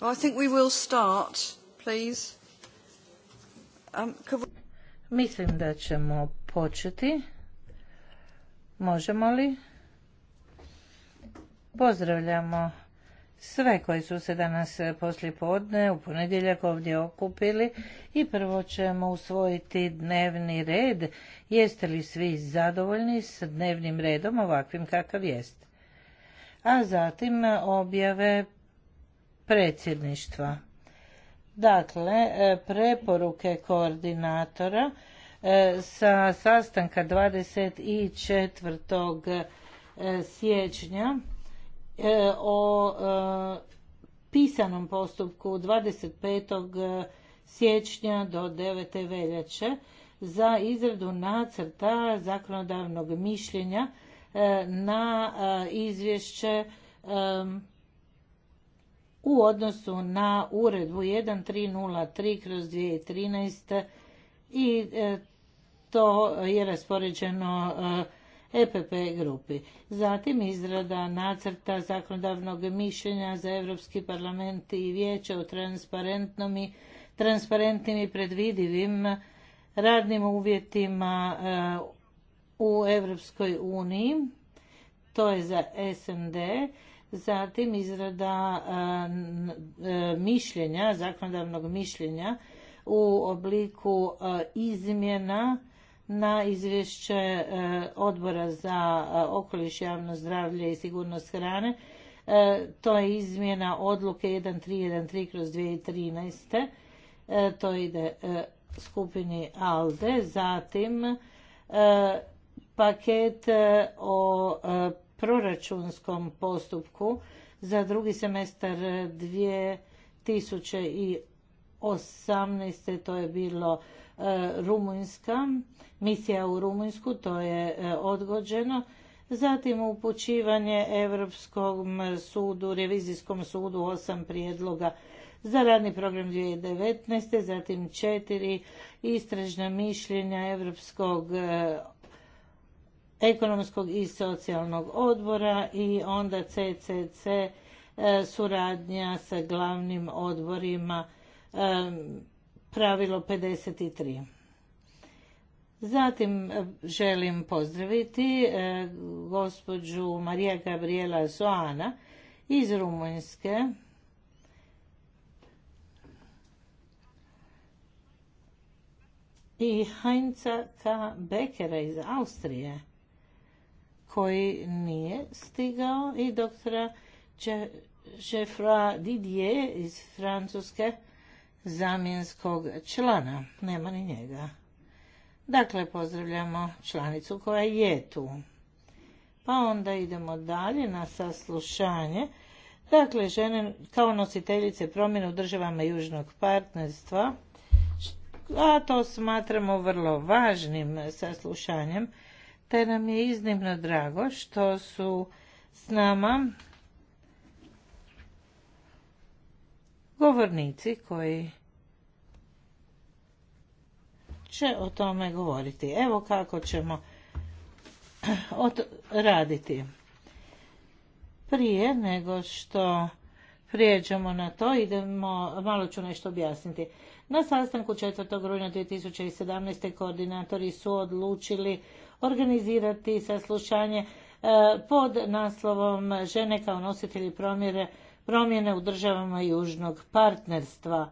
I think we will start, please. Um, Mislim da ćemo početi. Možemo li? Pozdravljamo sve koji su se danas poslije podne u ponedjeljak ovdje okupili i prvo ćemo usvojiti dnevni red. Jeste li svi zadovoljni s dnevnim redom ovakvim kakav jest? A zatim objave predsjedništva. Dakle, e, preporuke koordinatora e, sa sastanka 24. E, siječnja o pisanom postupku 25. siječnja do 9. veljače za izradu nacrta zakonodavnog mišljenja na izvješće u odnosu na uredbu 1303 kroz 2013 i e, to je raspoređeno EPP e grupi. Zatim izrada nacrta zakonodavnog mišljenja za Europski parlament i vijeće o transparentnom i transparentnim i predvidivim radnim uvjetima e, u Europskoj uniji. To je za SND zatim izrada e, e, mišljenja, zakonodavnog mišljenja u obliku e, izmjena na izvješće odbora za okoliš, javno zdravlje i sigurnost hrane. To je izmjena odluke 1313 kroz 2013. To ide skupini ALDE. Zatim paket o proračunskom postupku za drugi semestar 2018. to je bilo e, Rumunjska, misija u Rumunjsku, to je e, odgođeno. Zatim upućivanje Europskom sudu, revizijskom sudu osam prijedloga za radni program 2019. Zatim četiri istražna mišljenja Europskog e, ekonomskog i socijalnog odbora i onda CCC e, suradnja sa glavnim odborima e, pravilo 53. Zatim e, želim pozdraviti gospođu Marija Gabriela Zoana iz Rumunjske. I Heinza K. Bekera iz Austrije koji nije stigao i doktora Jeffra Didier iz Francuske zamjenskog člana. Nema ni njega. Dakle, pozdravljamo članicu koja je tu. Pa onda idemo dalje na saslušanje. Dakle, žene kao nositeljice promjene u državama južnog partnerstva, a to smatramo vrlo važnim saslušanjem te nam je iznimno drago što su s nama govornici koji će o tome govoriti. Evo kako ćemo raditi. Prije nego što prijeđemo na to, idemo, malo ću nešto objasniti. Na sastanku 4. rujna 2017. koordinatori su odlučili organizirati saslušanje e, pod naslovom Žene kao nositelji promjere, promjene u državama južnog partnerstva.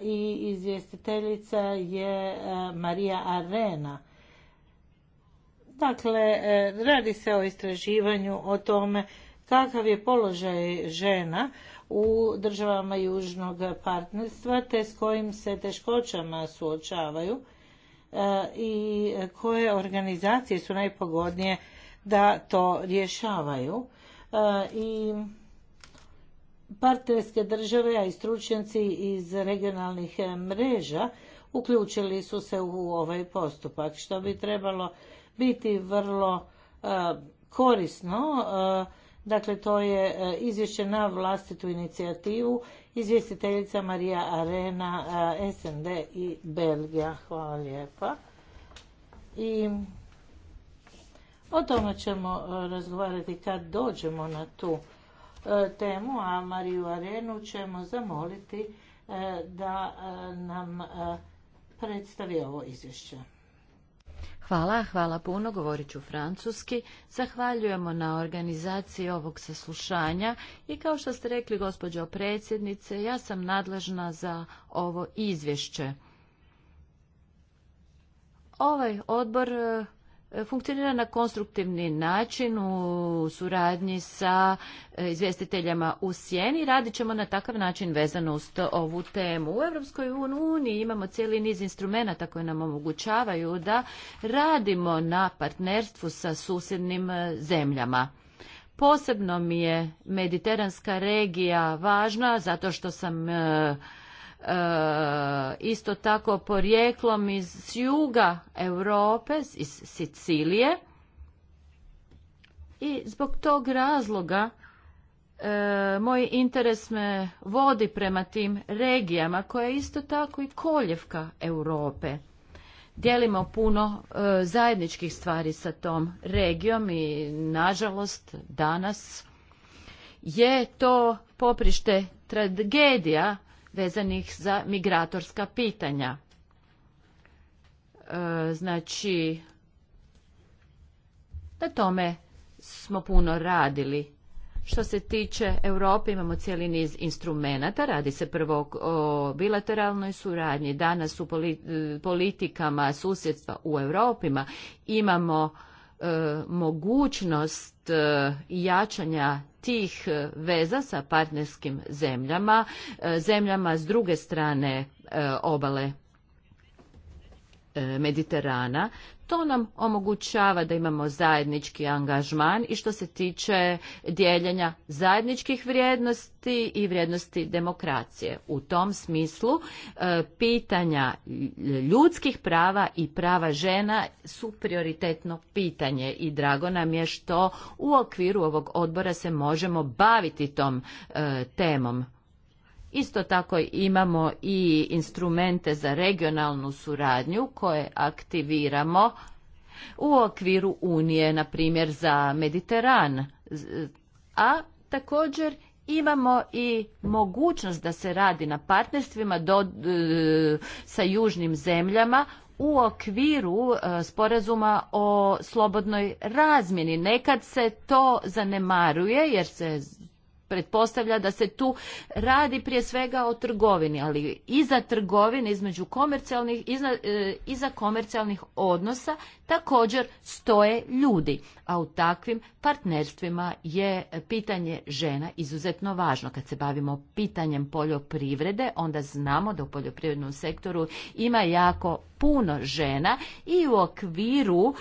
E, I izvjestiteljica je e, Marija Arena. Dakle, radi se o istraživanju o tome kakav je položaj žena u državama južnog partnerstva te s kojim se teškoćama suočavaju E, i koje organizacije su najpogodnije da to rješavaju. E, I partnerske države, a i stručnjaci iz regionalnih mreža uključili su se u ovaj postupak, što bi trebalo biti vrlo e, korisno Dakle, to je e, izvješće na vlastitu inicijativu. Izvjestiteljica Marija Arena, e, SND i Belgija. Hvala lijepa. I o tome ćemo e, razgovarati kad dođemo na tu temu, a Mariju Arenu ćemo zamoliti da nam predstavi ovo izvješće. Hvala, hvala puno, govorit ću francuski. Zahvaljujemo na organizaciji ovog saslušanja i kao što ste rekli, gospođo predsjednice, ja sam nadležna za ovo izvješće. Ovaj odbor E, funkcionira na konstruktivni način u suradnji sa e, izvjestiteljama u sjeni. Radit ćemo na takav način vezano uz ovu temu. U Europskoj uniji imamo cijeli niz instrumenta koji nam omogućavaju da radimo na partnerstvu sa susjednim e, zemljama. Posebno mi je mediteranska regija važna zato što sam E, isto tako porijeklom iz juga Europe, iz Sicilije. I zbog tog razloga e, moj interes me vodi prema tim regijama koja je isto tako i koljevka Europe. Dijelimo puno e, zajedničkih stvari sa tom regijom i nažalost danas je to poprište tragedija vezanih za migratorska pitanja. E, znači, na tome smo puno radili. Što se tiče Europe, imamo cijeli niz instrumenata. Radi se prvo o bilateralnoj suradnji. Danas u e, politikama susjedstva u Europima imamo e, mogućnost jačanja tih e, veza sa partnerskim zemljama, e, zemljama s druge strane e, obale E, Mediterana. To nam omogućava da imamo zajednički angažman i što se tiče dijeljenja zajedničkih vrijednosti i vrijednosti demokracije. U tom smislu e, pitanja ljudskih prava i prava žena su prioritetno pitanje i drago nam je što u okviru ovog odbora se možemo baviti tom e, temom. Isto tako imamo i instrumente za regionalnu suradnju koje aktiviramo u okviru Unije, na primjer za Mediteran. A također imamo i mogućnost da se radi na partnerstvima do, e, sa južnim zemljama u okviru e, sporazuma o slobodnoj razmjeni. Nekad se to zanemaruje jer se pretpostavlja da se tu radi prije svega o trgovini, ali iza trgovine, između komercijalnih, iza, e, iza komercijalnih odnosa također stoje ljudi, a u takvim partnerstvima je pitanje žena izuzetno važno. Kad se bavimo pitanjem poljoprivrede, onda znamo da u poljoprivrednom sektoru ima jako puno žena i u okviru e,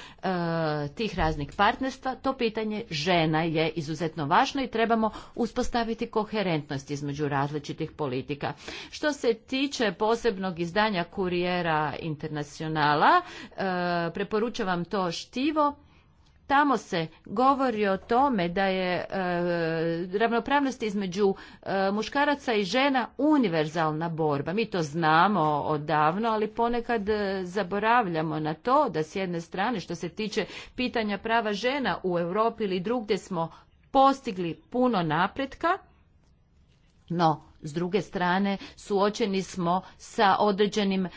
tih raznih partnerstva to pitanje žena je izuzetno važno i trebamo uspostaviti koherentnost između različitih politika. Što se tiče posebnog izdanja kurijera internacionala, e, to štivo Tamo se govori o tome da je e, ravnopravnost između e, muškaraca i žena univerzalna borba. Mi to znamo odavno, ali ponekad e, zaboravljamo na to da s jedne strane što se tiče pitanja prava žena u Europi ili drugdje smo postigli puno napretka, no s druge strane suočeni smo sa određenim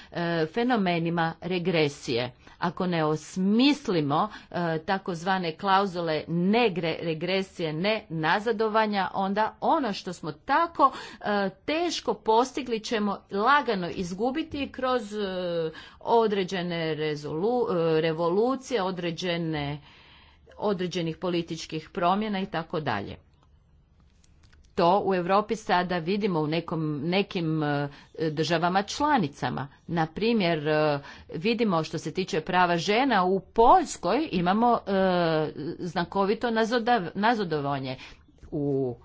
fenomenima regresije ako ne osmislimo e, takozvane klauzule ne regresije, ne nazadovanja, onda ono što smo tako e, teško postigli ćemo lagano izgubiti kroz e, određene rezolu, e, revolucije, određene određenih političkih promjena i tako dalje to u Europi sada vidimo u nekom, nekim e, državama članicama. Na primjer, e, vidimo što se tiče prava žena u Poljskoj imamo e, znakovito nazodovanje. u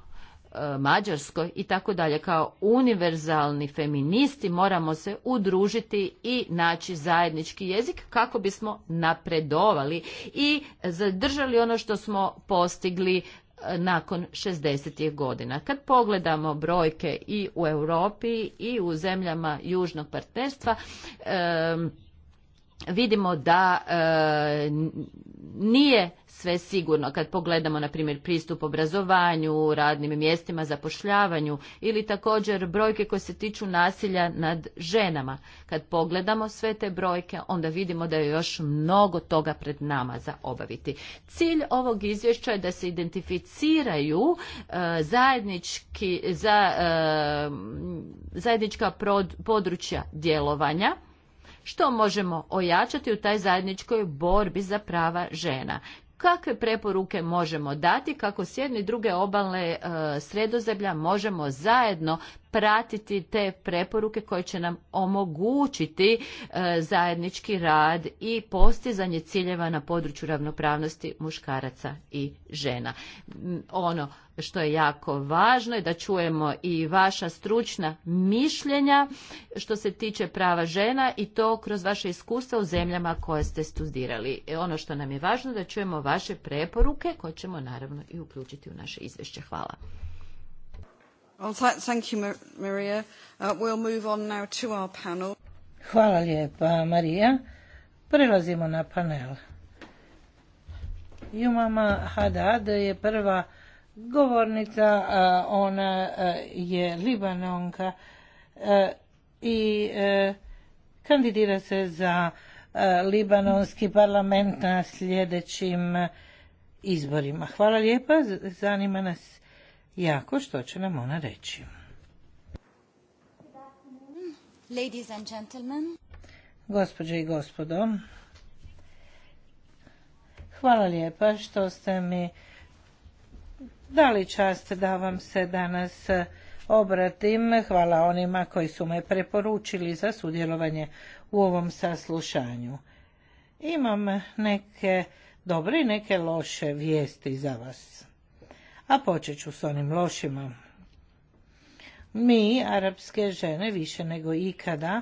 Mađarskoj i tako dalje. Kao univerzalni feministi moramo se udružiti i naći zajednički jezik kako bismo napredovali i zadržali ono što smo postigli nakon 60. godina. Kad pogledamo brojke i u Europi i u zemljama južnog partnerstva, vidimo da e, nije sve sigurno kad pogledamo na primjer pristup obrazovanju, radnim mjestima, zapošljavanju ili također brojke koje se tiču nasilja nad ženama. Kad pogledamo sve te brojke onda vidimo da je još mnogo toga pred nama za obaviti. Cilj ovog izvješća je da se identificiraju e, zajednički, za, e, zajednička područja djelovanja što možemo ojačati u taj zajedničkoj borbi za prava žena kakve preporuke možemo dati kako s jedne i druge obalne e, sredozemlja možemo zajedno pratiti te preporuke koje će nam omogućiti e, zajednički rad i postizanje ciljeva na području ravnopravnosti muškaraca i žena. Ono što je jako važno je da čujemo i vaša stručna mišljenja što se tiče prava žena i to kroz vaše iskustva u zemljama koje ste studirali. E, ono što nam je važno da čujemo vaše preporuke koje ćemo naravno i uključiti u naše izvješće. Hvala. Well, thank you, Hvala lijepa, Marija. Prelazimo na panel. Jumama Haddad je prva govornica, ona e, je Libanonka e, i e, kandidira se za Libanonski parlament na sljedećim izborima. Hvala lijepa, zanima nas jako što će nam ona reći. Ladies Gospođe i gospodo, hvala lijepa što ste mi dali čast da vam se danas obratim. Hvala onima koji su me preporučili za sudjelovanje u ovom saslušanju. Imam neke dobre i neke loše vijesti za vas a počet ću s onim lošima. Mi, arapske žene, više nego ikada,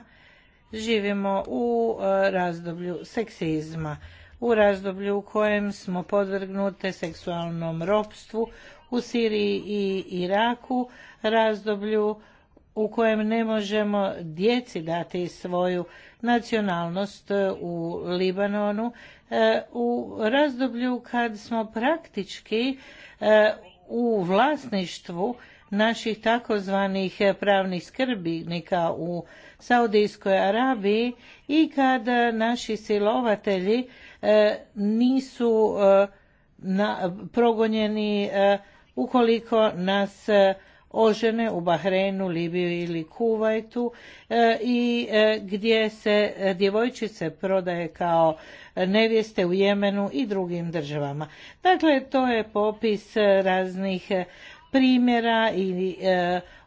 živimo u e, razdoblju seksizma, u razdoblju u kojem smo podvrgnute seksualnom ropstvu u Siriji i Iraku, razdoblju u kojem ne možemo djeci dati svoju nacionalnost e, u Libanonu, e, u razdoblju kad smo praktički u vlasništvu naših takozvanih pravnih skrbnika u Saudijskoj Arabiji i kad naši silovatelji e, nisu e, progonjeni e, ukoliko nas ožene u Bahrenu, Libiju ili Kuvajtu e, i e, gdje se e, djevojčice prodaje kao nevjeste u Jemenu i drugim državama. Dakle, to je popis raznih primjera i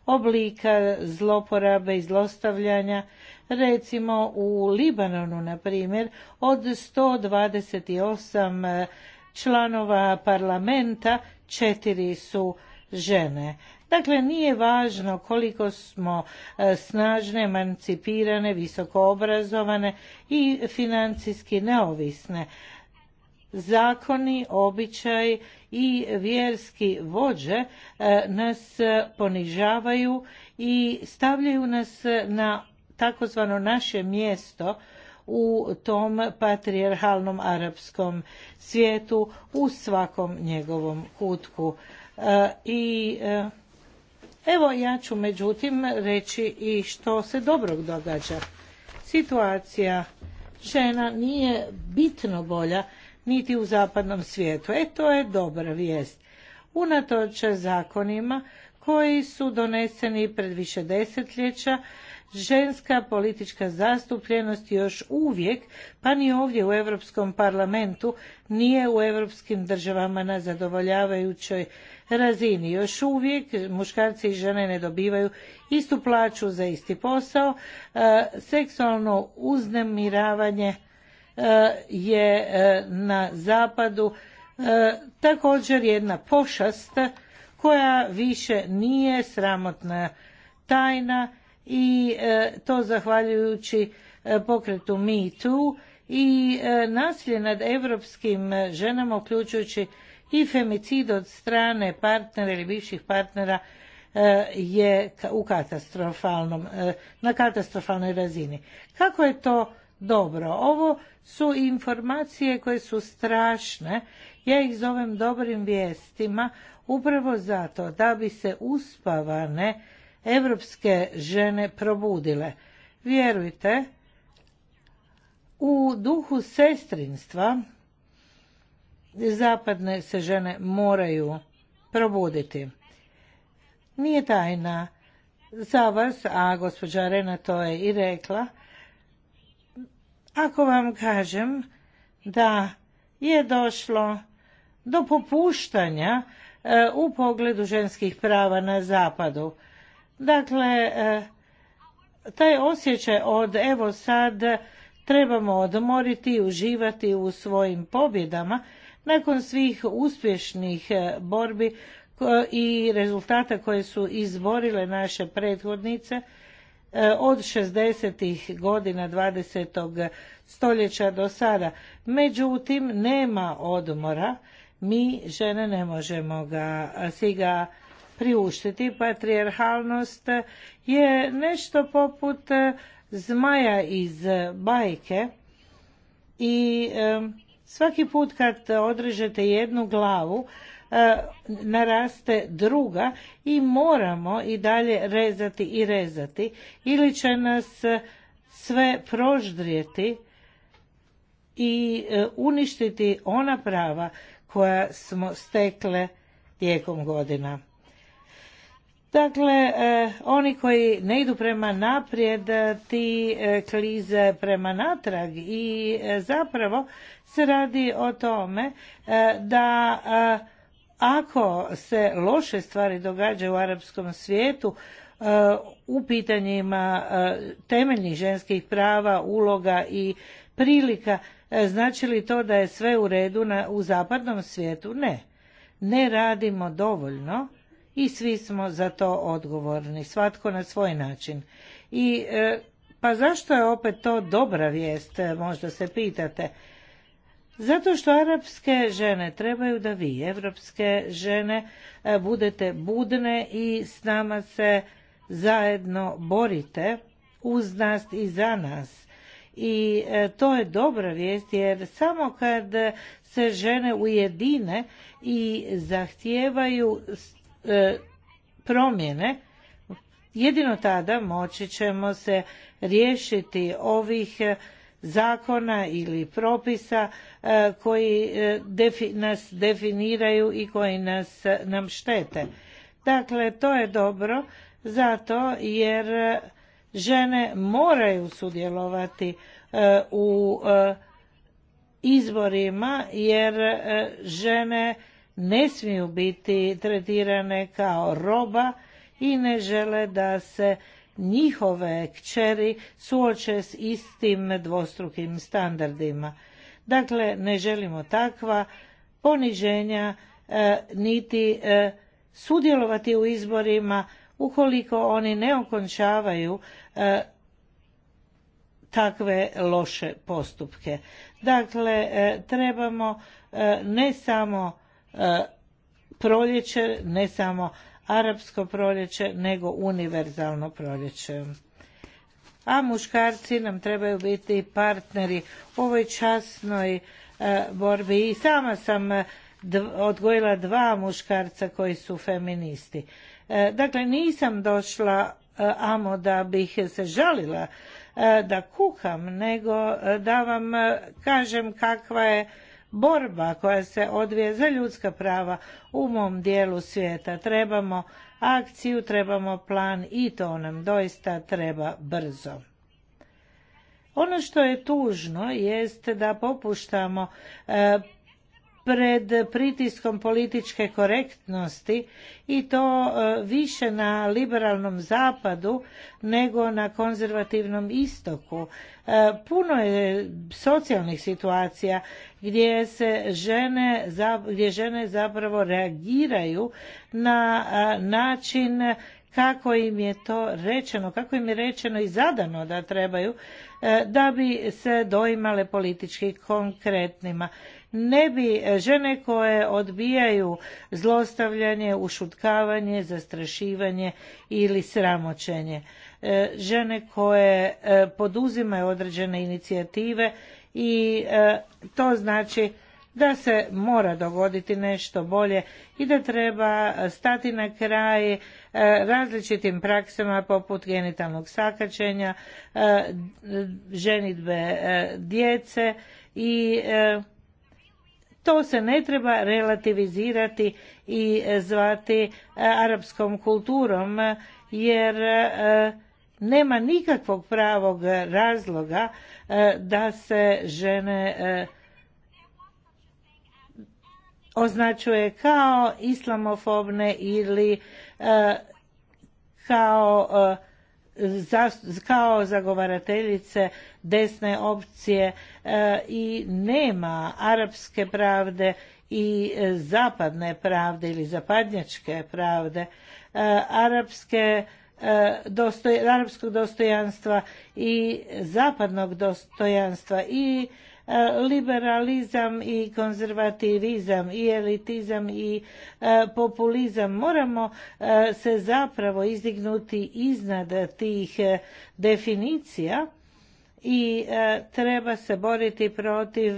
oblika zloporabe i zlostavljanja recimo u Libanonu na primjer od 128 članova parlamenta četiri su žene Dakle, nije važno koliko smo e, snažne, emancipirane, visoko obrazovane i financijski neovisne. Zakoni, običaj i vjerski vođe e, nas ponižavaju i stavljaju nas na takozvano naše mjesto u tom patrijarhalnom arapskom svijetu u svakom njegovom kutku e, i Evo ja ću međutim reći i što se dobrog događa. Situacija žena nije bitno bolja niti u zapadnom svijetu. E to je dobra vijest. Unatoč zakonima koji su doneseni pred više desetljeća ženska politička zastupljenost još uvijek, pa ni ovdje u Europskom parlamentu, nije u europskim državama na zadovoljavajućoj razini. Još uvijek muškarci i žene ne dobivaju istu plaću za isti posao, e, seksualno uznemiravanje e, je e, na zapadu također jedna pošast koja više nije sramotna tajna i e, to zahvaljujući e, pokretu Me Too i e, nasilje nad evropskim ženama uključujući i femicid od strane partnera ili bivših partnera je u katastrofalnom, na katastrofalnoj razini. Kako je to dobro? Ovo su informacije koje su strašne. Ja ih zovem dobrim vijestima upravo zato da bi se uspavane evropske žene probudile. Vjerujte, u duhu sestrinstva zapadne se žene moraju probuditi. Nije tajna za vas, a gospođa Rena to je i rekla, ako vam kažem da je došlo do popuštanja e, u pogledu ženskih prava na zapadu. Dakle, e, taj osjećaj od evo sad trebamo odmoriti i uživati u svojim pobjedama nakon svih uspješnih e, borbi i rezultata koje su izborile naše prethodnice e, od 60. godina 20. stoljeća do sada. Međutim, nema odmora, mi žene ne možemo ga, si ga priuštiti. Patriarhalnost je nešto poput e, zmaja iz e, bajke i e, svaki put kad odrežete jednu glavu naraste druga i moramo i dalje rezati i rezati ili će nas sve proždrijeti i uništiti ona prava koja smo stekle tijekom godina. Dakle, e, oni koji ne idu prema naprijed, e, ti e, klize prema natrag i zapravo se radi o tome da ako se loše stvari događaju u arapskom svijetu, u pitanjima temeljnih ženskih prava, uloga i prilika, znači li to da je sve u redu u zapadnom svijetu? Ne. Ne radimo dovoljno i svi smo za to odgovorni, svatko na svoj način. I e, pa zašto je opet to dobra vijest, e, možda se pitate? Zato što arapske žene trebaju da vi, evropske žene, e, budete budne i s nama se zajedno borite uz nas i za nas. I to je dobra vijest jer samo kad se žene ujedine i zahtijevaju E, promjene, jedino tada moći ćemo se riješiti ovih zakona ili propisa e, koji e, nas definiraju i koji nas, nam štete. Dakle, to je dobro zato jer žene moraju sudjelovati u izborima jer žene ne smiju biti tretirane kao roba i ne žele da se njihove kćeri suoče s istim dvostrukim standardima. Dakle, ne želimo takva poniženja e, niti e, sudjelovati u izborima ukoliko oni ne okončavaju e, takve loše postupke. Dakle, trebamo ne samo E, proljeće, ne samo arapsko proljeće, nego univerzalno proljeće. A muškarci nam trebaju biti partneri u ovoj časnoj e, borbi. I sama sam e, odgojila dva muškarca koji su feministi. Dakle, nisam došla amo da bih se žalila da kuham, nego da vam kažem kakva je borba koja se odvije za ljudska prava u mom dijelu svijeta. Trebamo akciju, trebamo plan i to nam doista treba brzo. Ono što je tužno jest da popuštamo e, pred pritiskom političke korektnosti i to e, više na liberalnom zapadu nego na konzervativnom istoku. E, puno je socijalnih situacija gdje se žene, gdje žene zapravo reagiraju na e, način kako im je to rečeno, kako im je rečeno i zadano da trebaju, da bi se doimale politički konkretnima ne bi e, žene koje odbijaju zlostavljanje, ušutkavanje, zastrašivanje ili sramoćenje. E, žene koje e, poduzimaju određene inicijative i to znači da se mora dogoditi nešto bolje i da treba stati na kraj različitim praksama poput genitalnog sakačenja, ženitbe djece i to se ne treba relativizirati i e, zvati e, arapskom kulturom e, jer nema nikakvog pravog razloga da se žene označuje kao islamofobne ili kao kao zagovarateljice desne opcije e, i nema arapske pravde i e, zapadne pravde ili zapadnjačke pravde e, arapske arapskog dostojanstva i zapadnog dostojanstva i liberalizam i konzervativizam i elitizam i e, populizam. Moramo e, se zapravo izdignuti iznad tih e, definicija i treba se boriti protiv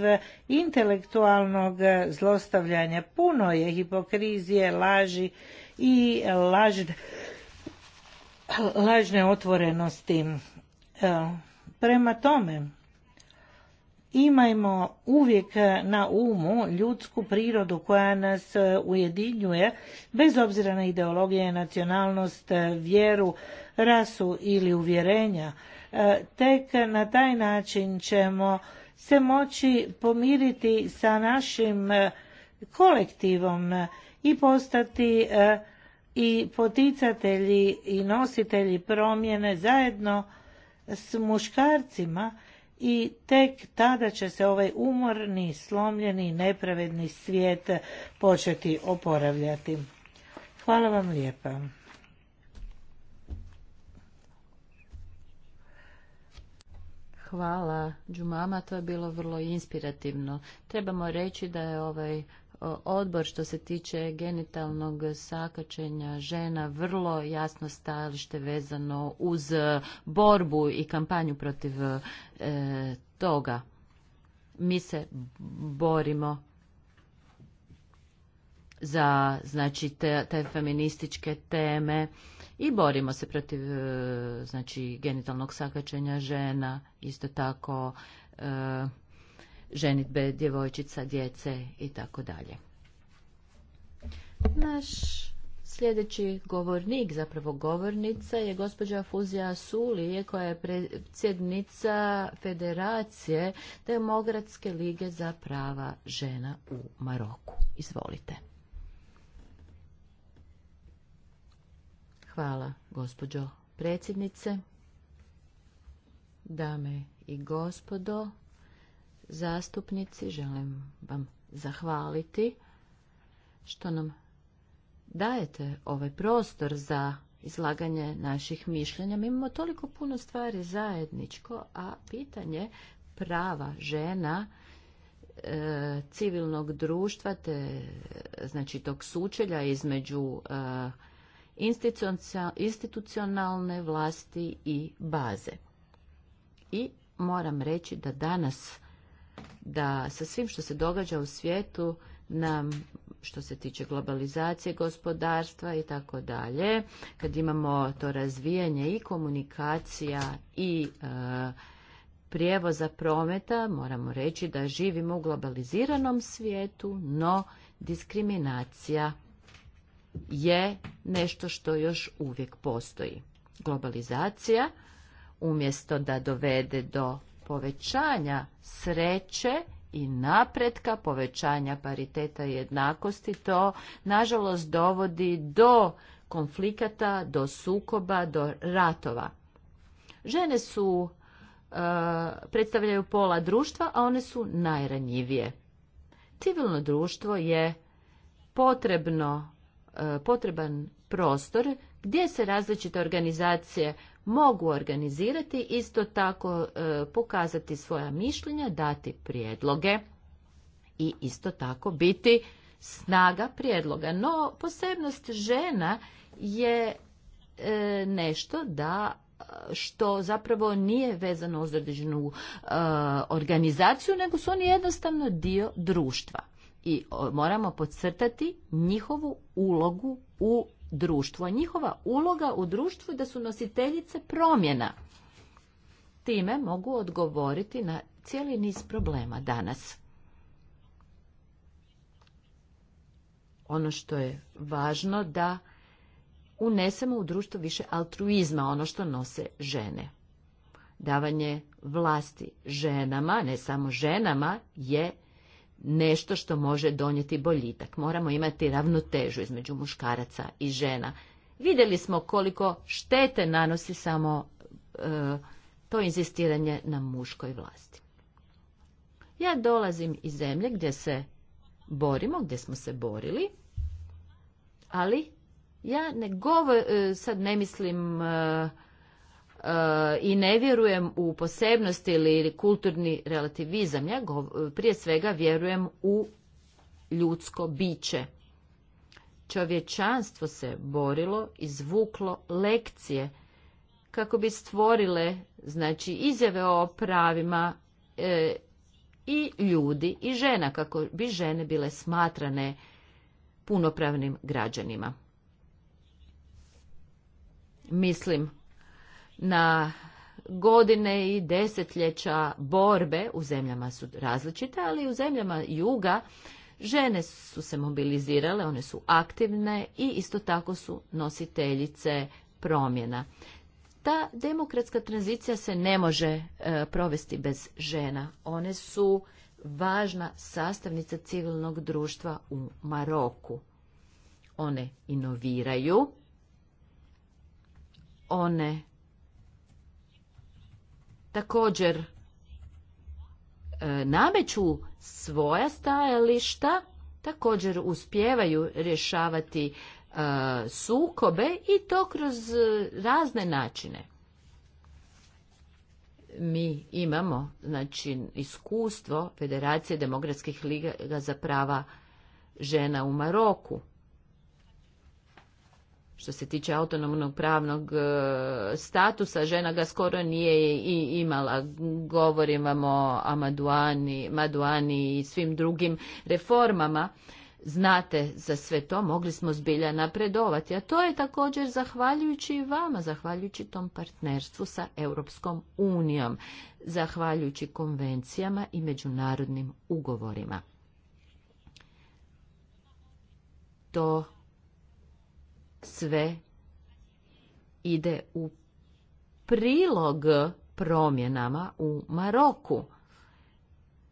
intelektualnog zlostavljanja. Puno je hipokrizije, laži i lažne, lažne otvorenosti. Prema tome, imajmo uvijek na umu ljudsku prirodu koja nas e, ujedinjuje bez obzira na ideologije, nacionalnost, e, vjeru, rasu ili uvjerenja. E, tek na taj način ćemo se moći pomiriti sa našim kolektivom i postati i poticatelji i nositelji promjene zajedno s muškarcima i tek tada će se ovaj umorni, slomljeni nepravedni svijet početi oporavljati. Hvala vam lijepa. Hvala, Džumama, to je bilo vrlo inspirativno. Trebamo reći da je ovaj odbor što se tiče genitalnog sakačenja žena vrlo jasno stajalište vezano uz borbu i kampanju protiv e, toga. Mi se borimo za znači te, feminističke teme i borimo se protiv e, znači genitalnog sakačenja žena, isto tako e, ženitbe djevojčica, djece i tako dalje. Naš Sljedeći govornik, zapravo govornica, je gospođa Fuzija Sulije, koja je predsjednica Federacije Demokratske lige za prava žena u Maroku. Izvolite. Hvala, gospođo predsjednice, dame i gospodo, zastupnici, želim vam zahvaliti što nam dajete ovaj prostor za izlaganje naših mišljenja. Mi imamo toliko puno stvari zajedničko, a pitanje prava žena e, civilnog društva te znači tog sučelja između e, institucionalne vlasti i baze. I moram reći da danas da sa svim što se događa u svijetu nam što se tiče globalizacije gospodarstva i tako dalje, kad imamo to razvijanje i komunikacija i e, prijevoza prometa, moramo reći da živimo u globaliziranom svijetu, no diskriminacija je nešto što još uvijek postoji. Globalizacija umjesto da dovede do povećanja sreće i napretka, povećanja pariteta i jednakosti, to nažalost dovodi do konflikata, do sukoba, do ratova. Žene su e, predstavljaju pola društva, a one su najranjivije. Civilno društvo je potrebno, e, potreban prostor gdje se različite organizacije mogu organizirati, isto tako e, pokazati svoja mišljenja, dati prijedloge i isto tako biti snaga prijedloga. No, posebnost žena je e, nešto da što zapravo nije vezano uz određenu e, organizaciju, nego su oni jednostavno dio društva. I moramo podcrtati njihovu ulogu u društvu, a njihova uloga u društvu je da su nositeljice promjena. Time mogu odgovoriti na cijeli niz problema danas. Ono što je važno da unesemo u društvo više altruizma, ono što nose žene. Davanje vlasti ženama, ne samo ženama, je nešto što može donijeti boljitak. Moramo imati ravnotežu između muškaraca i žena. Vidjeli smo koliko štete nanosi samo e, to inzistiranje na muškoj vlasti. Ja dolazim iz zemlje gdje se borimo, gdje smo se borili, ali ja ne govorim, e, sad ne mislim e, E, i ne vjerujem u posebnost ili kulturni relativizam. Ja prije svega vjerujem u ljudsko biće. Čovječanstvo se borilo, izvuklo lekcije kako bi stvorile znači izjave o pravima e, i ljudi i žena kako bi žene bile smatrane punopravnim građanima. Mislim na godine i desetljeća borbe u zemljama su različite, ali u zemljama juga žene su se mobilizirale, one su aktivne i isto tako su nositeljice promjena. Ta demokratska tranzicija se ne može e, provesti bez žena. One su važna sastavnica civilnog društva u Maroku. One inoviraju, one također e, nameću svoja stajališta, također uspijevaju rješavati e, sukobe i to kroz e, razne načine. Mi imamo znači, iskustvo Federacije demokratskih liga za prava žena u Maroku. Što se tiče autonomnog pravnog e, statusa, žena ga skoro nije i imala. Govorim vam o Amaduani, Maduani i svim drugim reformama. Znate za sve to, mogli smo zbilja napredovati, a to je također zahvaljujući i vama, zahvaljujući tom partnerstvu sa Europskom unijom, zahvaljujući konvencijama i međunarodnim ugovorima. To sve ide u prilog promjenama u Maroku.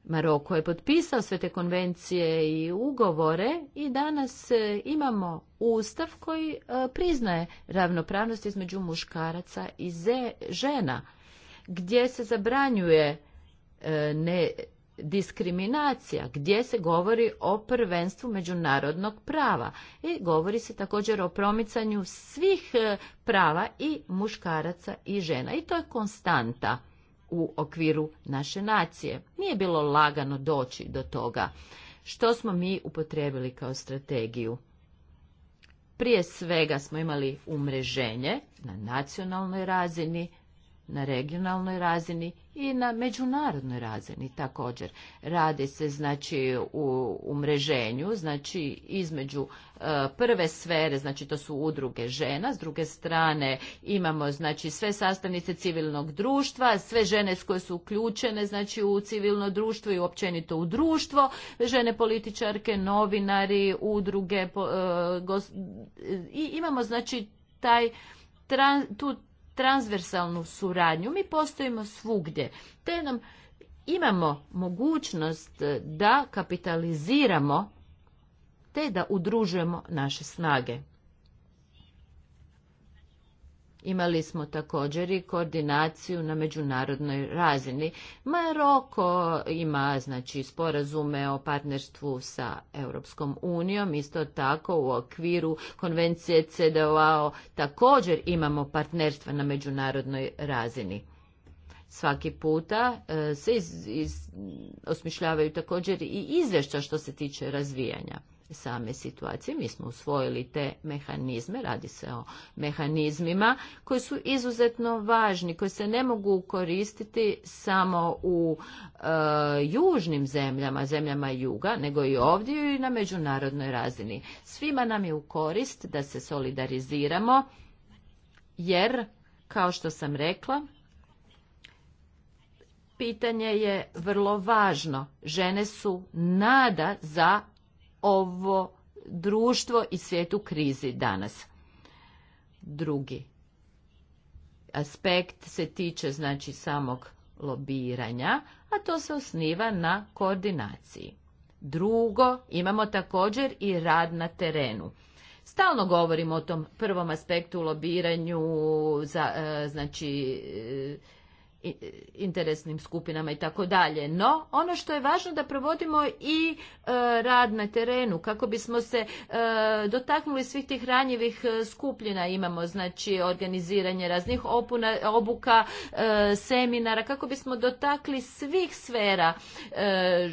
Maroko je potpisao sve te konvencije i ugovore i danas e, imamo ustav koji e, priznaje ravnopravnost između muškaraca i žena, gdje se zabranjuje e, ne diskriminacija gdje se govori o prvenstvu međunarodnog prava i govori se također o promicanju svih e, prava i muškaraca i žena i to je konstanta u okviru naše nacije. Nije bilo lagano doći do toga. Što smo mi upotrebili kao strategiju? Prije svega smo imali umreženje na nacionalnoj razini, na regionalnoj razini i na međunarodnoj razini također. Radi se znači u umreženju, znači između e, prve sfere, znači to su udruge žena, s druge strane imamo znači sve sastavnice civilnog društva, sve žene koje su uključene znači u civilno društvo i općenito u društvo, žene političarke, novinari, udruge e, i imamo znači taj tu transversalnu suradnju. Mi postojimo svugdje, te nam imamo mogućnost e, da kapitaliziramo te da udružujemo naše snage. Imali smo također i koordinaciju na međunarodnoj razini. Maroko ima znači sporazume o partnerstvu sa Europskom unijom, isto tako u okviru konvencije CDOAO također imamo partnerstva na međunarodnoj razini. Svaki puta e, se osmišljavaju također i izvješća što se tiče razvijanja same situacije. Mi smo usvojili te mehanizme, radi se o mehanizmima koji su izuzetno važni, koji se ne mogu koristiti samo u e, južnim zemljama, zemljama juga, nego i ovdje i na međunarodnoj razini. Svima nam je u korist da se solidariziramo, jer, kao što sam rekla, pitanje je vrlo važno. Žene su nada za ovo društvo i svijet u krizi danas. Drugi aspekt se tiče znači samog lobiranja, a to se osniva na koordinaciji. Drugo, imamo također i rad na terenu. Stalno govorimo o tom prvom aspektu lobiranju, za, e, znači e, E, interesnim skupinama i tako dalje. No, ono što je važno da provodimo i e, rad na terenu kako bismo se e, dotaknuli svih tih ranjivih skupljina. Imamo znači organiziranje raznih opuna, obuka, seminara kako bismo dotakli svih sfera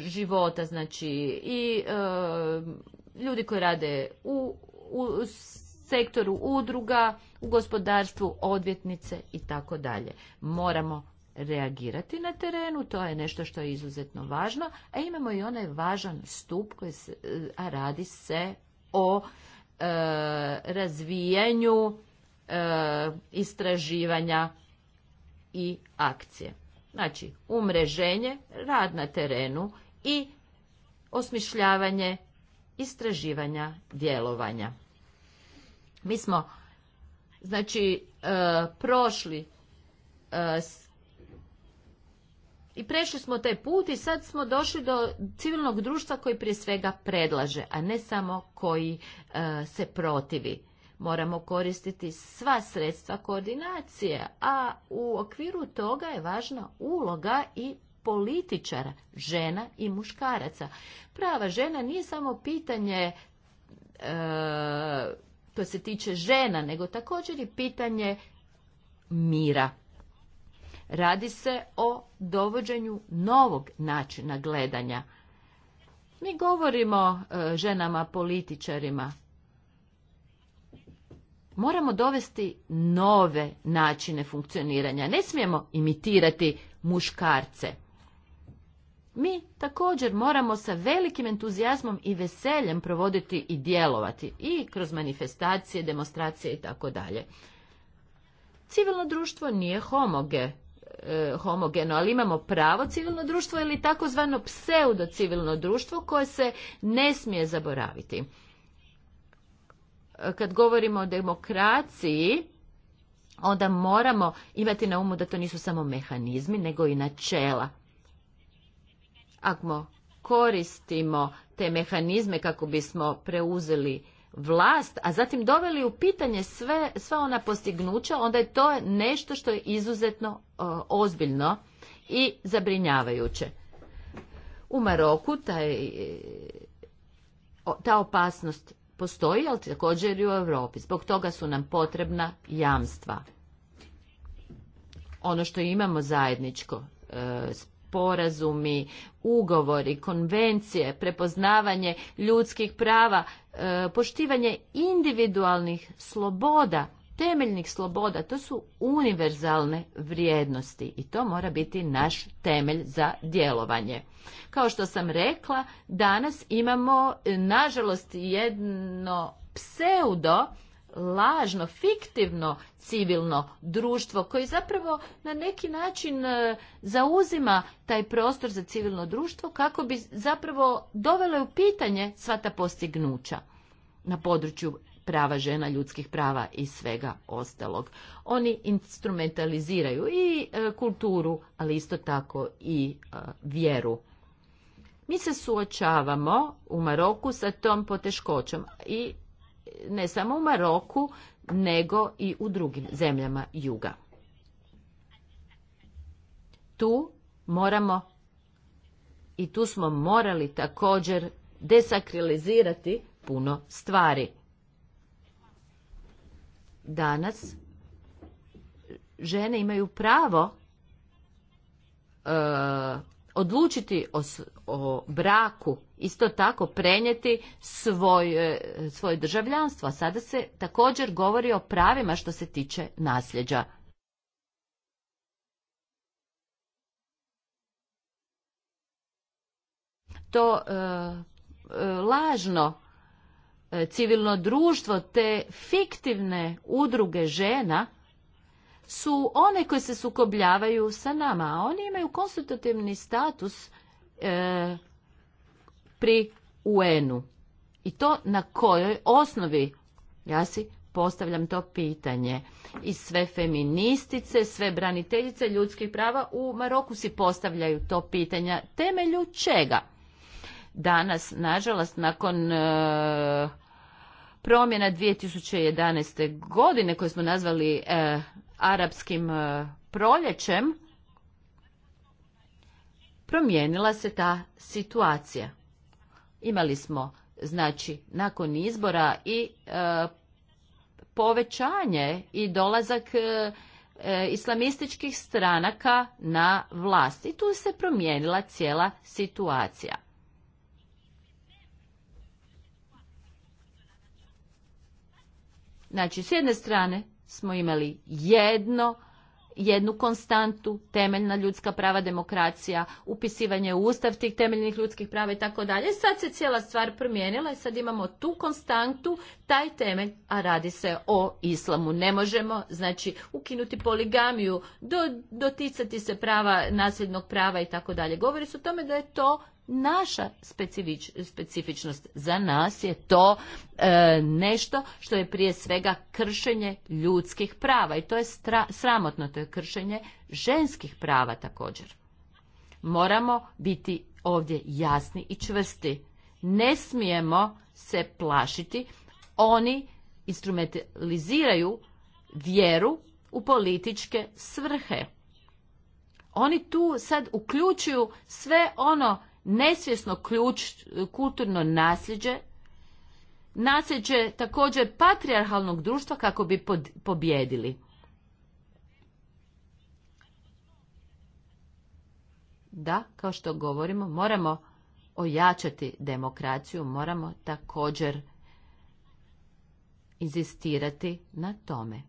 života, znači i ljudi koji rade u, u sektoru udruga, u gospodarstvu, odvjetnice i tako dalje. Moramo reagirati na terenu, to je nešto što je izuzetno važno, a imamo i onaj važan stup koji se, a radi se o e, razvijanju e, istraživanja i akcije. Znači, umreženje, rad na terenu i osmišljavanje istraživanja djelovanja. Mi smo znači e, prošli e, i prešli smo taj put i sad smo došli do civilnog društva koji prije svega predlaže, a ne samo koji e, se protivi. Moramo koristiti sva sredstva koordinacije, a u okviru toga je važna uloga i političara, žena i muškaraca. Prava žena nije samo pitanje e, to se tiče žena, nego također i pitanje mira. Radi se o dovođenju novog načina gledanja. Mi govorimo e, ženama političarima. Moramo dovesti nove načine funkcioniranja. Ne smijemo imitirati muškarce. Mi također moramo sa velikim entuzijazmom i veseljem provoditi i djelovati i kroz manifestacije, demonstracije i tako dalje. Civilno društvo nije homoge, E, homogeno, ali imamo pravo civilno društvo ili takozvano pseudo civilno društvo koje se ne smije zaboraviti. E, kad govorimo o demokraciji, onda moramo imati na umu da to nisu samo mehanizmi, nego i načela. Ako koristimo te mehanizme kako bismo preuzeli vlast, a zatim doveli u pitanje sve, sva ona postignuća, onda je to nešto što je izuzetno e, ozbiljno i zabrinjavajuće. U Maroku taj, ta opasnost postoji, ali također i u Europi. Zbog toga su nam potrebna jamstva. Ono što imamo zajedničko, e, sporazumi, ugovori, konvencije, prepoznavanje ljudskih prava, e, poštivanje individualnih sloboda, temeljnih sloboda, to su univerzalne vrijednosti i to mora biti naš temelj za djelovanje. Kao što sam rekla, danas imamo nažalost jedno pseudo lažno, fiktivno civilno društvo koji zapravo na neki način e, zauzima taj prostor za civilno društvo kako bi zapravo dovele u pitanje sva ta postignuća na području prava žena, ljudskih prava i svega ostalog. Oni instrumentaliziraju i e, kulturu, ali isto tako i e, vjeru. Mi se suočavamo u Maroku sa tom poteškoćom i ne samo u Maroku, nego i u drugim zemljama juga. Tu moramo i tu smo morali također desakralizirati puno stvari. Danas žene imaju pravo e, odlučiti o, braku, isto tako prenijeti svoje, svoje državljanstvo. A sada se također govori o pravima što se tiče nasljeđa. To e, e, lažno e, civilno društvo te fiktivne udruge žena su one koje se sukobljavaju sa nama, a oni imaju konstitutivni status e, pri UN-u. I to na kojoj osnovi? Ja si postavljam to pitanje. I sve feministice, sve braniteljice ljudskih prava u Maroku si postavljaju to pitanja. Temelju čega? Danas, nažalost, nakon e, promjena 2011. godine koje smo nazvali e, arapskim e, proljećem promijenila se ta situacija. Imali smo znači nakon izbora i e, povećanje i dolazak e, islamističkih stranaka na vlast. I tu se promijenila cijela situacija. Znači, s jedne strane smo imali jedno jednu konstantu, temeljna ljudska prava, demokracija, upisivanje u ustav tih temeljnih ljudskih prava i tako dalje. Sad se cijela stvar promijenila i sad imamo tu konstantu, taj temelj, a radi se o islamu. Ne možemo, znači, ukinuti poligamiju, doticati se prava, nasljednog prava i tako dalje. Govori se o tome da je to naša specifičnost za nas je to e, nešto što je prije svega kršenje ljudskih prava i to je sramotno to je kršenje ženskih prava također moramo biti ovdje jasni i čvrsti ne smijemo se plašiti oni instrumentaliziraju vjeru u političke svrhe oni tu sad uključuju sve ono nesvjesno ključ, kulturno nasljeđe, nasljeđe također patrijarhalnog društva kako bi pod, pobjedili. Da, kao što govorimo, moramo ojačati demokraciju, moramo također inzistirati na tome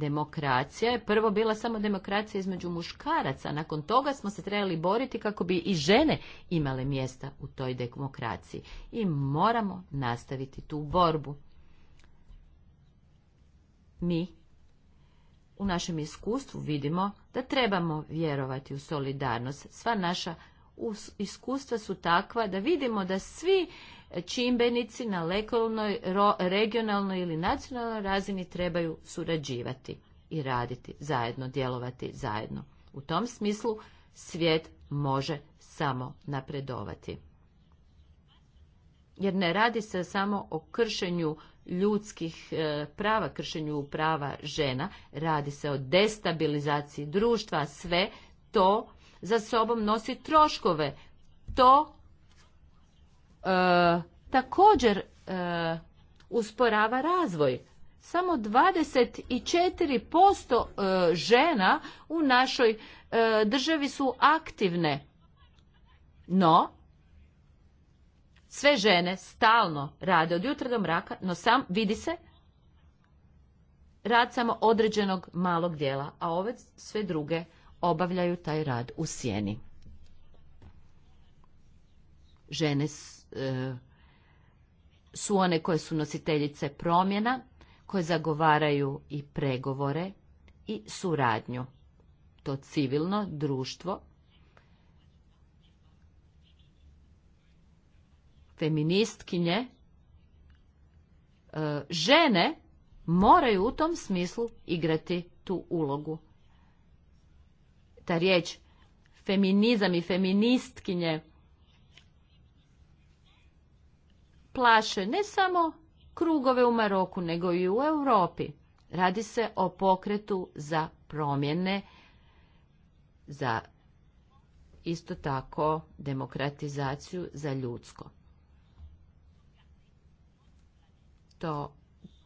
demokracija je prvo bila samo demokracija između muškaraca. Nakon toga smo se trebali boriti kako bi i žene imale mjesta u toj demokraciji. I moramo nastaviti tu borbu. Mi u našem iskustvu vidimo da trebamo vjerovati u solidarnost. Sva naša iskustva su takva da vidimo da svi čimbenici na lokalnoj, regionalnoj ili nacionalnoj razini trebaju surađivati i raditi zajedno, djelovati zajedno. U tom smislu svijet može samo napredovati. Jer ne radi se samo o kršenju ljudskih e, prava, kršenju prava žena, radi se o destabilizaciji društva, sve to za sobom nosi troškove. To E, također e, usporava razvoj. Samo 24% e, žena u našoj državi su aktivne. No, sve žene stalno rade od jutra do mraka, no sam vidi se rad samo određenog malog dijela, a ove sve druge obavljaju taj rad u sjeni. Žene E, su one koje su nositeljice promjena, koje zagovaraju i pregovore i suradnju. To civilno društvo, feministkinje, e, žene moraju u tom smislu igrati tu ulogu. Ta riječ feminizam i feministkinje plaše ne samo krugove u Maroku, nego i u Europi. Radi se o pokretu za promjene, za isto tako demokratizaciju za ljudsko. To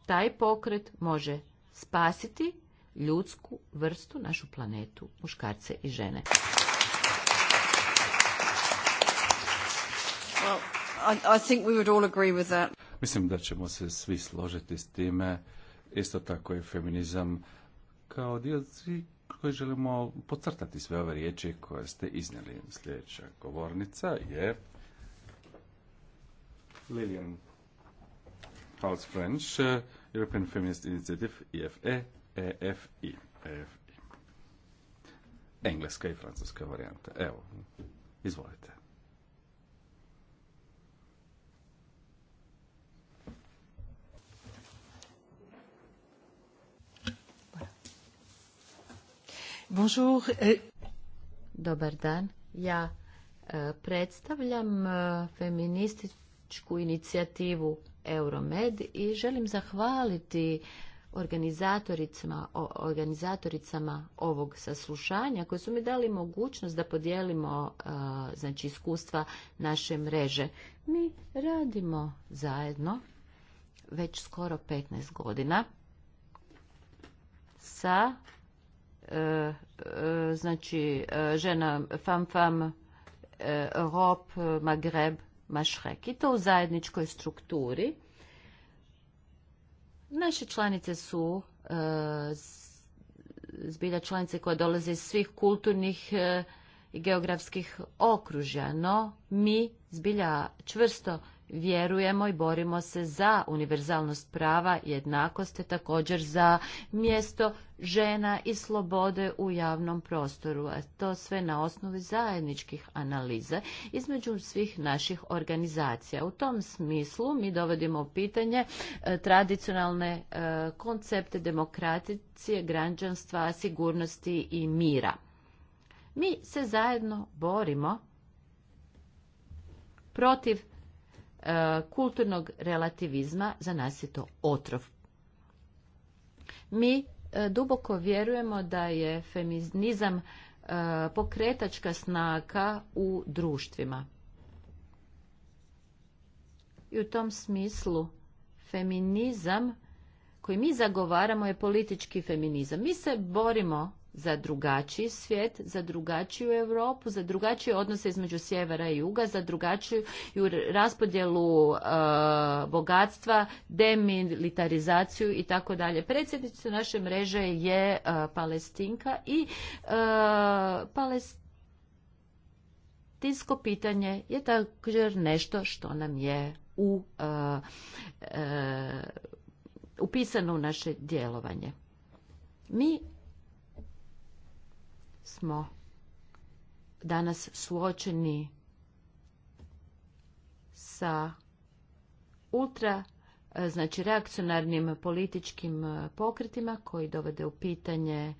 taj pokret može spasiti ljudsku vrstu, našu planetu, muškarce i žene. I, think we would all agree with that. Mislim da ćemo se svi složiti s time. Isto tako je feminizam kao dio koji želimo pocrtati sve ove riječi koje ste iznijeli. Sljedeća govornica je Lillian French, European Feminist Initiative, EFE, EFI. E Engleska i francuska varijanta. Evo, izvolite. Bonjour. Eh. Dobar dan. Ja eh, predstavljam eh, feminističku inicijativu Euromed i želim zahvaliti organizatoricama, organizatoricama ovog saslušanja koje su mi dali mogućnost da podijelimo znači, iskustva naše mreže. Mi radimo zajedno već skoro 15 godina sa E, e, znači e, žena fam fam Magreb, Mašrek i to u zajedničkoj strukturi. Naše članice su zbilja članice koje dolaze iz svih kulturnih i geografskih okružja, no mi zbilja čvrsto vjerujemo i borimo se za univerzalnost prava, jednakost također za mjesto žena i slobode u javnom prostoru, a to sve na osnovi zajedničkih analiza između svih naših organizacija. U tom smislu mi dovodimo u pitanje e, tradicionalne e, koncepte demokraticije, građanstva, sigurnosti i mira. Mi se zajedno borimo protiv E, kulturnog relativizma, za nas je to otrov. Mi e, duboko vjerujemo da je feminizam e, pokretačka snaga u društvima. I u tom smislu feminizam koji mi zagovaramo je politički feminizam. Mi se borimo za drugačiji svijet, za drugačiju Europu, za drugačije odnose između sjevera i juga, za drugačiju raspodjelu eh, bogatstva, demilitarizaciju i tako dalje. Predsjednica naše mreže je eh, Palestinka i e, palestinsko pitanje je također nešto što nam je u upisano u naše djelovanje. Mi smo danas suočeni sa ultra e, znači reakcionarnim političkim e, pokretima koji dovode u pitanje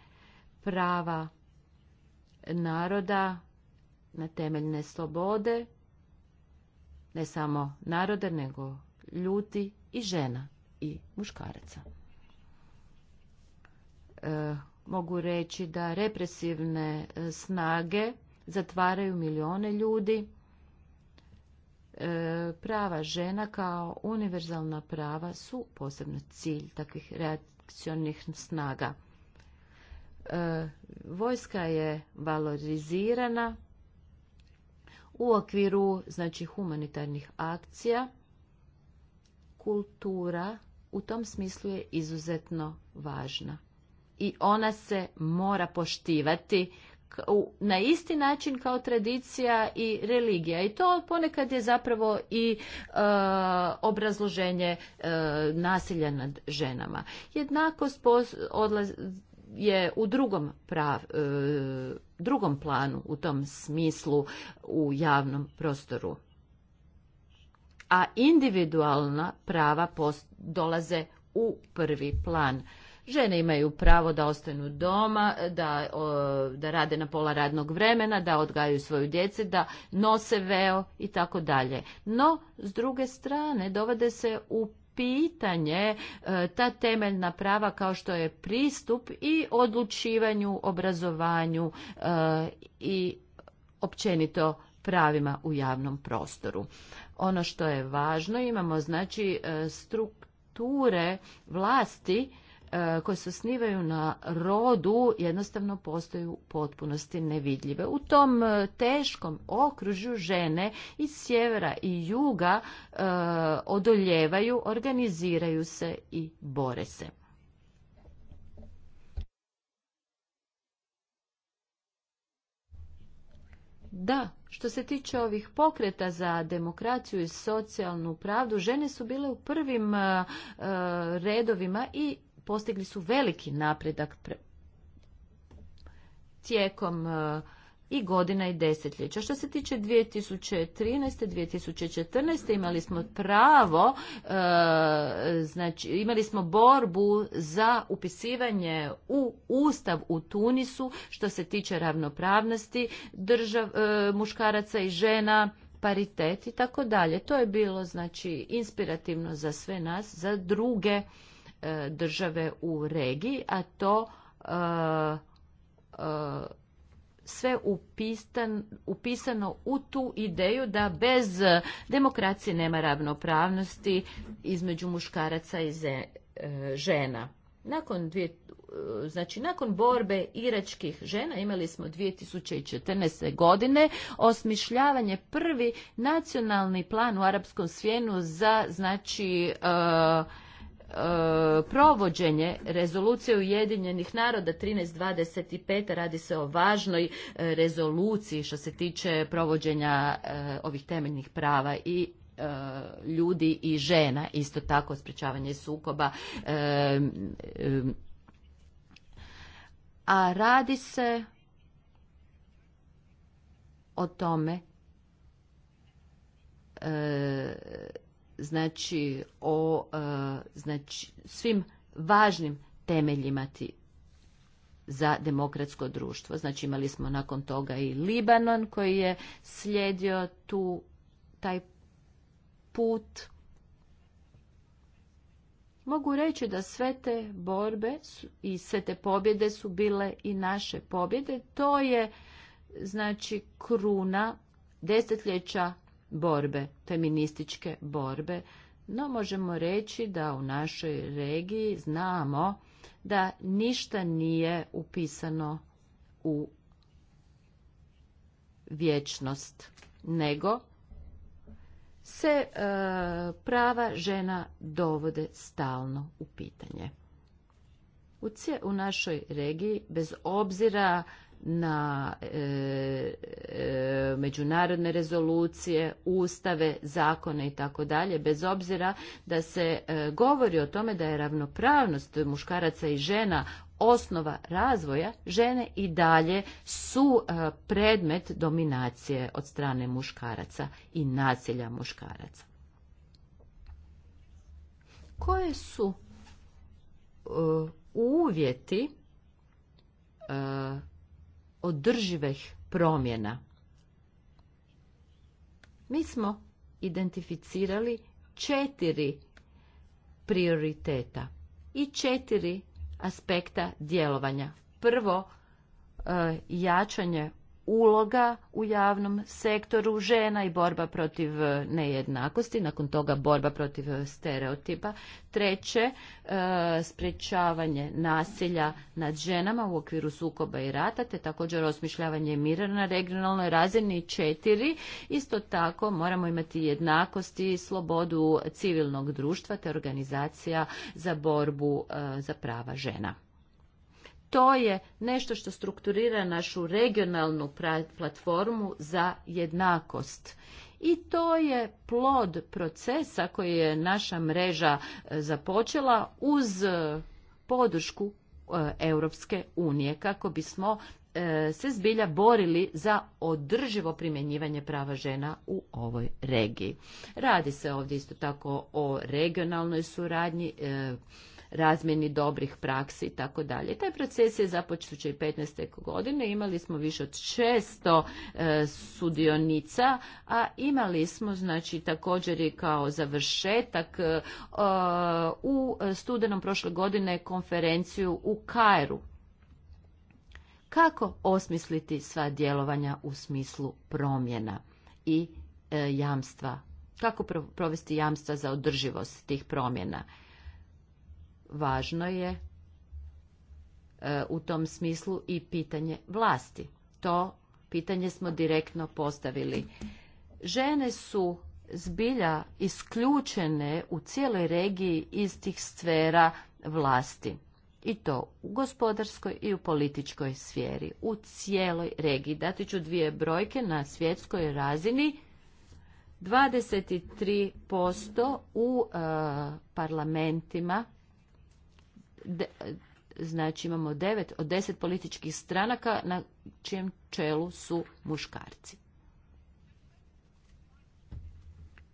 prava naroda na temeljne slobode, ne samo naroda, nego ljudi i žena i muškaraca. E, mogu reći da represivne e, snage zatvaraju milijone ljudi. E, prava žena kao univerzalna prava su posebno cilj takvih reakcionih snaga. E, vojska je valorizirana u okviru znači humanitarnih akcija. Kultura u tom smislu je izuzetno važna i ona se mora poštivati na isti način kao tradicija i religija i to ponekad je zapravo i e, obrazloženje e, nasilja nad ženama jednakost je u drugom prav, e, drugom planu u tom smislu u javnom prostoru a individualna prava dolaze u prvi plan Žene imaju pravo da ostanu doma, da, da rade na pola radnog vremena, da odgajaju svoju djece, da nose veo i tako dalje. No, s druge strane, dovode se u pitanje e, ta temeljna prava kao što je pristup i odlučivanju, obrazovanju e, i općenito pravima u javnom prostoru. Ono što je važno, imamo znači e, strukture vlasti E, koje se osnivaju na rodu jednostavno postaju u potpunosti nevidljive. U tom e, teškom okružju žene iz sjevera i juga e, odoljevaju, organiziraju se i bore se. Da, što se tiče ovih pokreta za demokraciju i socijalnu pravdu, žene su bile u prvim redovima i postigli su veliki napredak tijekom e, i godina i desetljeća. Što se tiče 2013. 2014. imali smo pravo, e, znači imali smo borbu za upisivanje u Ustav u Tunisu što se tiče ravnopravnosti držav, e, muškaraca i žena, paritet i tako dalje. To je bilo znači inspirativno za sve nas, za druge E, države u regiji, a to e, e, sve upisano u tu ideju da bez demokracije nema ravnopravnosti između muškaraca i žena. Nakon dvije, znači nakon borbe iračkih žena imali smo 2014. godine osmišljavanje prvi nacionalni plan u arapskom svijenu za znači E, provođenje rezolucije Ujedinjenih naroda 1325 radi se o važnoj e, rezoluciji što se tiče provođenja e, ovih temeljnih prava i ljudi i žena isto tako sprečavanje sukoba a radi se o tome znači o e, znači, svim važnim temeljima ti za demokratsko društvo. Znači imali smo nakon toga i Libanon koji je slijedio tu taj put. Mogu reći da sve te borbe i sve te pobjede su bile i naše pobjede. To je znači kruna desetljeća borbe, feminističke borbe, no možemo reći da u našoj regiji znamo da ništa nije upisano u vječnost, nego se e, prava žena dovode stalno u pitanje. U, u našoj regiji, bez obzira na e, e, međunarodne rezolucije, ustave, zakone i tako dalje, bez obzira da se e, govori o tome da je ravnopravnost muškaraca i žena osnova razvoja, žene i dalje su predmet dominacije od strane muškaraca i nasilja muškaraca. Koje su uvjeti održivih promjena. Mi smo identificirali četiri prioriteta i četiri aspekta djelovanja. Prvo, e, jačanje uloga u javnom sektoru žena i borba protiv e, nejednakosti, nakon toga borba protiv stereotipa. Treće, e, sprečavanje nasilja nad ženama u okviru sukoba i rata, te također osmišljavanje mira na regionalnoj razini. Četiri, isto tako moramo imati jednakosti, slobodu civilnog društva te organizacija za borbu e, za prava žena to je nešto što strukturira našu regionalnu platformu za jednakost. I to je plod procesa koji je naša mreža e, započela uz e, podršku e, Europske unije kako bismo se zbilja borili za održivo primjenjivanje prava žena u ovoj regiji. Radi se ovdje isto tako o regionalnoj suradnji, razmjeni dobrih praksi i tako dalje. Taj proces je započet 15. godine, imali smo više od 600 e, sudionica, a imali smo znači također i kao završetak e, u studenom prošle godine konferenciju u Kairu. Kako osmisliti sva djelovanja u smislu promjena i e, jamstva? Kako provesti jamstva za održivost tih promjena? važno je e, u tom smislu i pitanje vlasti. To pitanje smo direktno postavili. Žene su zbilja isključene u cijeloj regiji iz tih sfera vlasti. I to u gospodarskoj i u političkoj sferi, u cijeloj regiji. Dati ću dvije brojke na svjetskoj razini. 23% u e, parlamentima znači imamo devet od deset političkih stranaka na čijem čelu su muškarci.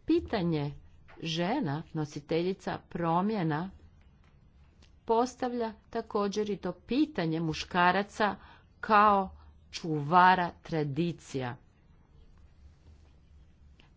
Pitanje žena, nositeljica promjena, postavlja također i to pitanje muškaraca kao čuvara tradicija.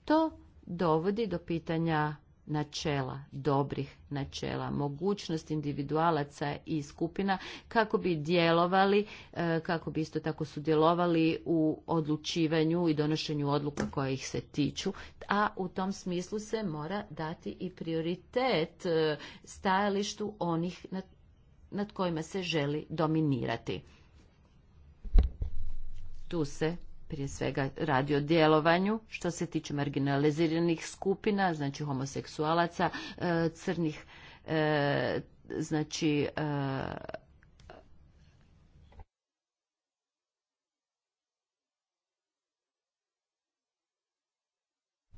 To dovodi do pitanja načela, dobrih načela, mogućnost individualaca i skupina kako bi djelovali, e, kako bi isto tako sudjelovali u odlučivanju i donošenju odluka koje ih se tiču, a u tom smislu se mora dati i prioritet e, stajalištu onih nad, nad kojima se želi dominirati. Tu se prije svega radi o djelovanju što se tiče marginaliziranih skupina, znači homoseksualaca, e, crnih, e, znači e,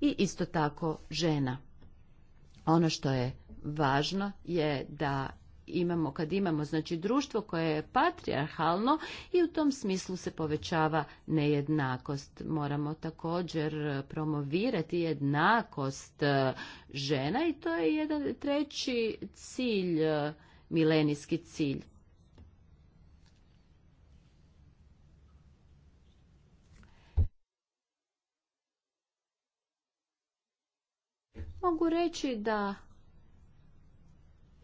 i isto tako žena. Ono što je važno je da imamo, kad imamo znači društvo koje je patrijarhalno i u tom smislu se povećava nejednakost. Moramo također promovirati jednakost e, žena i to je jedan treći cilj, e, milenijski cilj. Mogu reći da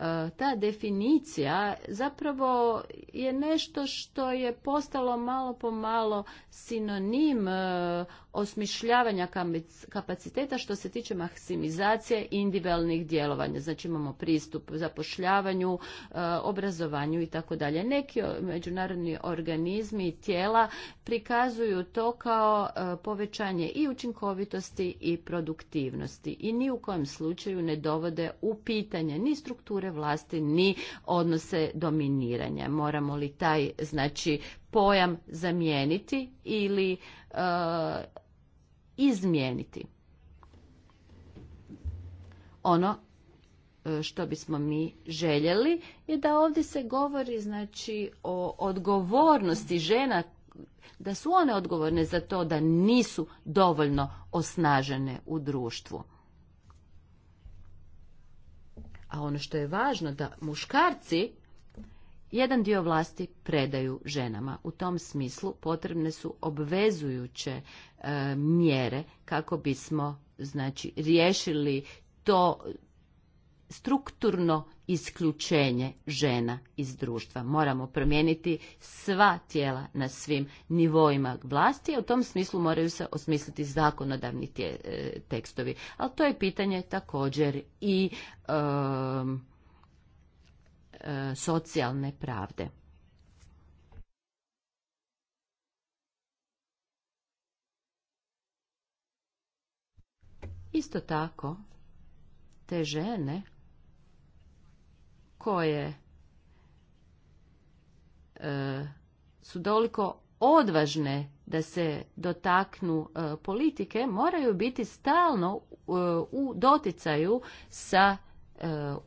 E, ta definicija zapravo je nešto što je postalo malo po malo sinonim e, osmišljavanja kapaciteta što se tiče maksimizacije individualnih djelovanja. Znači imamo pristup zapošljavanju, e, obrazovanju i tako dalje. Neki međunarodni organizmi i tijela prikazuju to kao povećanje i učinkovitosti i produktivnosti i ni u kojem slučaju ne dovode u pitanje ni strukture vlasti ni odnose dominiranja. Moramo li taj znači pojam zamijeniti ili e, izmijeniti? Ono e, što bismo mi željeli je da ovdje se govori znači o odgovornosti žena da su one odgovorne za to da nisu dovoljno osnažene u društvu. A ono što je važno da muškarci jedan dio vlasti predaju ženama. U tom smislu potrebne su obvezujuće e, mjere kako bismo znači riješili to strukturno isključenje žena iz društva. Moramo promijeniti sva tijela na svim nivoima vlasti, a u tom smislu moraju se osmisliti zakonodavni e, tekstovi. Ali to je pitanje također i e, socijalne pravde. Isto tako, te žene koje e, su doliko odvažne da se dotaknu e, politike moraju biti stalno e, u doticaju sa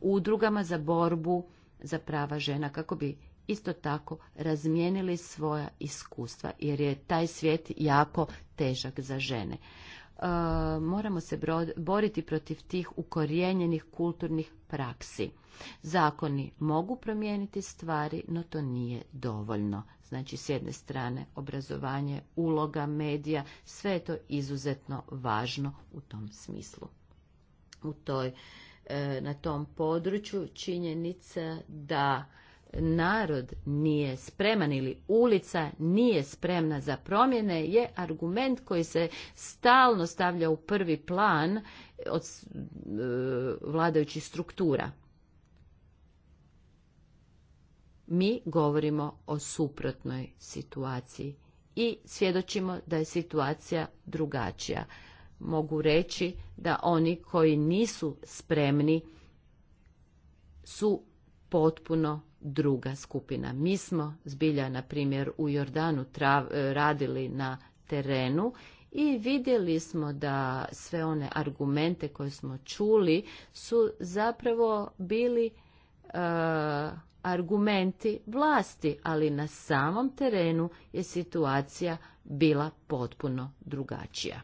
udrugama za borbu za prava žena kako bi isto tako razmijenili svoja iskustva jer je taj svijet jako težak za žene E, moramo se boriti protiv tih ukorijenjenih kulturnih praksi. Zakoni mogu promijeniti stvari, no to nije dovoljno. Znači, s jedne strane, obrazovanje, uloga, medija, sve je to izuzetno važno u tom smislu. U toj, e, na tom području činjenica da narod nije spreman ili ulica nije spremna za promjene je argument koji se stalno stavlja u prvi plan od e, vladajućih struktura. Mi govorimo o suprotnoj situaciji i svjedočimo da je situacija drugačija. Mogu reći da oni koji nisu spremni su potpuno druga skupina. Mi smo zbilja, na primjer, u Jordanu trav, e, radili na terenu i vidjeli smo da sve one argumente koje smo čuli su zapravo bili e, argumenti vlasti, ali na samom terenu je situacija bila potpuno drugačija.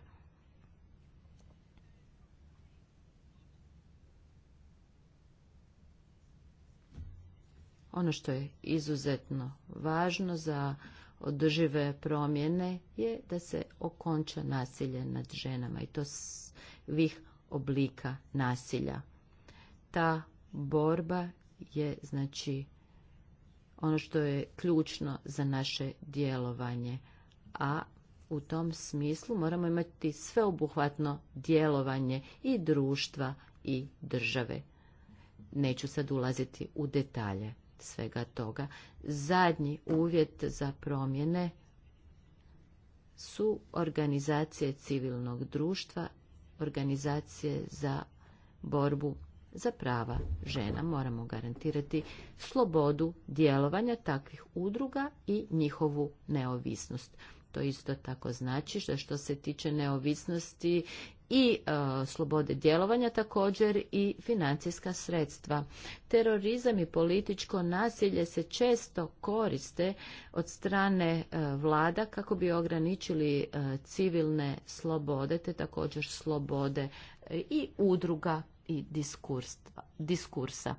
Ono što je izuzetno važno za održive promjene je da se okonča nasilje nad ženama i to svih oblika nasilja. Ta borba je znači ono što je ključno za naše djelovanje, a u tom smislu moramo imati sveobuhvatno djelovanje i društva i države. Neću sad ulaziti u detalje svega toga. Zadnji uvjet za promjene su organizacije civilnog društva, organizacije za borbu za prava žena. Moramo garantirati slobodu djelovanja takvih udruga i njihovu neovisnost. To isto tako znači što, što se tiče neovisnosti i e, slobode djelovanja također i financijska sredstva. Terorizam i političko nasilje se često koriste od strane e, vlada kako bi ograničili e, civilne slobode te također slobode i udruga i diskursa.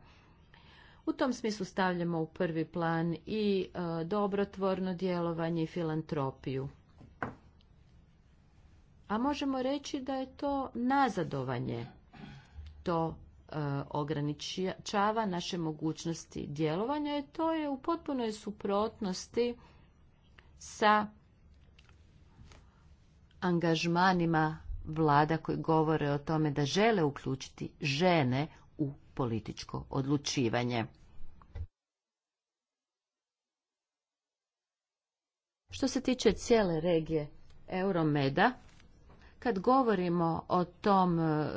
U tom smislu stavljamo u prvi plan i e, dobrotvorno djelovanje i filantropiju. A možemo reći da je to nazadovanje. To e, ograničava naše mogućnosti djelovanja i to je u potpunoj suprotnosti sa angažmanima vlada koji govore o tome da žele uključiti žene političko odlučivanje. Što se tiče cijele regije Euromeda, kad govorimo o tom e,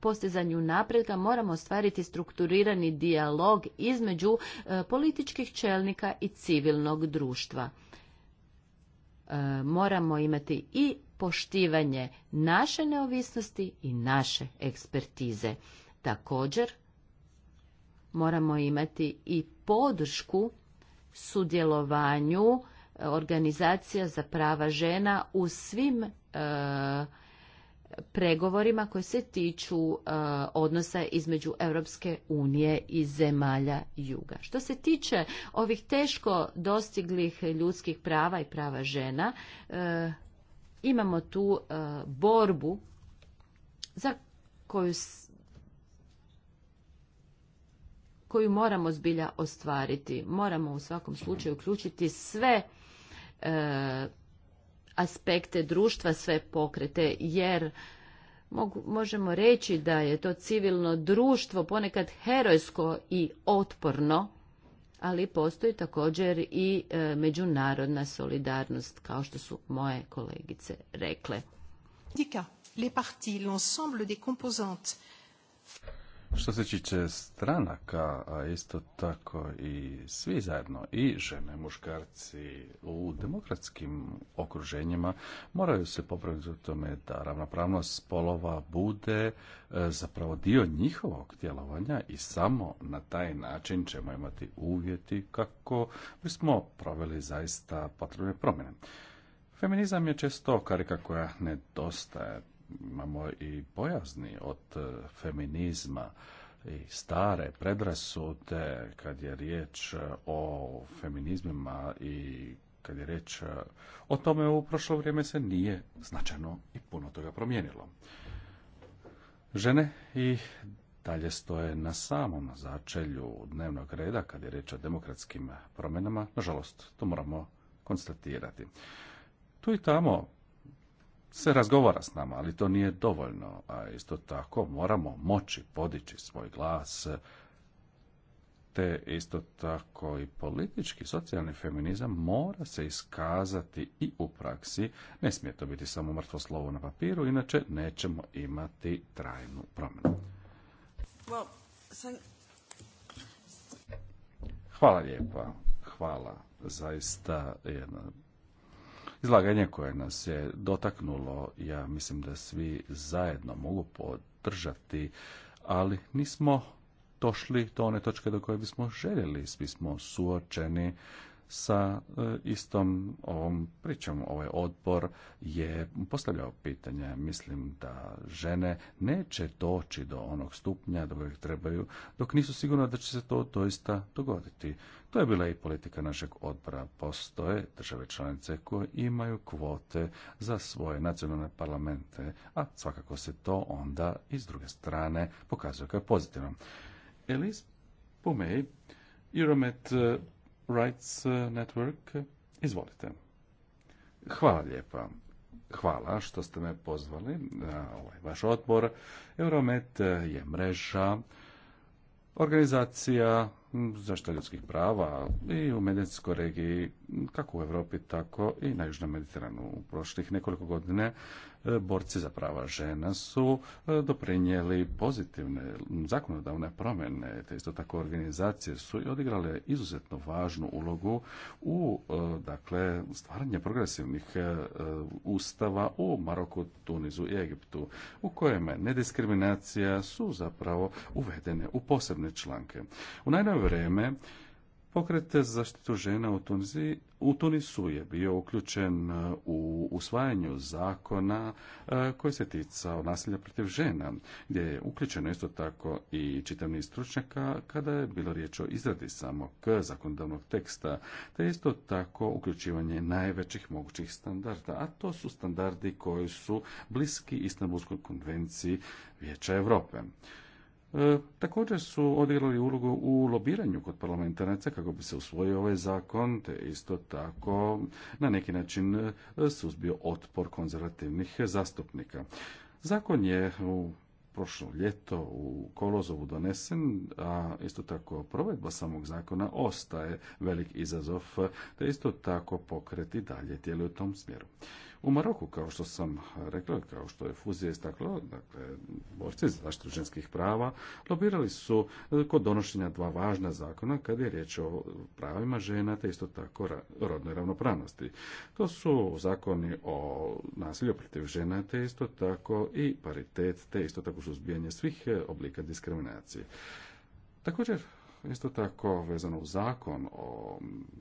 postizanju napredka, moramo ostvariti strukturirani dijalog između e, političkih čelnika i civilnog društva. E, moramo imati i poštivanje naše neovisnosti i naše ekspertize. Također moramo imati i podršku sudjelovanju e, organizacija za prava žena u svim e, pregovorima koje se tiču e, odnosa između Europske unije i zemalja juga. Što se tiče ovih teško dostiglih ljudskih prava i prava žena, imamo tu borbu za koju koju moramo zbilja ostvariti. Moramo u svakom slučaju uključiti sve e, aspekte društva, sve pokrete, jer možemo reći da je to civilno društvo ponekad herojsko i otporno, ali postoji također i e, međunarodna solidarnost, kao što su moje kolegice rekle. Les parti, l'ensemble des composantes što se tiče stranaka, a isto tako i svi zajedno, i žene, muškarci u demokratskim okruženjima moraju se popraviti u tome da ravnopravnost spolova bude e, zapravo dio njihovog djelovanja i samo na taj način ćemo imati uvjeti kako bismo proveli zaista potrebne promjene. Feminizam je često karika koja nedostaje imamo i bojazni od e, feminizma i stare predrasude kad je riječ e, o feminizmima i kad je riječ e, o tome u prošlo vrijeme se nije značajno i puno toga promijenilo. Žene i dalje stoje na samom začelju dnevnog reda kad je riječ o demokratskim promjenama. Nažalost, to moramo konstatirati. Tu i tamo se razgovara s nama, ali to nije dovoljno. A isto tako moramo moći podići svoj glas, te isto tako i politički, socijalni feminizam mora se iskazati i u praksi. Ne smije to biti samo mrtvo slovo na papiru, inače nećemo imati trajnu promjenu. Hvala lijepa. Hvala. Zaista jedna izlaganje koje nas je dotaknulo. Ja mislim da svi zajedno mogu podržati, ali nismo došli do one točke do koje bismo željeli. Svi smo suočeni sa e, istom ovom pričom. Ovaj odbor je postavljao pitanje, Mislim da žene neće doći do onog stupnja do kojeg trebaju, dok nisu sigurne da će se to doista dogoditi. To je bila i politika našeg odbora. Postoje države članice koje imaju kvote za svoje nacionalne parlamente, a svakako se to onda i s druge strane pokazuje kao pozitivno. Elis Pumej, Euromet Rights eh, Network. Izvolite. Hvala lijepa. Hvala što ste me pozvali na ovaj vaš odbor. Euromet eh, je mreža organizacija zaštita ljudskih prava i u medicinskoj regiji, kako u Europi, tako i na Južnom Mediteranu. U prošlih nekoliko godine borci za prava žena su e, doprinijeli pozitivne zakonodavne promjene, te isto tako organizacije su i odigrale izuzetno važnu ulogu u e, dakle stvaranje progresivnih e, ustava u Maroku, Tunizu i Egiptu, u kojima nediskriminacija su zapravo uvedene u posebne članke. U najnovije vrijeme Pokret za zaštitu žena u, Tunzi, u Tunisu je bio uključen e, u usvajanju zakona e, koji se ticao nasilja protiv žena, gdje je uključeno isto tako i čitav stručnjaka kada je bilo riječ o izradi samog zakonodavnog teksta, te isto tako uključivanje najvećih mogućih standarda, a to su standardi koji su bliski Istanbulskoj konvenciji Vijeća Europe. E, također su odigrali ulogu u lobiranju kod parlamentaraca kako bi se usvojio ovaj zakon, te isto tako na neki način e, suzbio otpor konzervativnih zastupnika. Zakon je u prošlo ljeto u Kolozovu donesen, a isto tako provedba samog zakona ostaje velik izazov, te isto tako pokreti dalje tijeli u tom smjeru. U Maroku, kao što sam rekla, kao što je fuzija istakla, dakle, borci za zaštitu ženskih prava lobirali su e, kod donošenja dva važna zakona kad je riječ o pravima žena te isto tako rodnoj ravnopravnosti. To su zakoni o nasilju protiv žena te isto tako i paritet te isto tako suzbijanje svih e, oblika diskriminacije. Također, Isto tako, vezano u zakon o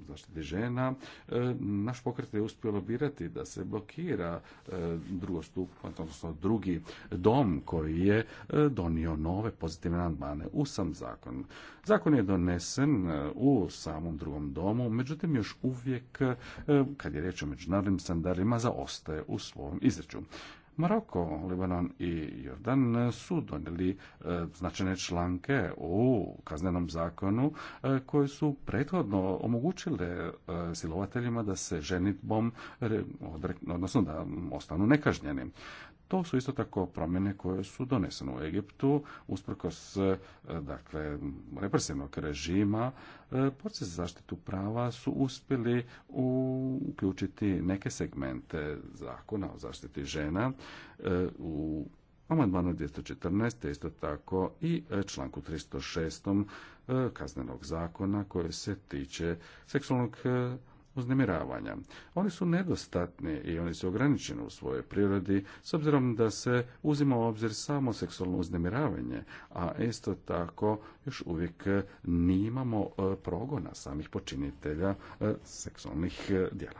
zaštiti žena, e, naš pokret je uspio lobirati da se blokira e, drugo odnosno drugi dom koji je e, donio nove pozitivne amandmane u sam zakon. Zakon je donesen u samom drugom domu, međutim još uvijek, kad je reč o međunarodnim standardima, zaostaje u svom izreću. Maroko, Libanon i Jordan su donijeli e, značajne članke u kaznenom zakonu e, koje su prethodno omogućile e, silovateljima da se ženitbom, odnosno da ostanu nekažnjeni. To su isto tako promjene koje su donesene u Egiptu usprkos e, dakle represivnog režima. E, Proces zaštitu prava su uspjeli uključiti neke segmente zakona o zaštiti žena e, u amandmanu 214. isto tako i članku 306. kaznenog zakona koje se tiče seksualnog uznemiravanja. Oni su nedostatni i oni su ograničeni u svojoj prirodi s obzirom da se uzima u obzir samo seksualno uznemiravanje, a isto tako još uvijek nimamo e, progona samih počinitelja e, seksualnih e, djela.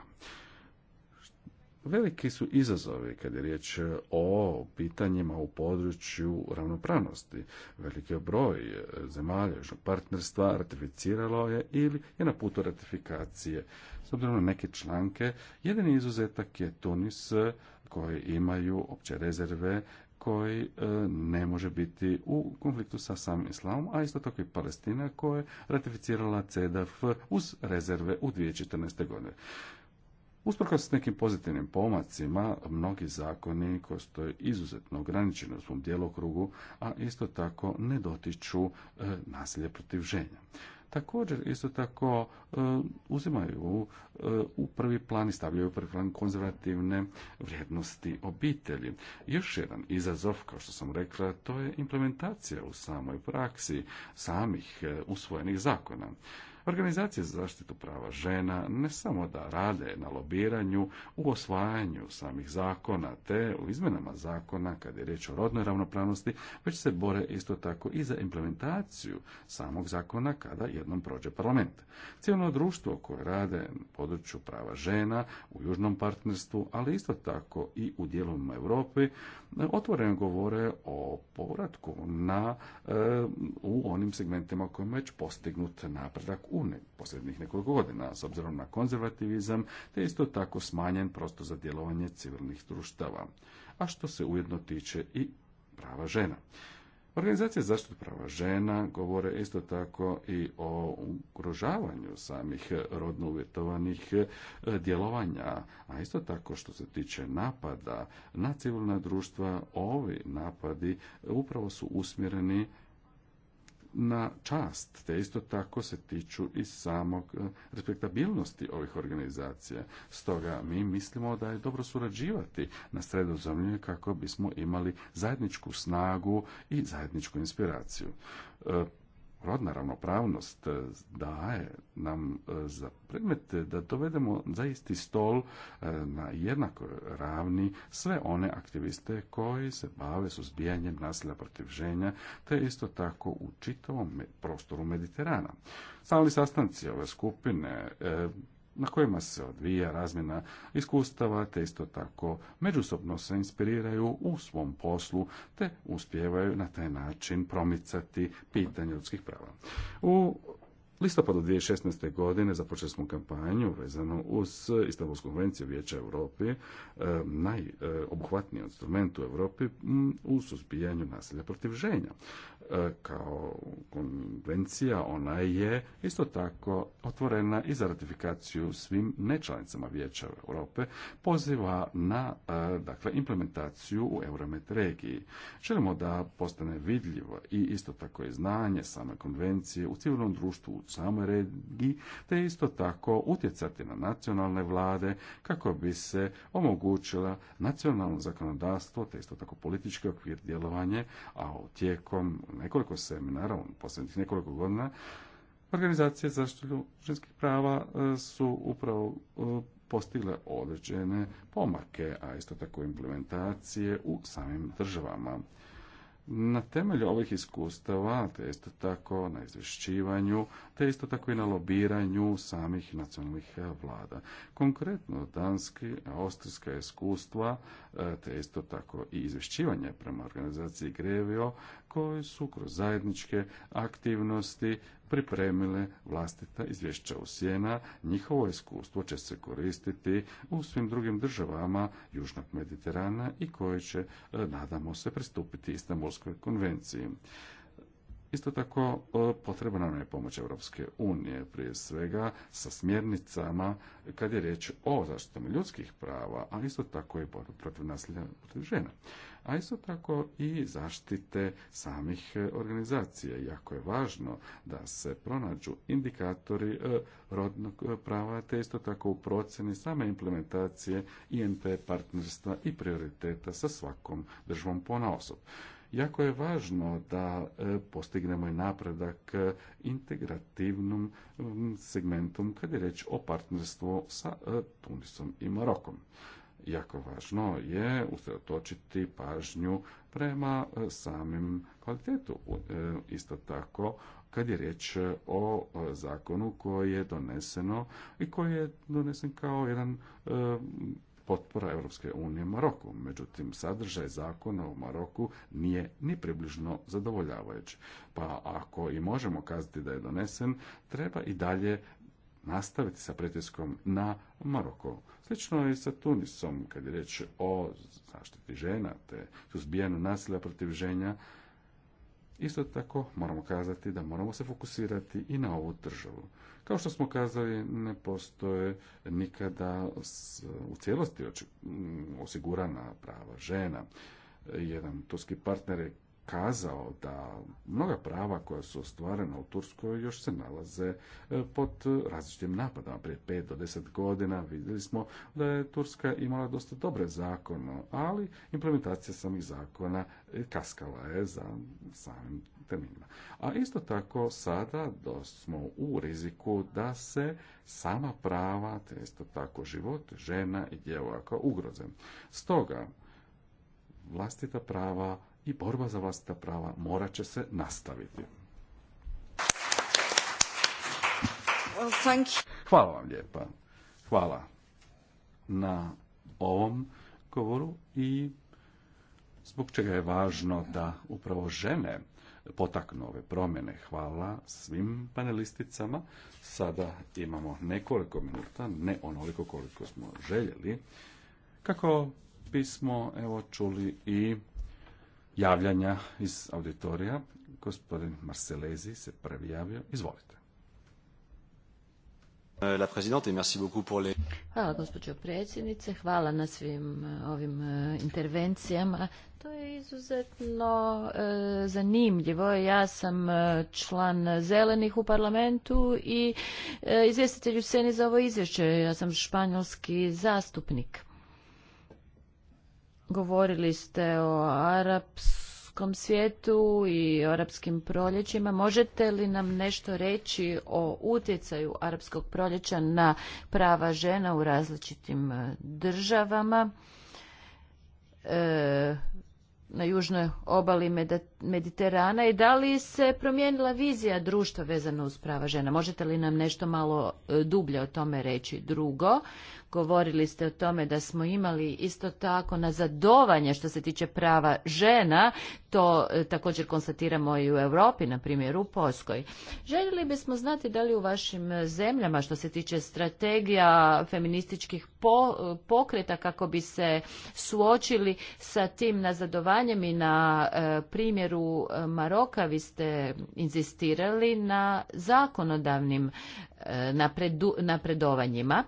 Veliki su izazovi kad je riječ o pitanjima u području ravnopravnosti. Veliki broj zemalja partnerstva ratificiralo je ili je na putu ratifikacije. S obzirom na neke članke, jedini izuzetak je Tunis koji imaju opće rezerve koji e, ne može biti u konfliktu sa samim islamom, a isto tako i Palestina koja je ratificirala CEDAF uz rezerve u 2014. godine. Usprkos nekim pozitivnim pomacima, mnogi zakoni koji stoje izuzetno ograničeni u svom djelokrugu, a isto tako ne dotiču e, nasilje protiv ženja. Također, isto tako, e, uzimaju e, u prvi plan i stavljaju u prvi plan konzervativne vrijednosti obitelji. Još jedan izazov, kao što sam rekla, to je implementacija u samoj praksi samih usvojenih zakona. Organizacije za zaštitu prava žena ne samo da rade na lobiranju, u osvajanju samih zakona te u izmenama zakona kad je riječ o rodnoj ravnopravnosti, već se bore isto tako i za implementaciju samog zakona kada jednom prođe parlament. Cijelno društvo koje rade na području prava žena u južnom partnerstvu, ali isto tako i u dijelovima Europe, otvoreno govore o povratku na, e, u onim segmentima kojima je već postignut napredak u posljednjih nekoliko godina, s obzirom na konzervativizam, te isto tako smanjen prostor za djelovanje civilnih društava, a što se ujedno tiče i prava žena. Organizacije zaštitu prava žena govore isto tako i o ugrožavanju samih rodno uvjetovanih e, djelovanja, a isto tako što se tiče napada na civilna društva, ovi napadi upravo su usmjereni na čast, te isto tako se tiču i samog e, respektabilnosti ovih organizacija. Stoga mi mislimo da je dobro surađivati na sredozemlju kako bismo imali zajedničku snagu i zajedničku inspiraciju. E, rodna ravnopravnost e, daje nam e, za predmet e, da dovedemo za isti stol na jednako ravni sve one aktiviste koji se bave suzbijanjem nasilja protiv ženja, te isto tako u čitavom prostoru Mediterana. Sami sastanci ove skupine na kojima se odvija razmjena iskustava, te isto tako međusobno se inspiriraju u svom poslu, te uspijevaju na taj način promicati pitanje ljudskih prava. U listopadu 2016. godine započeli smo kampanju vezano uz Istanbulsku konvenciju Vijeća Europe, e, najobuhvatniji instrument u Europi u suzbijanju nasilja protiv ženja. E, kao konvencija ona je isto tako otvorena i za ratifikaciju svim nečlanicama Vijeća Europe, poziva na e, dakle, implementaciju u Euromet regiji. Želimo da postane vidljivo i isto tako i znanje same konvencije u civilnom društvu, u samoj regiji, te isto tako utjecati na nacionalne vlade kako bi se omogućila nacionalno zakonodavstvo, te isto tako politički okvir djelovanje, a tijekom nekoliko seminara, u posljednjih nekoliko godina, organizacije zaštitu ženskih prava e, su upravo e, postigle određene pomake, a isto tako implementacije u samim državama. Na temelju ovih iskustava, te isto tako na izvješćivanju, te isto tako i na lobiranju samih nacionalnih e, vlada. Konkretno, danski, austrijska iskustva, e, te isto tako i izvješćivanje prema organizaciji Grevio, koje su kroz zajedničke aktivnosti pripremile vlastita izvješća u Sjena. Njihovo iskustvo će se koristiti u svim drugim državama Južnog Mediterana i koje će, e, nadamo se, pristupiti Istanbulskoj konvenciji. Isto tako e, potrebna nam je pomoć Europske unije prije svega sa smjernicama kad je riječ o zaštitom ljudskih prava, a isto tako i protiv nasilja protiv žena. A isto tako i zaštite samih e, organizacija. Jako je važno da se pronađu indikatori e, rodnog prava, te isto tako u procjeni same implementacije INP partnerstva i prioriteta sa svakom državom ponaosob. osob. Jako je važno da e, postignemo i napredak e, integrativnom segmentom kad je reč o partnerstvu sa e, Tunisom i Marokom. Jako važno je usredotočiti pažnju prema samim kvalitetu. Isto tako, kad je riječ o zakonu koji je doneseno i koji je donesen kao jedan potpora Europske unije Maroku. Međutim, sadržaj zakona u Maroku nije ni približno zadovoljavajući. Pa ako i možemo kazati da je donesen, treba i dalje nastaviti sa pritiskom na Maroko. Slično je i sa Tunisom, kad je riječ o zaštiti žena te suzbijanju nasilja protiv ženja, Isto tako moramo kazati da moramo se fokusirati i na ovu državu. Kao što smo kazali, ne postoje nikada u cijelosti osigurana prava žena. Jedan turski partner kazao da mnoga prava koja su ostvarena u Turskoj još se nalaze e, pod različitim napadama. Prije 5 do 10 godina vidjeli smo da je Turska imala dosta dobre zakone, ali implementacija samih zakona e, kaskala je za samim terminima. A isto tako sada smo u riziku da se sama prava, te isto tako život žena i djevojaka ugroze. Stoga vlastita prava i borba za vlastita prava morat će se nastaviti. Hvala vam lijepa. Hvala na ovom govoru i zbog čega je važno da upravo žene potaknu ove promjene. Hvala svim panelisticama. Sada imamo nekoliko minuta, ne onoliko koliko smo željeli, kako bismo evo čuli i javljanja iz auditorija. Gospodin Marselezi se prvi javio. Izvolite. Euh, la Hvala gospođo predsjednice, hvala na svim e, ovim e, intervencijama. To je izuzetno e, zanimljivo. Ja sam član zelenih u parlamentu i izvjestitelju Seni za ovo izvješće. Ja sam španjolski zastupnik. Govorili ste o arapskom svijetu i o arapskim proljećima. Možete li nam nešto reći o utjecaju arapskog proljeća na prava žena u različitim e, državama? E, na južnoj obali da Mediterana i da li se promijenila vizija društva vezano uz prava žena? Možete li nam nešto malo e, dublje o tome reći? Drugo, govorili ste o tome da smo imali isto tako nazadovanje što se tiče prava žena, to e, također konstatiramo i u Europi, na primjer u Poljskoj. Željeli bismo znati da li u vašim zemljama što se tiče strategija feminističkih e, pokreta kako bi se suočili sa tim nazadovanjem i na primjer u e, Maroka vi ste inzistirali na zakonodavnim e, napredovanjima,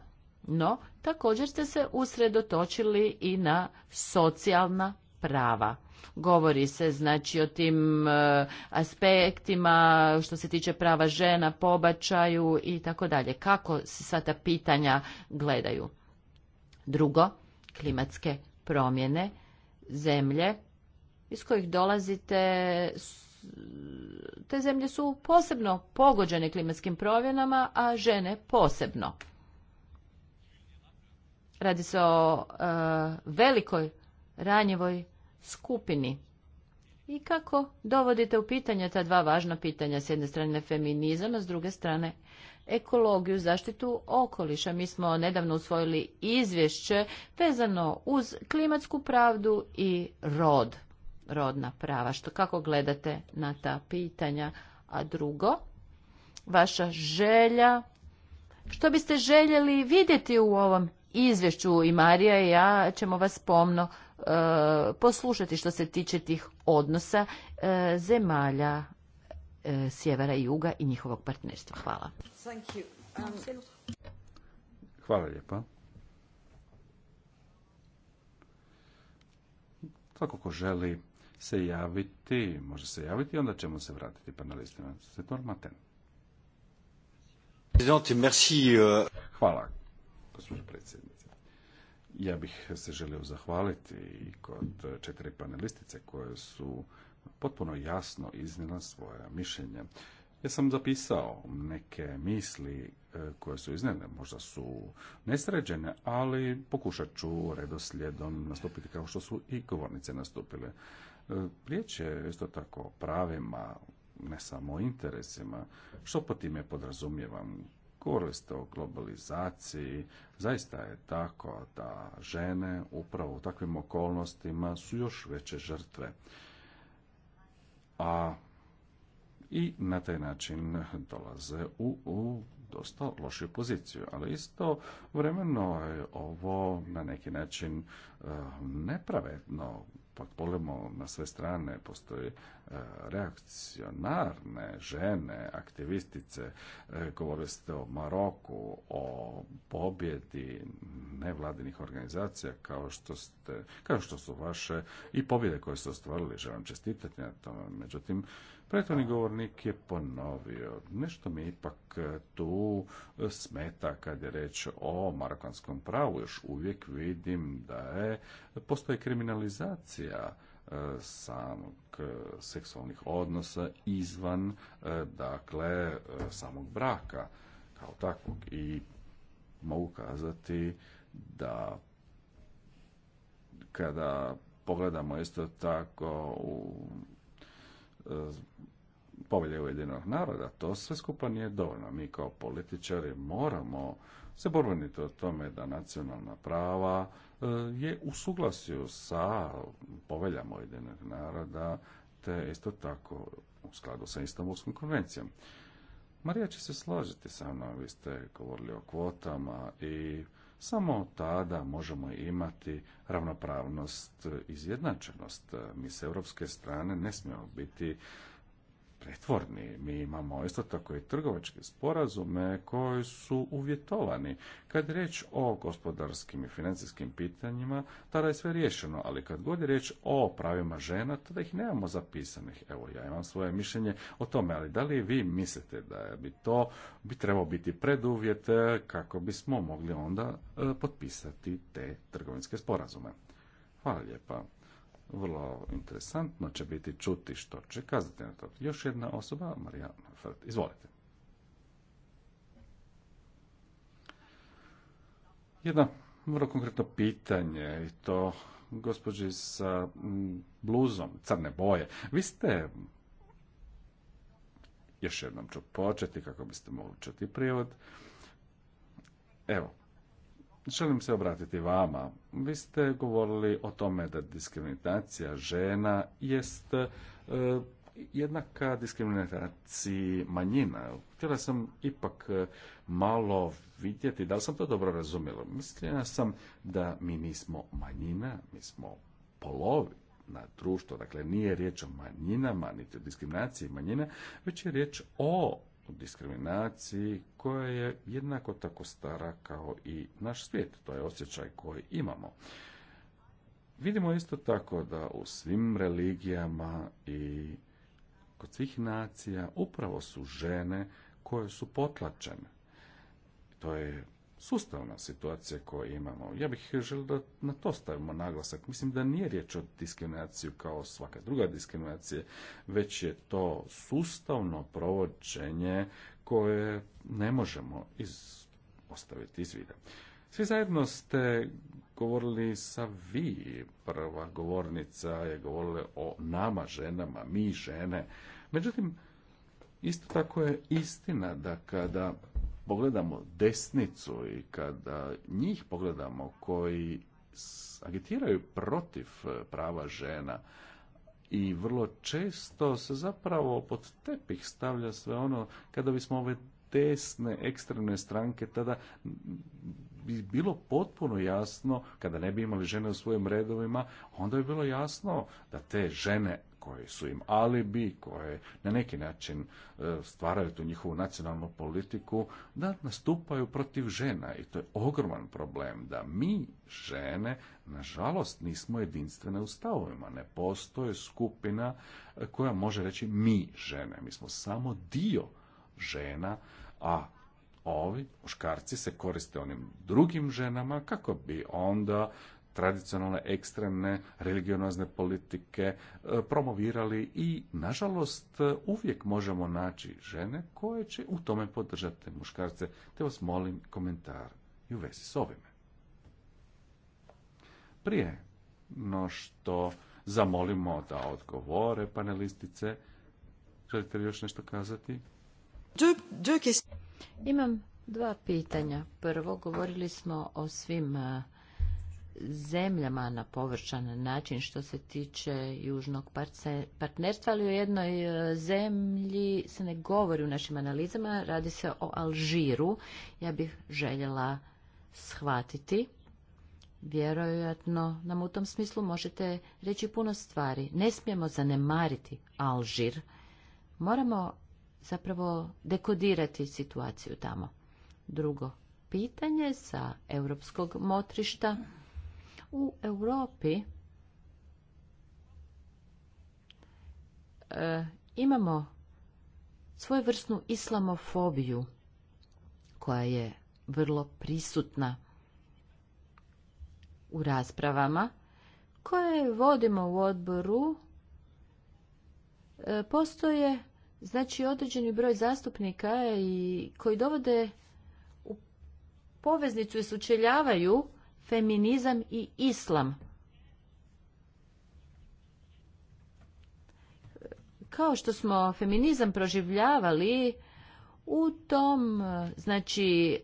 no također ste se usredotočili i na socijalna prava. Govori se znači o tim e, aspektima što se tiče prava žena, pobačaju i tako dalje. Kako se sva ta pitanja gledaju? Drugo, klimatske promjene, zemlje iz kojih dolazite te zemlje su posebno pogođene klimatskim promjenama, a žene posebno. Radi se o e, velikoj ranjivoj skupini. I kako dovodite u pitanje ta dva važna pitanja, s jedne strane feminizam, a s druge strane ekologiju, zaštitu okoliša. Mi smo nedavno usvojili izvješće vezano uz klimatsku pravdu i rod rodna prava. Što kako gledate na ta pitanja? A drugo, vaša želja, što biste željeli vidjeti u ovom izvješću i Marija i ja ćemo vas pomno e, poslušati što se tiče tih odnosa e, zemalja e, sjevera i juga i njihovog partnerstva. Hvala. Um, Hvala lijepa. ko želi se javiti, može se javiti, onda ćemo se vratiti panelistima. Maten. Euh, Hvala, gospođo predsjednice. Ja bih se želio zahvaliti i kod četiri panelistice koje su potpuno jasno iznila svoja mišljenja. Ja sam zapisao neke misli e, koje su iznene, možda su nesređene, ali pokušat ću redoslijedom nastupiti kao što su i govornice nastupile. E, je isto tako o pravima, ne samo o interesima. Što po time podrazumijevam? Govorili ste o globalizaciji, zaista je tako da žene upravo u takvim okolnostima su još veće žrtve. A i na taj način dolaze u, u dosta lošiju poziciju, ali isto vremeno je ovo na neki način e, nepravedno pak pogledamo na sve strane, postoje e, reakcionarne žene, aktivistice, e, govore ste o Maroku, o pobjedi nevladinih organizacija, kao što, ste, kao što su vaše i pobjede koje ste ostvarili, želim čestitati na tome. Međutim, Prethodni govornik je ponovio, nešto mi ipak e, tu e, smeta kad je reč o marokanskom pravu. Još uvijek vidim da je, postoji kriminalizacija e, samog seksualnih odnosa izvan dakle samog braka kao takvog i mogu kazati da kada pogledamo isto tako u povelje Ujedinog naroda. To sve skupa nije dovoljno. Mi kao političari moramo se borbeniti o tome da nacionalna prava e, je u suglasju sa poveljama Ujedinog naroda, te isto tako u skladu sa Istanbulskom konvencijom. Marija će se složiti sa mnom, vi ste govorili o kvotama i samo tada možemo imati ravnopravnost, izjednačenost. Mi s europske strane ne smijemo biti pretvorni. Mi imamo isto tako i trgovačke sporazume koji su uvjetovani. Kad je riječ o gospodarskim i financijskim pitanjima, tada je sve riješeno, ali kad god je riječ o pravima žena, tada ih nemamo zapisanih. Evo, ja imam svoje mišljenje o tome, ali da li vi mislite da bi to bi trebao biti preduvjet e, kako bismo mogli onda e, potpisati te trgovinske sporazume? Hvala lijepa. Vrlo interesantno će biti čuti što će kazati na to. Još jedna osoba, Marija Frt. Izvolite. Jedno vrlo konkretno pitanje i to gospođi sa bluzom crne boje. Vi ste još jednom ću početi kako biste mogli čuti prijevod. Evo, Želim se obratiti vama. Vi ste govorili o tome da diskriminacija žena jest e, jednaka diskriminaciji manjina. Htjela sam ipak e, malo vidjeti da li sam to dobro razumjela. Mislila sam da mi nismo manjina, mi smo polovi na društvo. Dakle, nije riječ o manjinama, niti o diskriminaciji manjina, već je riječ o diskriminaciji koja je jednako tako stara kao i naš svijet. To je osjećaj koji imamo. Vidimo isto tako da u svim religijama i kod svih nacija upravo su žene koje su potlačene. To je sustavna situacija koju imamo. Ja bih želio da na to stavimo naglasak. Mislim da nije riječ o diskriminaciju kao svaka druga diskriminacija, već je to sustavno provođenje koje ne možemo iz, ostaviti iz vida. Svi zajedno ste govorili sa vi. Prva govornica je govorila o nama ženama, mi žene. Međutim, isto tako je istina da kada pogledamo desnicu i kada njih pogledamo koji agitiraju protiv e, prava žena i vrlo često se zapravo pod tepih stavlja sve ono kada bismo ove desne ekstremne stranke tada bi bilo potpuno jasno kada ne bi imali žene u svojim redovima onda bi bilo jasno da te žene koji su im alibi, koje na neki način e, stvaraju tu njihovu nacionalnu politiku, da nastupaju protiv žena. I to je ogroman problem da mi žene, nažalost, nismo jedinstvene u stavovima. Ne postoje skupina e, koja može reći mi žene. Mi smo samo dio žena, a ovi muškarci se koriste onim drugim ženama kako bi onda tradicionalne ekstremne religionozne politike e, promovirali i nažalost e, uvijek možemo naći žene koje će u tome podržati muškarce te vas molim komentar i u vezi s ovime prije no što zamolimo da odgovore panelistice želite li još nešto kazati imam dva pitanja prvo govorili smo o svim e, zemljama na površan način što se tiče južnog partnerstva, ali u jednoj e, zemlji se ne govori u našim analizama, radi se o Alžiru. Ja bih željela shvatiti. Vjerojatno nam u tom smislu možete reći puno stvari. Ne smijemo zanemariti Alžir. Moramo zapravo dekodirati situaciju tamo. Drugo pitanje sa europskog motrišta u Europi e, imamo svojevrsnu islamofobiju koja je vrlo prisutna u raspravama koje vodimo u odboru e, postoje znači određeni broj zastupnika i koji dovode u poveznicu i sučeljavaju feminizam i islam. Kao što smo feminizam proživljavali u tom, znači,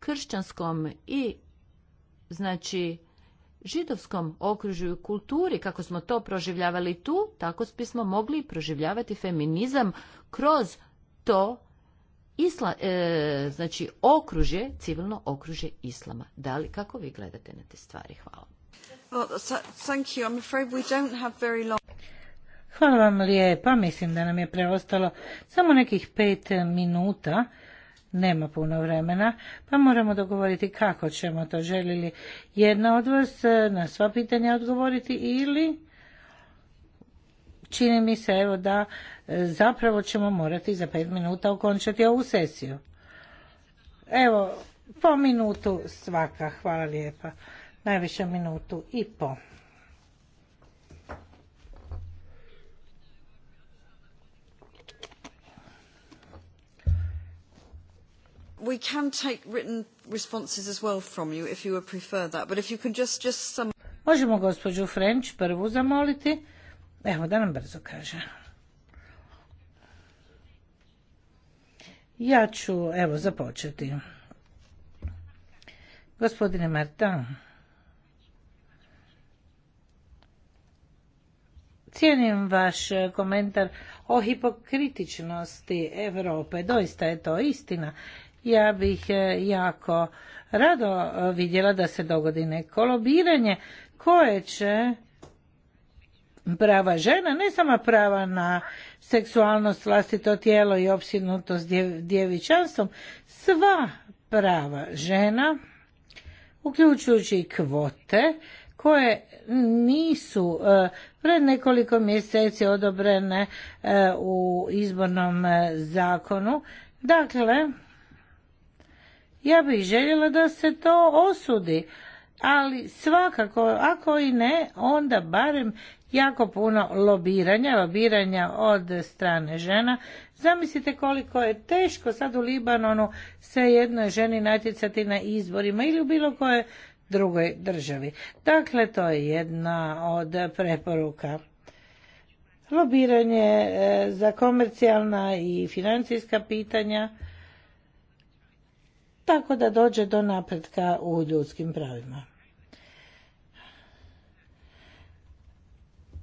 kršćanskom i, znači, židovskom okružju i kulturi, kako smo to proživljavali tu, tako bismo mogli proživljavati feminizam kroz to isla, e, znači okružje, civilno okružje islama. Da li, kako vi gledate na te stvari? Hvala. Hvala vam lijepa, mislim da nam je preostalo samo nekih pet minuta, nema puno vremena, pa moramo dogovoriti kako ćemo to željeli Jedna od vas e, na sva pitanja odgovoriti ili čini mi se evo da e, zapravo ćemo morati za pet minuta okončati ovu sesiju. Evo, po minutu svaka, hvala lijepa. Najviše minutu i po. we can take written responses as well from you if you would prefer that, but if you can just just some Možemo gospođu French prvu zamoliti Evo, da nam brzo kaže. Ja ću, evo, započeti. Gospodine Marta, cijenim vaš komentar o hipokritičnosti Europe. Doista je to istina. Ja bih e, jako rado vidjela da se dogodi neko lobiranje koje će prava žena, ne samo prava na seksualnost, vlastito tijelo i opsinutost djevičanstvom, sva prava žena, uključujući i kvote, koje nisu e, pred nekoliko mjeseci odobrene e, u izbornom e, zakonu. Dakle, ja bih željela da se to osudi, ali svakako, ako i ne, onda barem jako puno lobiranja, lobiranja od strane žena. Zamislite koliko je teško sad u Libanonu se jednoj ženi natjecati na izborima ili u bilo koje drugoj državi. Dakle, to je jedna od preporuka. Lobiranje e, za komercijalna i financijska pitanja, tako da dođe do napretka u ljudskim pravima.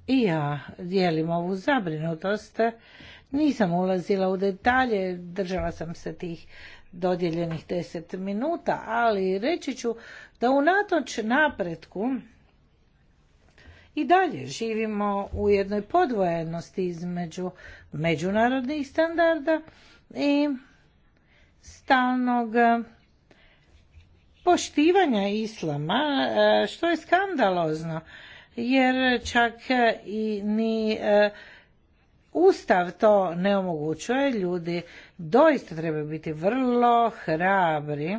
i ja dijelim ovu zabrinutost. Nisam ulazila u detalje, držala sam se tih dodijeljenih deset minuta, ali reći ću da unatoč napretku i dalje živimo u jednoj podvojenosti između međunarodnih standarda i stalnog e, poštivanja islama, e, što je skandalozno jer čak i ni e, Ustav to ne omogućuje, ljudi doista treba biti vrlo hrabri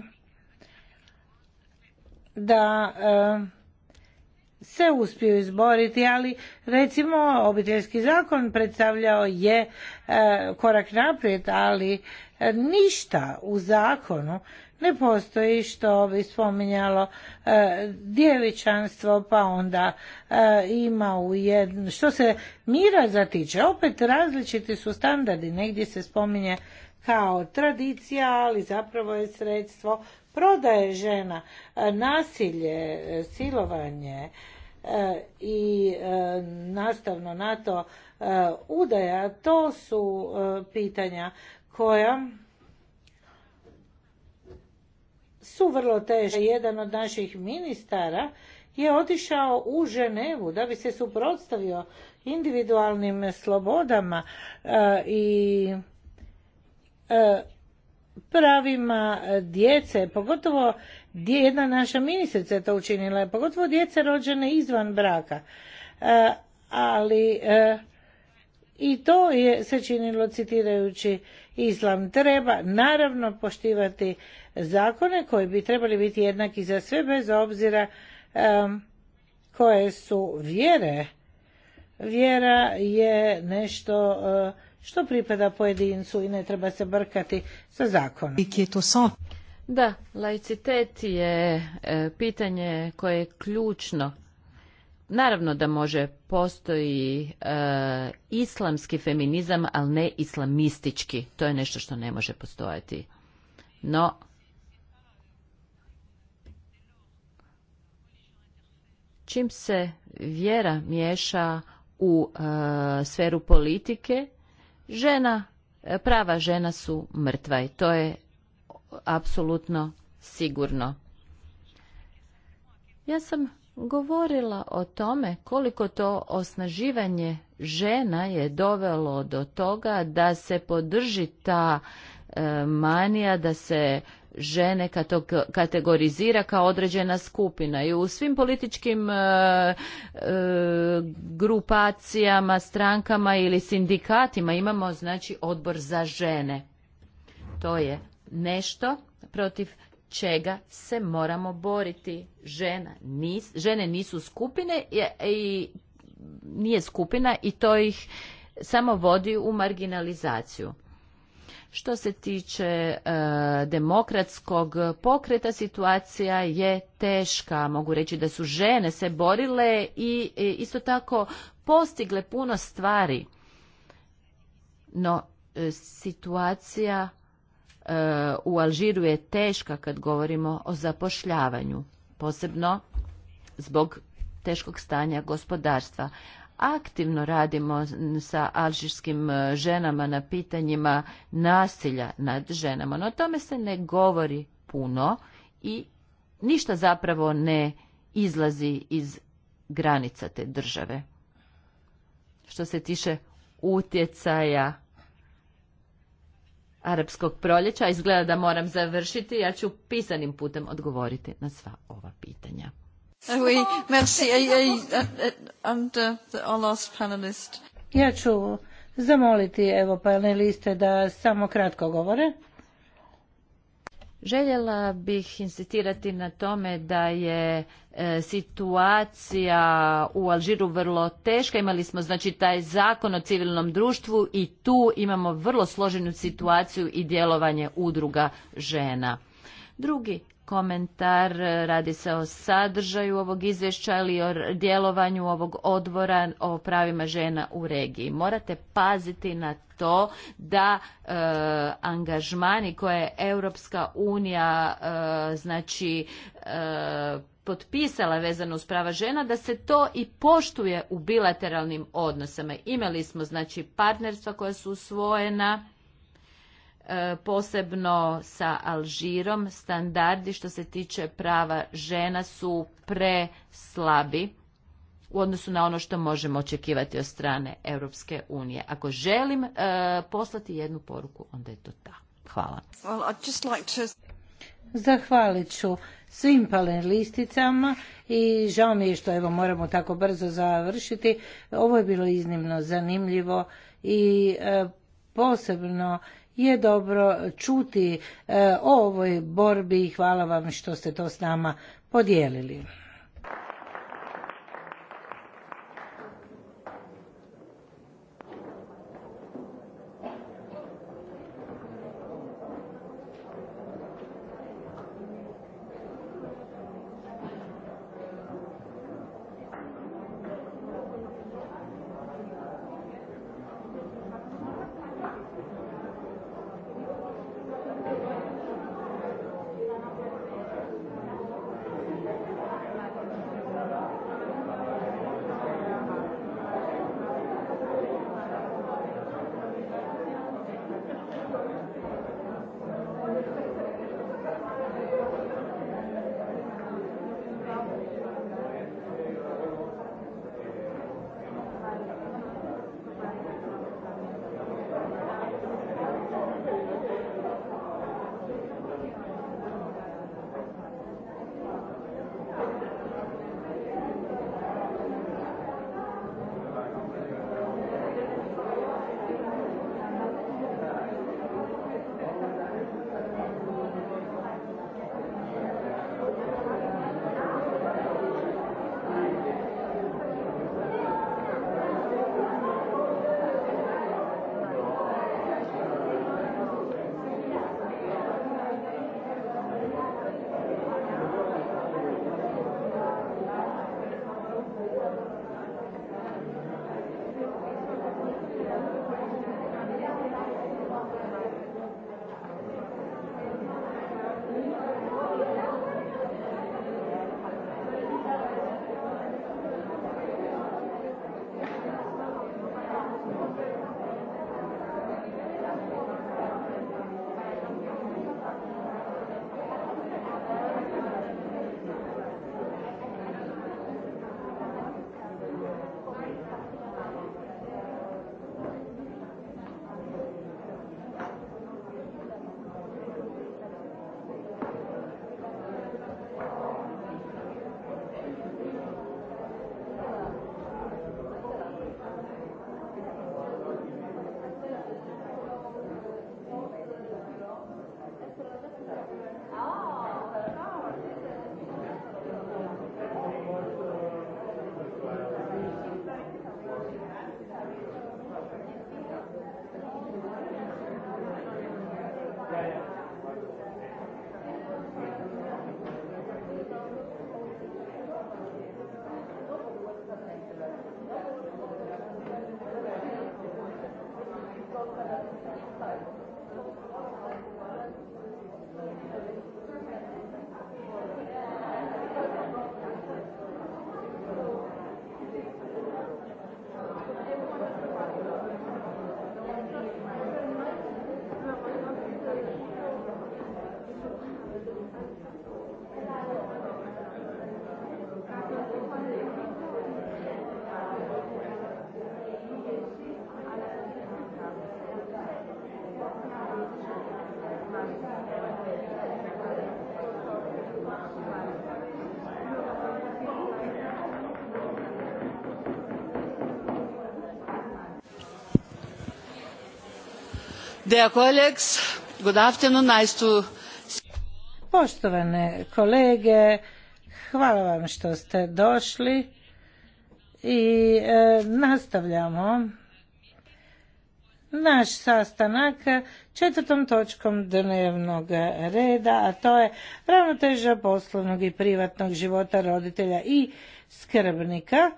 da e, se uspiju izboriti, ali recimo obiteljski zakon predstavljao je e, korak naprijed, ali ništa u zakonu ne postoji što bi spominjalo e, djevičanstvo pa onda e, ima u što se mira zatiče opet različiti su standardi negdje se spominje kao tradicija ali zapravo je sredstvo prodaje žena e, nasilje silovanje i nastavno na to udaja to su pitanja koja su vrlo teže. Jedan od naših ministara je otišao u Ženevu da bi se suprotstavio individualnim slobodama eh, i eh, pravima djece, pogotovo jedna naša ministrica je to učinila, pogotovo djece rođene izvan braka. Eh, ali i to je se činilo citirajući islam. Treba naravno poštivati zakone koji bi trebali biti jednaki za sve bez obzira koje su vjere. Vjera je nešto e, što pripada pojedincu i ne treba se brkati sa zakonom. Da, laicitet je e, pitanje koje je ključno. Naravno da može postoji e, islamski feminizam, ali ne islamistički. To je nešto što ne može postojati. No, čim se vjera miješa u e, sferu politike, žena, e, prava žena su mrtva i to je apsolutno sigurno. Ja sam govorila o tome koliko to osnaživanje žena je dovelo do toga da se podrži ta E, manija da se žene kategorizira kao određena skupina i u svim političkim e, e, grupacijama, strankama ili sindikatima imamo znači odbor za žene. To je nešto protiv čega se moramo boriti. Žena žene nisu skupine i nije skupina i to ih samo vodi u marginalizaciju. Što se tiče e, demokratskog pokreta, situacija je teška. Mogu reći da su žene se borile i e, isto tako postigle puno stvari. No, e, situacija u Alžiru je teška kad govorimo o zapošljavanju, posebno zbog teškog stanja gospodarstva aktivno radimo sa alžirskim e, ženama na pitanjima nasilja nad ženama. No o tome se ne govori puno i ništa zapravo ne izlazi iz granica te države. Što se tiše utjecaja arapskog proljeća, izgleda da moram završiti, ja ću pisanim putem odgovoriti na sva ova pitanja. Oui, merci. Ja ću zamoliti evo paneliste da samo kratko govore. Željela bih insistirati na tome da je e, situacija u Alžiru vrlo teška. Imali smo znači taj zakon o civilnom društvu i tu imamo vrlo složenu situaciju i djelovanje udruga žena. Drugi komentar, radi se o sadržaju ovog izvješća ili o djelovanju ovog odvora o pravima žena u regiji. Morate paziti na to da e, angažmani koje Europska unija e, znači e, potpisala vezano uz prava žena da se to i poštuje u bilateralnim odnosama. Imali smo znači partnerstva koja su usvojena E, posebno sa Alžirom standardi što se tiče prava žena su pre slabi u odnosu na ono što možemo očekivati od strane Europske unije. Ako želim e, poslati jednu poruku, onda je to ta. Hvala. Well, Zahvalit ću svim panelisticama i žao mi je što evo moramo tako brzo završiti. Ovo je bilo iznimno zanimljivo i e, posebno je dobro čuti e, o ovoj borbi i hvala vam što ste to s nama podijelili. Poštovane kolege, hvala vam što ste došli i e, nastavljamo naš sastanak četvrtom točkom dnevnog reda, a to je ravnoteža poslovnog i privatnog života roditelja i skrbnika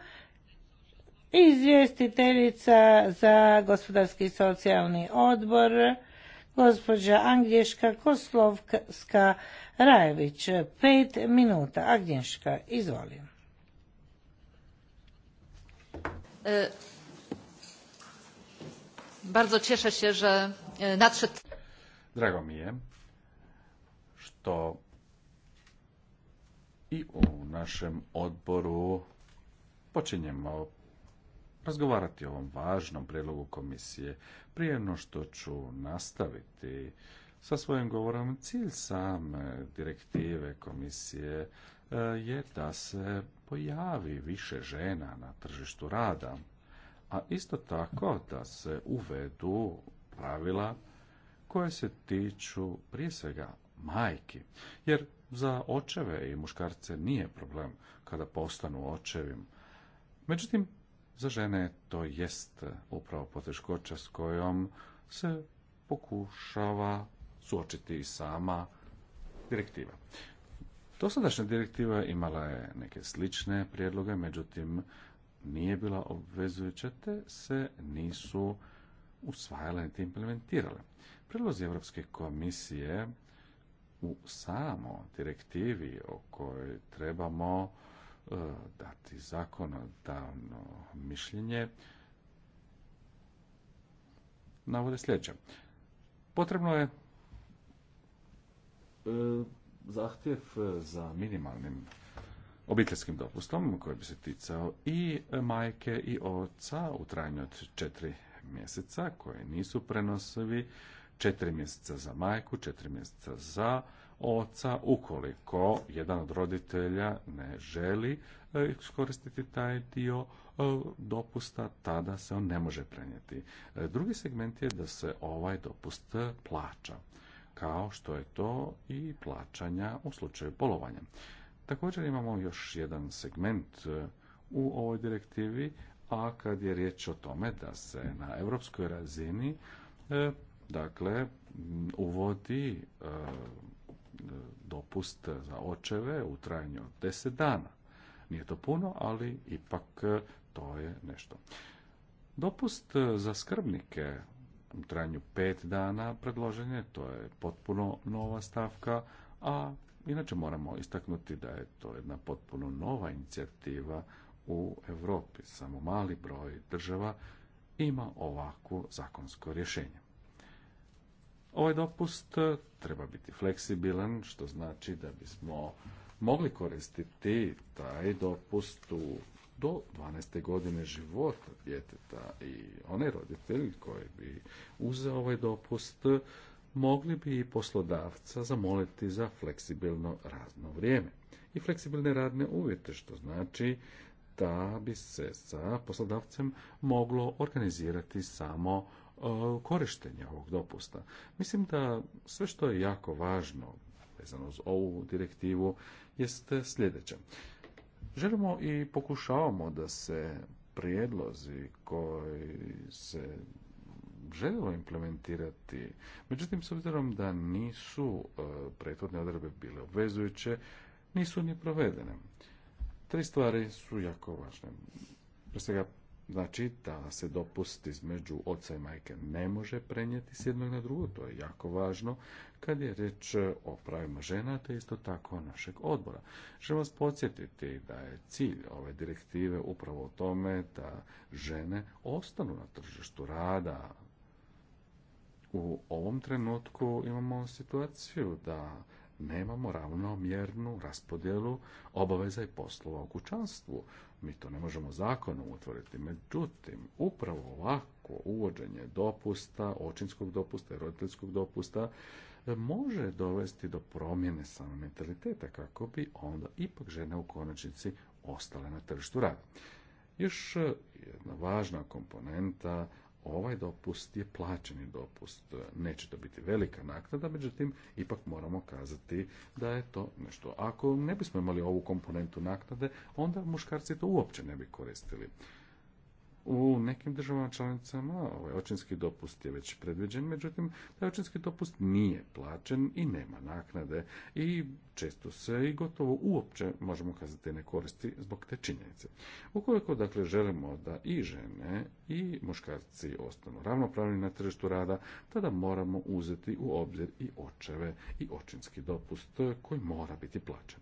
izvjestiteljica za gospodarski i socijalni odbor, gospođa Anglješka Koslovska Rajević. Pet minuta. Agnješka, izvolim. E, bardzo cieszę się, że e, nadszedł... Drago mi je što i u našem odboru počinjemo razgovarati o ovom važnom prijedlogu komisije. Prije no što ću nastaviti sa svojim govorom, cilj same direktive komisije e, je da se pojavi više žena na tržištu rada, a isto tako da se uvedu pravila koje se tiču prije svega majki. Jer za očeve i muškarce nije problem kada postanu očevim. Međutim, za žene to jest e, upravo poteškoća s kojom se pokušava suočiti i sama direktiva. Dosadašnja direktiva imala je neke slične prijedloge, međutim nije bila obvezujuća te se nisu usvajale niti implementirale. Prilozi Europske komisije u samo direktivi o kojoj trebamo E, dati zakonodavno mišljenje navode sljedeće. Potrebno je e, zahtjev za minimalnim obiteljskim dopustom koji bi se ticao i majke i oca u trajanju od četiri mjeseca koje nisu prenosivi, četiri mjeseca za majku, četiri mjeseca za oca ukoliko jedan od roditelja ne želi e, iskoristiti taj dio e, dopusta, tada se on ne može prenijeti. E, drugi segment je da se ovaj dopust plaća, kao što je to i plaćanja u slučaju bolovanja. Također imamo još jedan segment u ovoj direktivi, a kad je riječ o tome da se na europskoj razini dakle uvodi dopust za očeve u trajanju od 10 dana. Nije to puno, ali ipak e, to je nešto. Dopust e, za skrbnike u trajanju 5 dana predloženje, to je potpuno nova stavka, a inače moramo istaknuti da je to jedna potpuno nova inicijativa u Europi. Samo mali broj država ima ovakvo zakonsko rješenje. Ovaj dopust e, treba biti fleksibilan, što znači da bismo mogli koristiti taj dopust u do 12. godine života djeteta i onaj roditelji koji bi uzeo ovaj dopust mogli bi i poslodavca zamoliti za fleksibilno radno vrijeme i fleksibilne radne uvjete, što znači da bi se sa poslodavcem moglo organizirati samo korištenja ovog dopusta. Mislim da sve što je jako važno vezano uz ovu direktivu jeste sljedeće. Želimo i pokušavamo da se prijedlozi koji se željelo implementirati, međutim s obzirom da nisu e, prethodne odrebe bile obvezujuće, nisu ni provedene. Tri stvari su jako važne. Prvo, svega Znači da se dopust između oca i majke ne može prenijeti s jednog na drugo, to je jako važno kad je reč o pravima žena, te isto tako našeg odbora. Želim vas podsjetiti da je cilj ove direktive upravo o tome da žene ostanu na tržištu rada. U ovom trenutku imamo situaciju da nemamo ravnomjernu raspodjelu obaveza i poslova u kućanstvu. Mi to ne možemo zakonom utvoriti. Međutim, upravo ovako uvođenje dopusta, očinskog dopusta i roditeljskog dopusta e, može dovesti do promjene samo mentaliteta kako bi onda ipak žene u konačnici ostale na tržištu rada. Još e, jedna važna komponenta ovaj dopust je plaćeni dopust. Neće to biti velika naknada, međutim, ipak moramo kazati da je to nešto. Ako ne bismo imali ovu komponentu naknade, onda muškarci to uopće ne bi koristili. U nekim državama članicama ovaj očinski dopust je već predviđen, međutim, taj očinski dopust nije plaćen i nema naknade i često se i gotovo uopće, možemo kazati, ne koristi zbog te činjenice. Ukoliko, dakle, želimo da i žene i muškarci ostanu ravnopravni na tržištu rada, tada moramo uzeti u obzir i očeve i očinski dopust koji mora biti plaćen.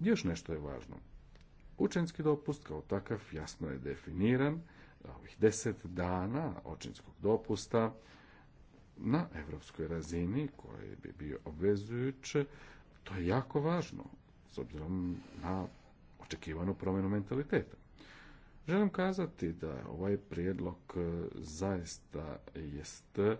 Još nešto je važno. Učenski dopust kao takav jasno je definiran ovih deset dana očinskog dopusta na europskoj razini koji bi bio obvezujuće, to je jako važno s obzirom na očekivanu promjenu mentaliteta. Želim kazati da ovaj prijedlog e, zaista jest e,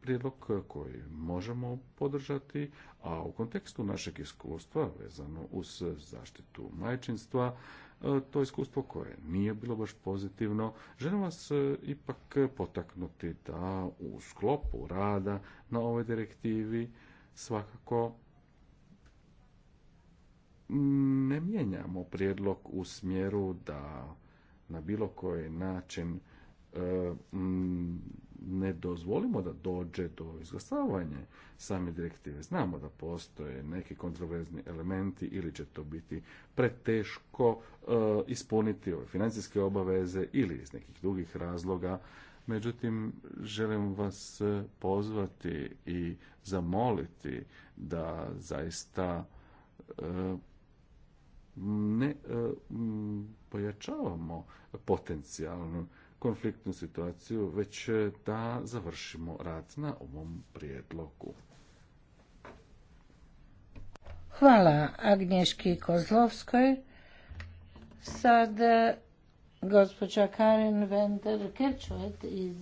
prijedlog koji možemo podržati, a u kontekstu našeg iskustva vezano uz zaštitu majčinstva, e, to iskustvo koje nije bilo baš pozitivno, želim vas ipak potaknuti da u sklopu rada na ovoj direktivi svakako ne mijenjamo prijedlog u smjeru da na bilo koji način e, ne dozvolimo da dođe do izglasavanja same direktive. Znamo da postoje neki kontroverzni elementi ili će to biti preteško e, ispuniti ove financijske obaveze ili iz nekih drugih razloga. Međutim, želim vas pozvati i zamoliti da zaista e, ne e, pojačavamo potencijalnu konfliktnu situaciju, već e, da završimo rad na ovom prijedlogu. Hvala Agnješki Kozlovskoj. Sad e, gospođa Karin Vender kerčovet iz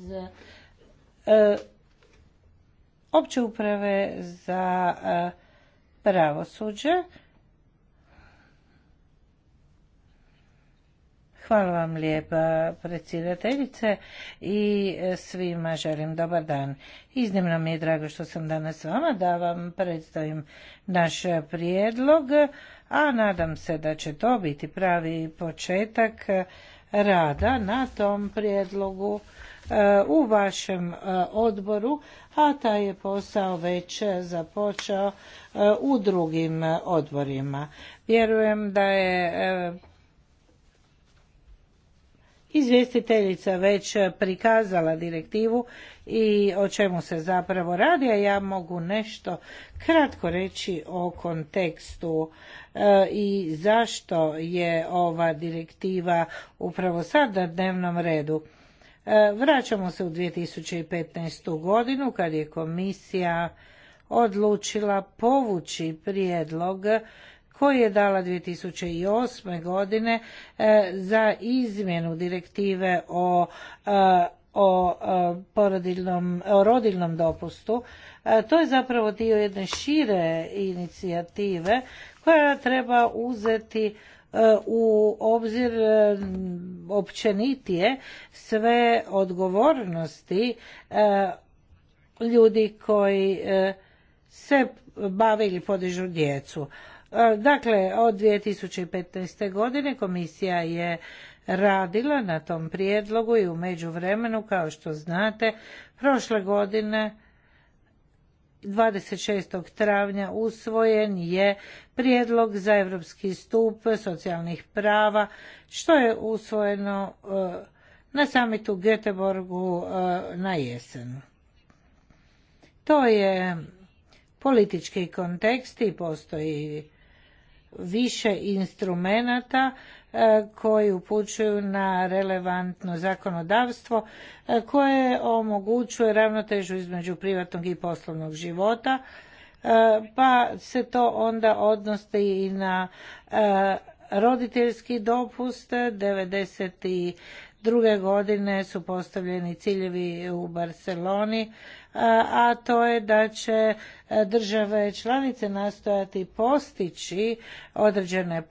opće uprave za pravosuđe. Hvala vam lijepa predsjedateljice i e, svima želim dobar dan. Iznimno mi je drago što sam danas s vama da vam predstavim naš prijedlog, a nadam se da će to biti pravi početak rada na tom prijedlogu e, u vašem e, odboru, a taj je posao već započeo u drugim odborima. Vjerujem da je izvjestiteljica već prikazala direktivu i o čemu se zapravo radi, a ja mogu nešto kratko reći o kontekstu e, i zašto je ova direktiva upravo sad na dnevnom redu. E, vraćamo se u 2015. godinu kad je komisija odlučila povući prijedlog koji je dala 2008. godine e, za izmjenu direktive o e, o e, porodiljnom, o rodiljnom dopustu. To je zapravo dio jedne šire inicijative koja treba uzeti u obzir općenitije sve odgovornosti ljudi koji se bave ili podižu djecu. E, dakle, od 2015. godine komisija je radila na tom prijedlogu i u međuvremenu, kao što znate, prošle godine 26. travnja usvojen je prijedlog za Europski stup socijalnih prava, što je usvojeno e, na samitu Göteborgu e, na jesen. To je politički kontekst i postoji više instrumenata e, koji upućuju na relevantno zakonodavstvo e, koje omogućuje ravnotežu između privatnog i poslovnog života e, pa se to onda odnosi i na roditeljski dopust 92. godine su postavljeni ciljevi u Barceloni a to je da će e, države članice nastojati postići određene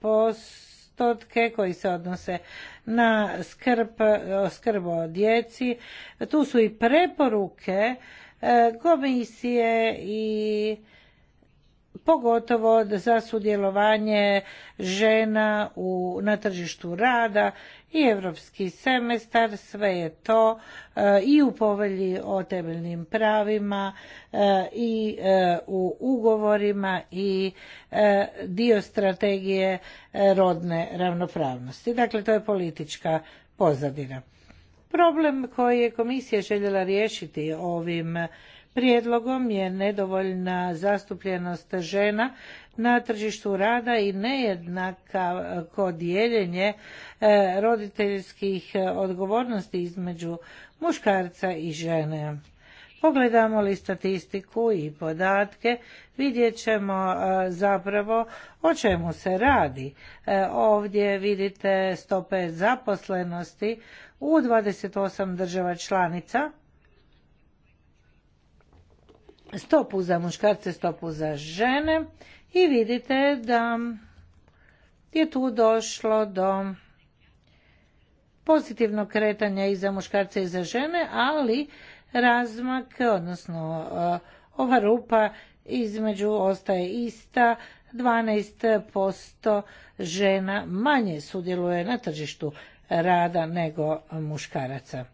postotke koji se odnose na skrb, e, skrb o djeci. Tu su i preporuke e, komisije i pogotovo za sudjelovanje žena u, na tržištu rada i europski semestar, sve je to e, i u povelji o temeljnim pravima e, i e, u ugovorima i dio strategije rodne ravnopravnosti. Dakle, to je politička pozadina. Problem koji je komisija željela riješiti ovim Prijedlogom je nedovoljna zastupljenost žena na tržištu rada i nejednaka e, dijeljenje e, roditeljskih e, odgovornosti između muškarca i žene. Pogledamo li statistiku i podatke, vidjet ćemo zapravo o čemu se radi. Ovdje vidite stope zaposlenosti u 28 država članica, stopu za muškarce, stopu za žene i vidite da je tu došlo do pozitivnog kretanja i za muškarce i za žene, ali razmak, odnosno e, ova rupa između ostaje ista, 12% žena manje sudjeluje na tržištu rada nego muškaraca.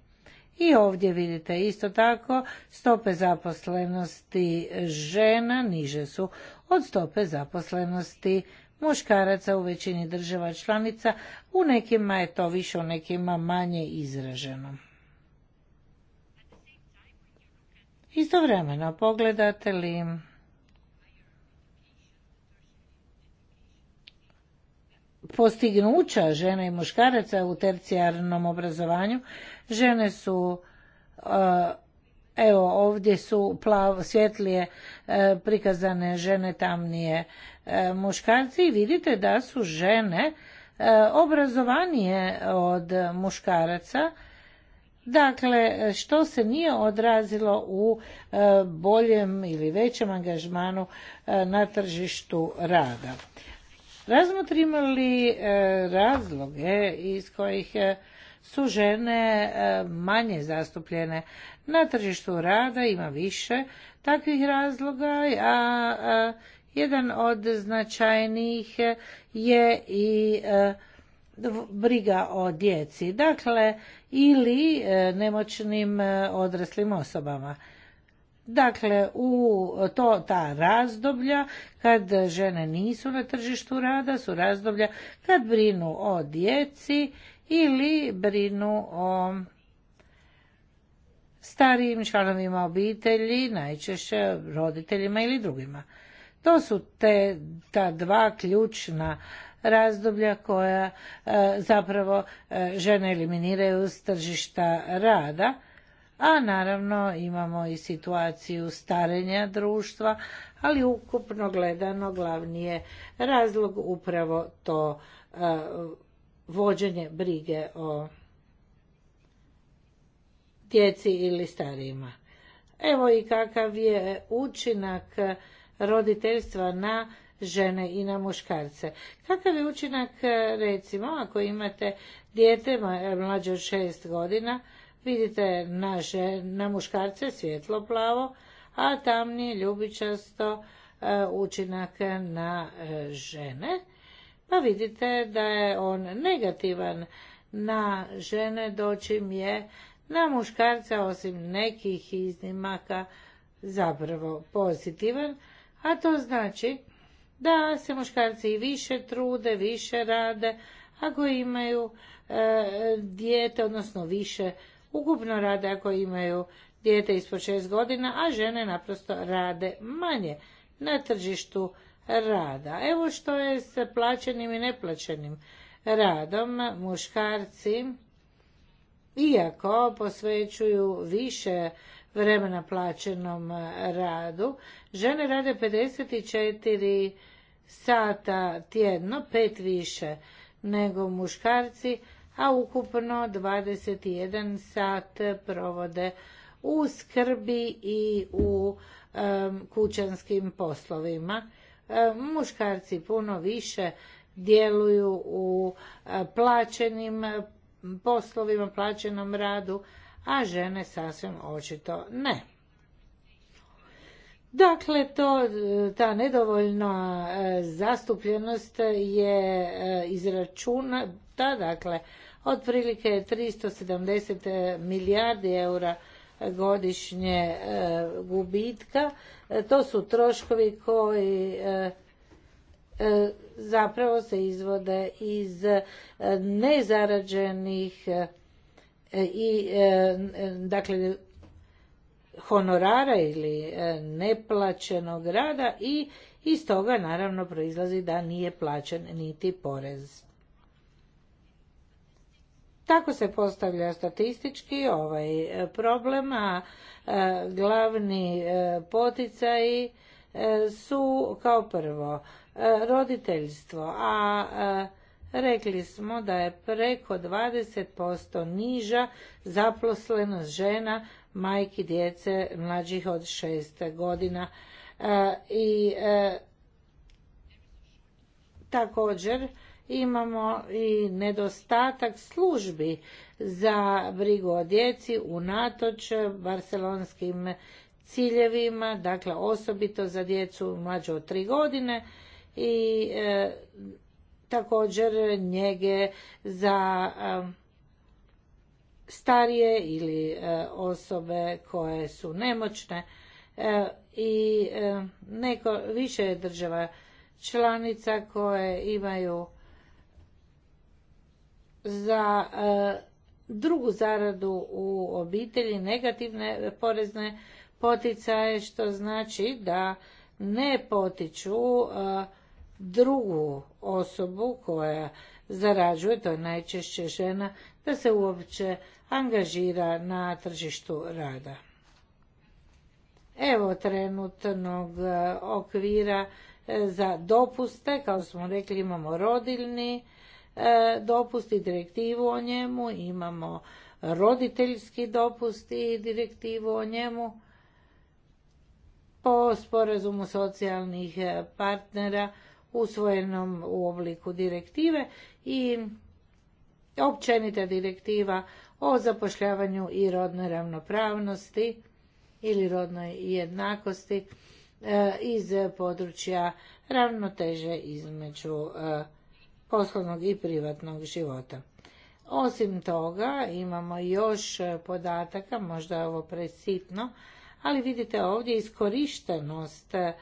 I ovdje vidite isto tako stope zaposlenosti žena niže su od stope zaposlenosti muškaraca u većini država članica, u nekima je to više, u nekima manje izraženo. Istovremeno pogledate li postignuća žena i muškaraca u tercijarnom obrazovanju, Žene su eh, evo ovdje su plavo svjetlije eh, prikazane žene tamnije eh, muškarci i vidite da su žene obrazovanije od muškaraca dakle što se nije odrazilo u boljem ili većem angažmanu na tržištu rada razmotrimo li razloge iz kojih su žene e, manje zastupljene na tržištu rada, ima više takvih razloga, a jedan od značajnijih je i e, briga o djeci, dakle ili e, nemoćnim odraslim osobama. Dakle, u to ta razdoblja kad žene nisu na tržištu rada su razdoblja kad brinu o djeci ili brinu o starijim članovima obitelji, najčešće roditeljima ili drugima. To su te, ta dva ključna razdoblja koja e, zapravo e, žene eliminiraju s tržišta rada, a naravno imamo i situaciju starenja društva, ali ukupno gledano glavni je razlog upravo to e, vođenje brige o djeci ili starijima. Evo i kakav je učinak roditeljstva na žene i na muškarce. Kakav je učinak, recimo, ako imate dijete mlađe od šest godina, vidite na, žene, na muškarce svjetlo plavo, a tamni ljubičasto e, učinak na e, žene pa vidite da je on negativan na žene, dočim je na muškarca osim nekih iznimaka zapravo pozitivan, a to znači da se muškarci i više trude, više rade, ako imaju e, dijete, odnosno više ukupno rade ako imaju dijete ispod 6 godina, a žene naprosto rade manje. Na tržištu rada. Evo što je s plaćenim i neplaćenim radom. Muškarci, iako posvećuju više vremena plaćenom radu, žene rade 54 sata tjedno, pet više nego muškarci, a ukupno 21 sat provode u skrbi i u kućanskim poslovima E, muškarci puno više djeluju u e, plaćenim e, poslovima, plaćenom radu, a žene sasvim očito ne. Dakle, to, ta nedovoljna zastupljenost je izračuna, da, dakle, otprilike 370 milijardi eura godišnje e, gubitka. E, to su troškovi koji e, zapravo se izvode iz nezarađenih i dakle honorara ili neplaćenog rada i iz toga naravno proizlazi da nije plaćen niti porez. Tako se postavlja statistički ovaj e, problem, a e, glavni e, poticaji su kao prvo roditeljstvo, a rekli smo da je preko 20% niža zaposlenost žena, majki djece mlađih od 6 godina. I također imamo i nedostatak službi za brigu o djeci unatoč barcelonskim ciljevima, dakle osobito za djecu mlađe od tri godine i e, također njege za e, starije ili e, osobe koje su nemoćne i neko više država članica koje imaju za e, drugu zaradu u obitelji, negativne porezne poticaje, što znači da ne potiču e, drugu osobu koja zarađuje, to je najčešće žena, da se uopće angažira na tržištu rada. Evo trenutnog e, okvira za dopuste, kao smo rekli imamo rodiljni E, dopust i direktivu o njemu, imamo roditeljski dopust i direktivu o njemu. Po sporazumu socijalnih e, partnera usvojenom u obliku direktive i općenita direktiva o zapošljavanju i rodnoj ravnopravnosti ili rodnoj jednakosti e, iz područja ravnoteže između poslovnog i privatnog života. Osim toga imamo još podataka, možda je ovo presitno, ali vidite ovdje iskorištenost eh,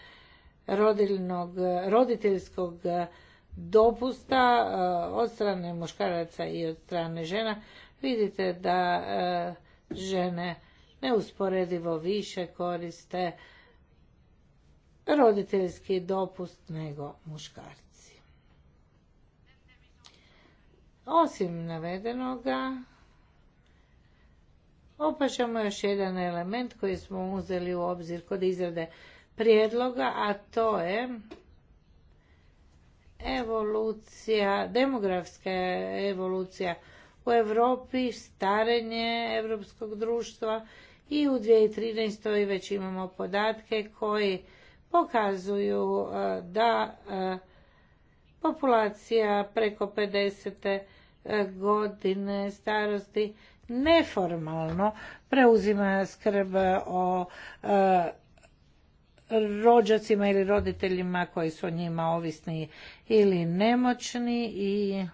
roditeljskog dopusta eh, od strane muškaraca i od strane žena. Vidite da eh, žene neusporedivo više koriste roditeljski dopust nego muškarci. Osim navedenoga, opašamo još jedan element koji smo uzeli u obzir kod izrade prijedloga, a to je evolucija, demografska evolucija u Europi, starenje europskog društva i u 2013. već imamo podatke koji pokazuju eh, da eh, populacija preko 50. godine starosti neformalno preuzima skrb o e, rođacima ili roditeljima koji su o njima ovisni ili nemoćni i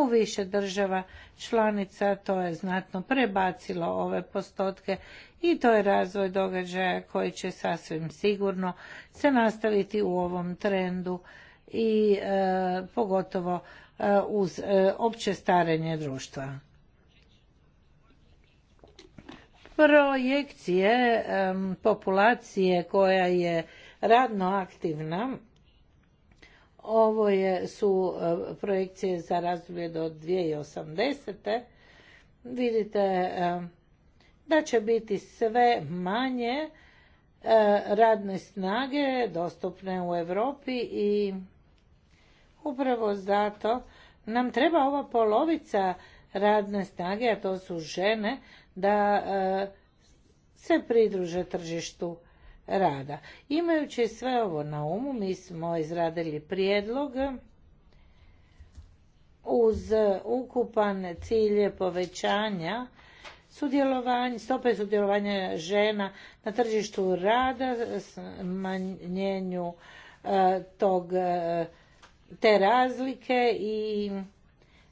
u više država članica to je znatno prebacilo ove postotke i to je razvoj događaja koji će sasvim sigurno se nastaviti u ovom trendu i e, pogotovo e, uz e, opće starenje društva. Projekcije populacije koja je radno aktivna, ovo je, su projekcije za razdoblje do 2080. Vidite da će biti sve manje radne snage dostupne u Europi i Upravo zato nam treba ova polovica radne snage, a to su žene, da e, se pridruže tržištu rada. Imajući sve ovo na umu, mi smo izradili prijedlog uz ukupan cilje povećanja sudjelovanja, stope sudjelovanja žena na tržištu rada, smanjenju e, tog e, te razlike i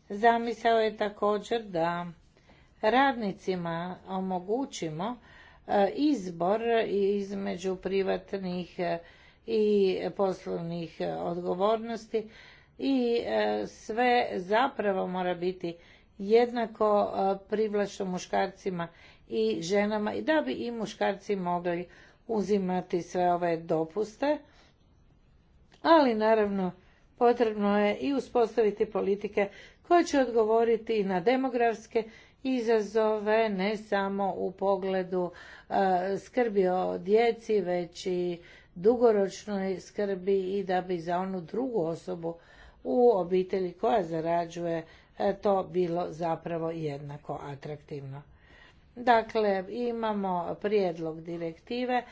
zamisao je također da radnicima omogućimo e, izbor između privatnih e, i poslovnih odgovornosti i e, sve zapravo mora biti jednako privlačno muškarcima i ženama i da bi i muškarci mogli uzimati sve ove dopuste ali naravno potrebno je i uspostaviti politike koje će odgovoriti na demografske izazove ne samo u pogledu e, skrbi o djeci, već i dugoročnoj skrbi i da bi za onu drugu osobu u obitelji koja zarađuje e, to bilo zapravo jednako atraktivno. Dakle, imamo prijedlog direktive,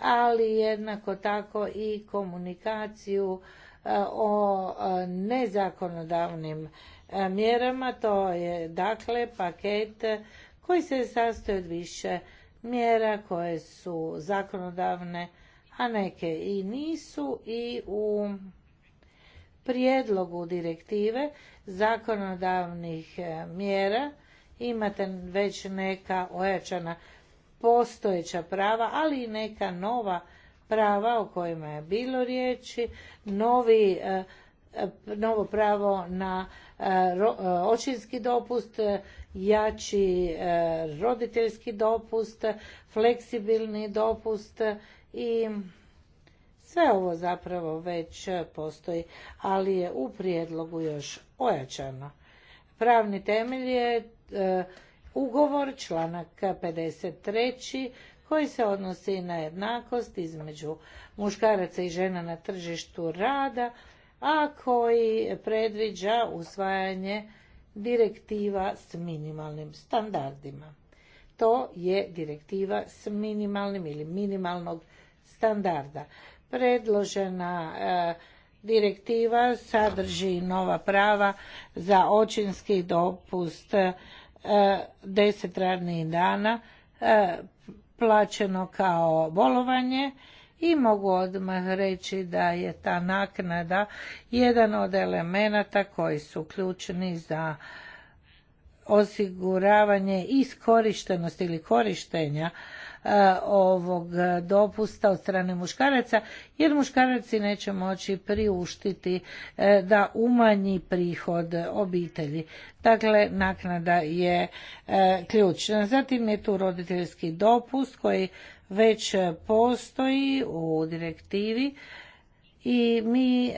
ali jednako tako i komunikaciju E, o e, nezakonodavnim e, mjerama. To je dakle paket koji se sastoji od više mjera koje su zakonodavne, a neke i nisu i u prijedlogu direktive zakonodavnih mjera imate već neka ojačana postojeća prava, ali i neka nova prava o kojima je bilo riječi, novi, e, e, novo pravo na e, očinski dopust, jači roditeljski dopust, fleksibilni dopust i sve ovo zapravo već postoji, ali je u prijedlogu još ojačano. Pravni temelj je ugovor članak 53 koji se odnosi na jednakost između muškaraca i žena na tržištu rada, a koji predviđa usvajanje direktiva s minimalnim standardima. To je direktiva s minimalnim ili minimalnog standarda. Predložena e, direktiva sadrži nova prava za očinski dopust 10 e, radnih dana e, plaćeno kao bolovanje i mogu odmah reći da je ta naknada jedan od elemenata koji su ključni za osiguravanje iskorištenosti ili korištenja E, ovog dopusta od strane muškaraca jer muškaraci neće moći priuštiti e, da umanji prihod obitelji. Dakle, naknada je e, ključna. Zatim je tu roditeljski dopust koji već postoji u direktivi i mi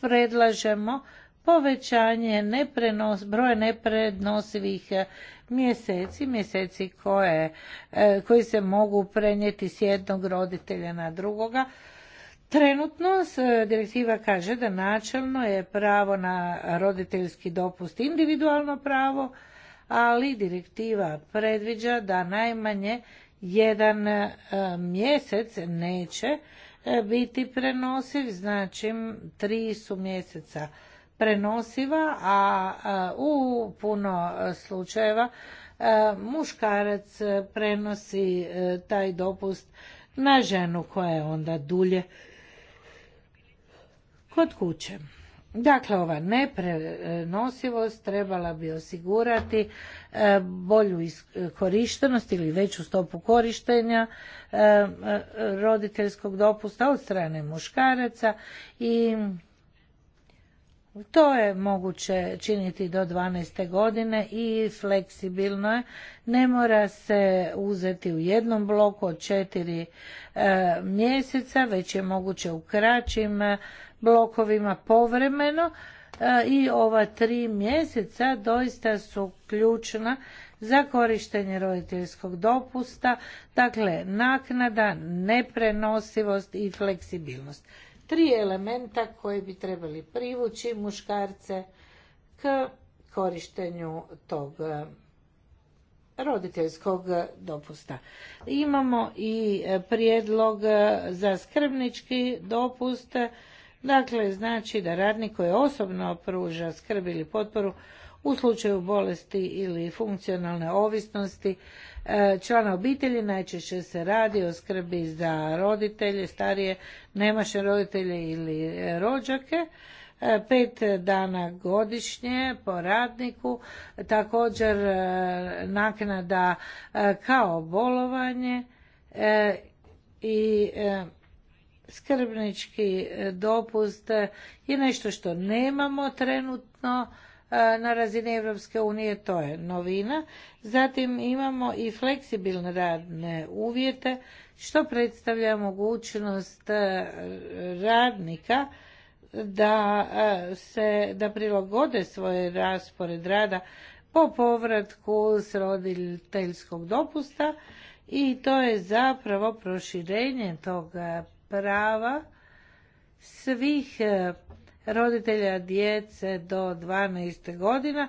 predlažemo povećanje neprenos, broja neprednosivih eh, mjeseci, mjeseci koje, eh, koji se mogu prenijeti s jednog roditelja na drugoga. Trenutno eh, direktiva kaže da načelno je pravo na roditeljski dopust individualno pravo, ali direktiva predviđa da najmanje jedan mjesec neće biti prenosiv, znači tri su mjeseca prenosiva, a u puno e, slučajeva e, muškarac e, prenosi taj dopust na ženu koja je onda dulje kod kuće. Dakle, ova neprenosivost trebala bi osigurati bolju korištenost ili veću stopu korištenja roditeljskog dopusta od strane muškaraca i to je moguće činiti do 12. godine i fleksibilno je. Ne mora se uzeti u jednom bloku od četiri e, mjeseca, već je moguće u kraćim e, blokovima povremeno e, i ova tri mjeseca doista su ključna za korištenje roditeljskog dopusta, dakle naknada, neprenosivost i fleksibilnost tri elementa koji bi trebali privući muškarce k korištenju tog e, roditeljskog dopusta. Imamo i e, prijedlog za skrbnički dopust, dakle znači da radnik koji osobno pruža skrb ili potporu u slučaju bolesti ili funkcionalne ovisnosti E, člana obitelji, najčešće se radi o skrbi za roditelje, starije nemaše roditelje ili rođake, e, pet dana godišnje po radniku, također e, naknada kao bolovanje i skrbnički dopust je nešto što nemamo trenutno E, na razini Europske unije, to je novina. Zatim imamo i fleksibilne radne uvjete, što predstavlja mogućnost e, radnika da e, se da prilagode svoj raspored rada po povratku s roditeljskog dopusta i to je zapravo proširenje tog prava svih roditelja djece do 12. godina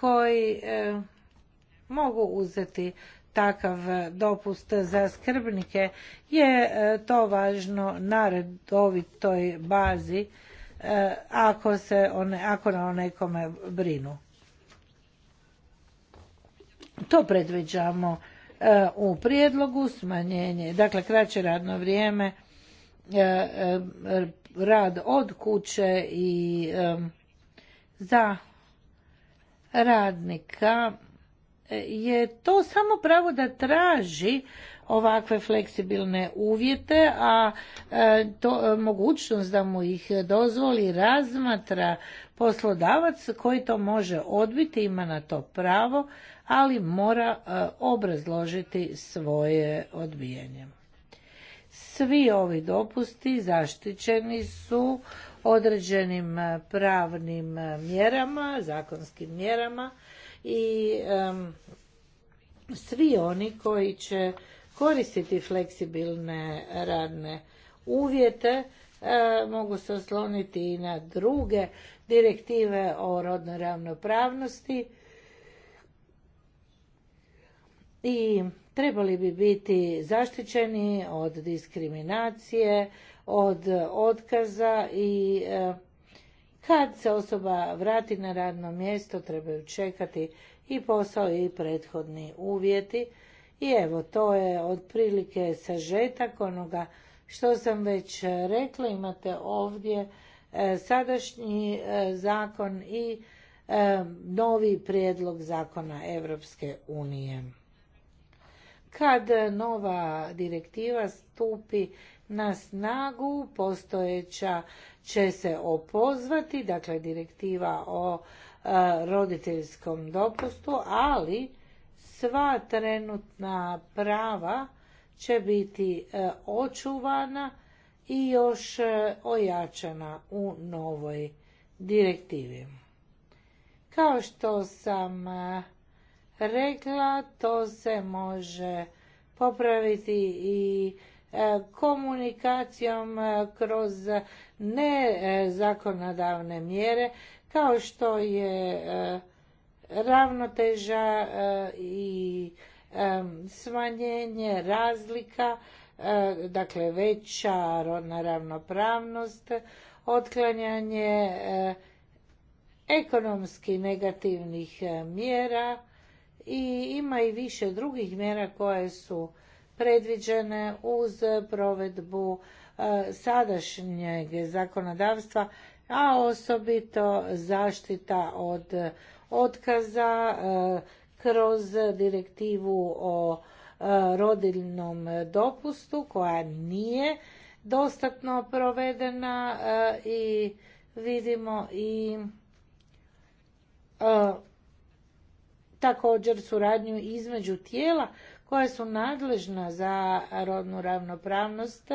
koji e, mogu uzeti takav dopust za skrbnike je e, to važno na redovitoj bazi e, ako, se one, ako na nekome brinu. To predviđamo u prijedlogu smanjenje, dakle kraće radno vrijeme, rad od kuće i za radnika e, je to samo pravo da traži ovakve fleksibilne uvjete, a e, to, e, mogućnost da mu ih dozvoli razmatra poslodavac koji to može odbiti, ima na to pravo, ali mora obrazložiti svoje odbijanje. Svi ovi dopusti zaštićeni su određenim eh, pravnim eh, mjerama, zakonskim mjerama i svi oni koji će koristiti fleksibilne radne uvjete eh, mogu se osloniti i na druge direktive o rodnoj ravnopravnosti i trebali bi biti zaštićeni od diskriminacije, od otkaza i e, kad se osoba vrati na radno mjesto trebaju čekati i posao i prethodni uvjeti. I evo, to je otprilike sažetak onoga što sam već rekla. Imate ovdje e, sadašnji e, zakon i novi prijedlog zakona europske unije. Kad nova direktiva stupi na snagu, postojeća će se opozvati, dakle direktiva o e, roditeljskom dopustu, ali sva trenutna prava će biti e, očuvana i još e, ojačana u novoj direktivi. Kao što sam rekla, to se može popraviti i e, komunikacijom e, kroz nezakonodavne e, mjere, kao što je ravnoteža i smanjenje razlika, dakle veća rodna ravnopravnost, otklanjanje ekonomski negativnih mjera, i ima i više drugih mjera koje su predviđene uz provedbu e, sadašnjeg zakonodavstva, a osobito zaštita od otkaza e, kroz direktivu o e, rodiljnom dopustu koja nije dostatno provedena i vidimo i također suradnju između tijela koja su nadležna za rodnu ravnopravnost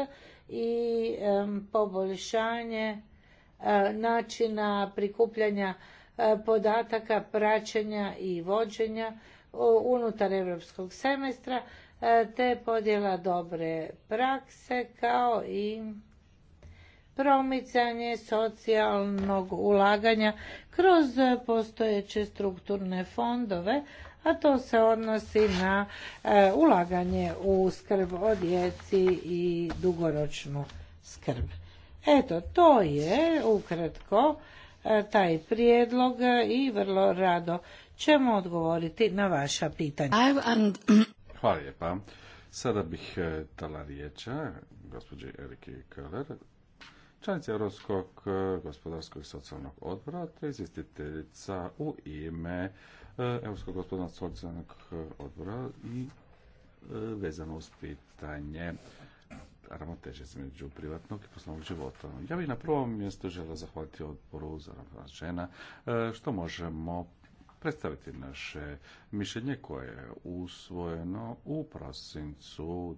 i poboljšanje e, načina prikupljanja e, podataka, praćenja i vođenja unutar europskog semestra e, te podjela dobre prakse kao i promicanje socijalnog ulaganja kroz postojeće strukturne fondove, a to se odnosi na e, ulaganje u skrb o djeci i dugoročnu skrb. Eto, to je ukratko e, taj prijedlog i vrlo rado ćemo odgovoriti na vaša pitanja. Hvala lijepa. Sada bih e, dala riječ gospođe Eriki Keller članica Europskog eh, gospodarskog i socijalnog odbora, te izvjestiteljica u ime eh, Europskog gospodarskog socijalnog eh, odbora i vezano uz pitanje ravnoteže između privatnog i poslovnog života. Ja bih na prvom mjestu želio zahvaliti odboru za ravnoteže žena što možemo predstaviti naše mišljenje koje je usvojeno u prosincu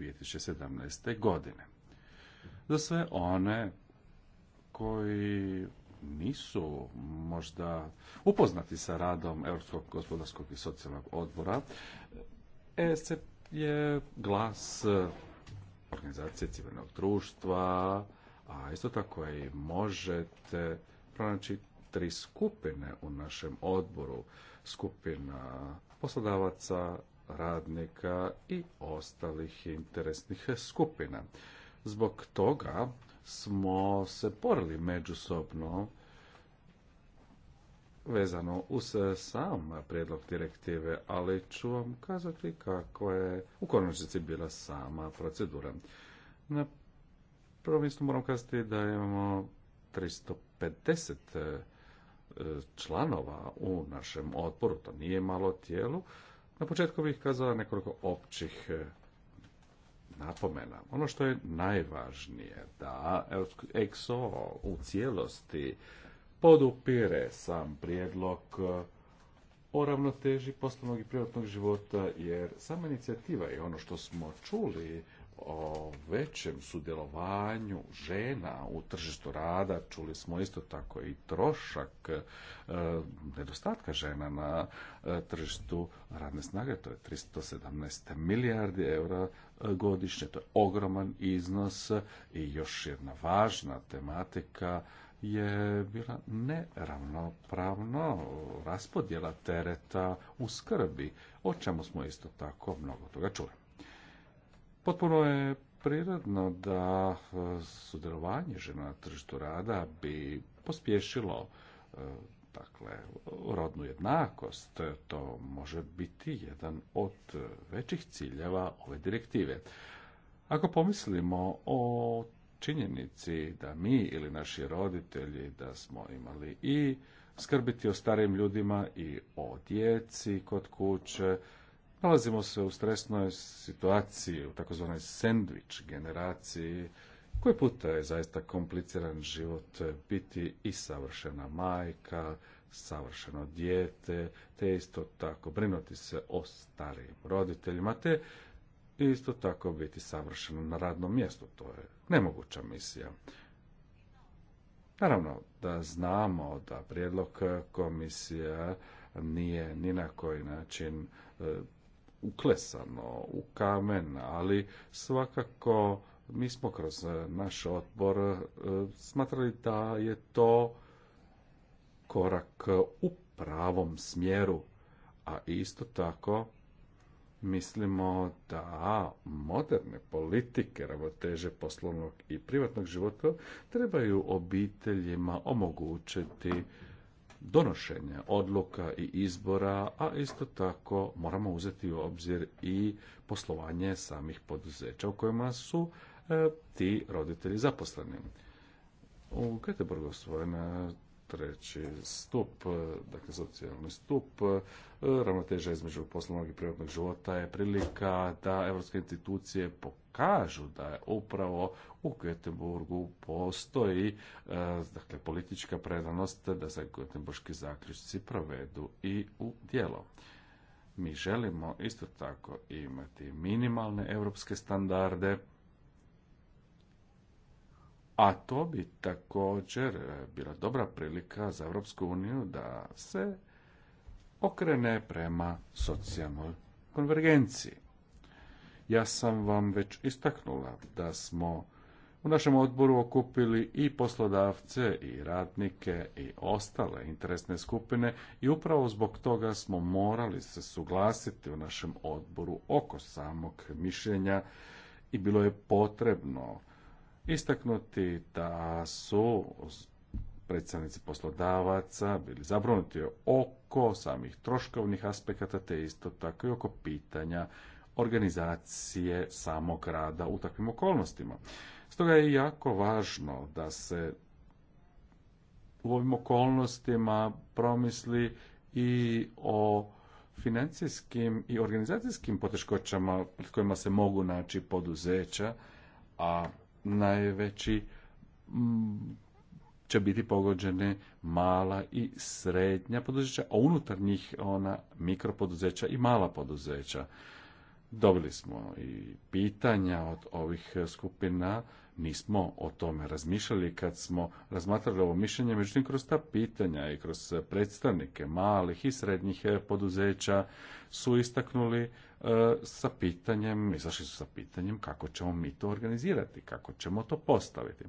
2017. godine za sve one koji nisu možda upoznati sa radom Europskog gospodarskog i socijalnog odbora, ESC e je glas organizacije civilnog društva, a isto tako i možete pronaći tri skupine u našem odboru. Skupina poslodavaca, radnika i ostalih interesnih skupina. Zbog toga smo se porili međusobno vezano uz sam prijedlog direktive, ali ću vam kazati kako je u konačnici bila sama procedura. Na prvom mjestu moram kazati da imamo 350 e, članova u našem odboru, to nije malo tijelu. Na početku bih kazala nekoliko općih e, napomena. Ono što je najvažnije da EXO u cijelosti podupire sam prijedlog o ravnoteži poslovnog i privatnog života, jer sama inicijativa je ono što smo čuli o većem sudjelovanju žena u tržištu rada, čuli smo isto tako i trošak e, nedostatka žena na e, tržištu radne snage, to je 317 milijardi eura e, godišnje, to je ogroman iznos i još jedna važna tematika je bila neravnopravno raspodjela tereta u skrbi, o čemu smo isto tako mnogo toga čuli. Potpuno je prirodno da e, sudjelovanje žena na tržištu rada bi pospješilo e, dakle, rodnu jednakost, to može biti jedan od većih ciljeva ove direktive. Ako pomislimo o činjenici da mi ili naši roditelji da smo imali i skrbiti o starim ljudima i o djeci kod kuće, Nalazimo se u stresnoj situaciji, u takozvanoj sandwich generaciji, koji puta je zaista kompliciran život biti i savršena majka, savršeno dijete, te isto tako brinuti se o starijim roditeljima, te isto tako biti savršeno na radnom mjestu. To je nemoguća misija. Naravno da znamo da prijedlog komisija nije ni na koji način e, uklesano u kamen, ali svakako mi smo kroz naš odbor e, smatrali da je to korak u pravom smjeru, a isto tako mislimo da moderne politike ravnoteže poslovnog i privatnog života trebaju obiteljima omogućiti donošenja odluka i izbora, a isto tako moramo uzeti u obzir i poslovanje samih poduzeća u kojima su e, ti roditelji zaposleni. U Göteborgu osvojena treći stup, e, dakle socijalni stup, e, ravnoteža između poslovnog i privatnog života je prilika da evropske institucije pokažu da je upravo u Göteborgu postoji e, dakle, politička predanost da se Göteborgski zaključci provedu i u djelo. Mi želimo isto tako imati minimalne europske standarde, a to bi također e, bila dobra prilika za Europsku uniju da se okrene prema socijalnoj konvergenciji. Ja sam vam već istaknula da smo u našem odboru okupili i poslodavce i radnike i ostale interesne skupine i upravo zbog toga smo morali se suglasiti u našem odboru oko samog mišljenja i bilo je potrebno istaknuti da su predstavnici poslodavaca bili zabrinuti oko samih troškovnih aspekata, te isto tako i oko pitanja organizacije samog rada u takvim okolnostima. Stoga je jako važno da se u ovim okolnostima promisli i o financijskim i organizacijskim poteškoćama pred kojima se mogu naći poduzeća, a najveći mm, će biti pogođene mala i srednja poduzeća, a unutar njih ona mikropoduzeća i mala poduzeća. Dobili smo i pitanja od ovih skupina, nismo o tome razmišljali kad smo razmatrali ovo mišljenje, međutim kroz ta pitanja i kroz predstavnike malih i srednjih poduzeća su istaknuli E, sa pitanjem, izašli su sa pitanjem kako ćemo mi to organizirati, kako ćemo to postaviti.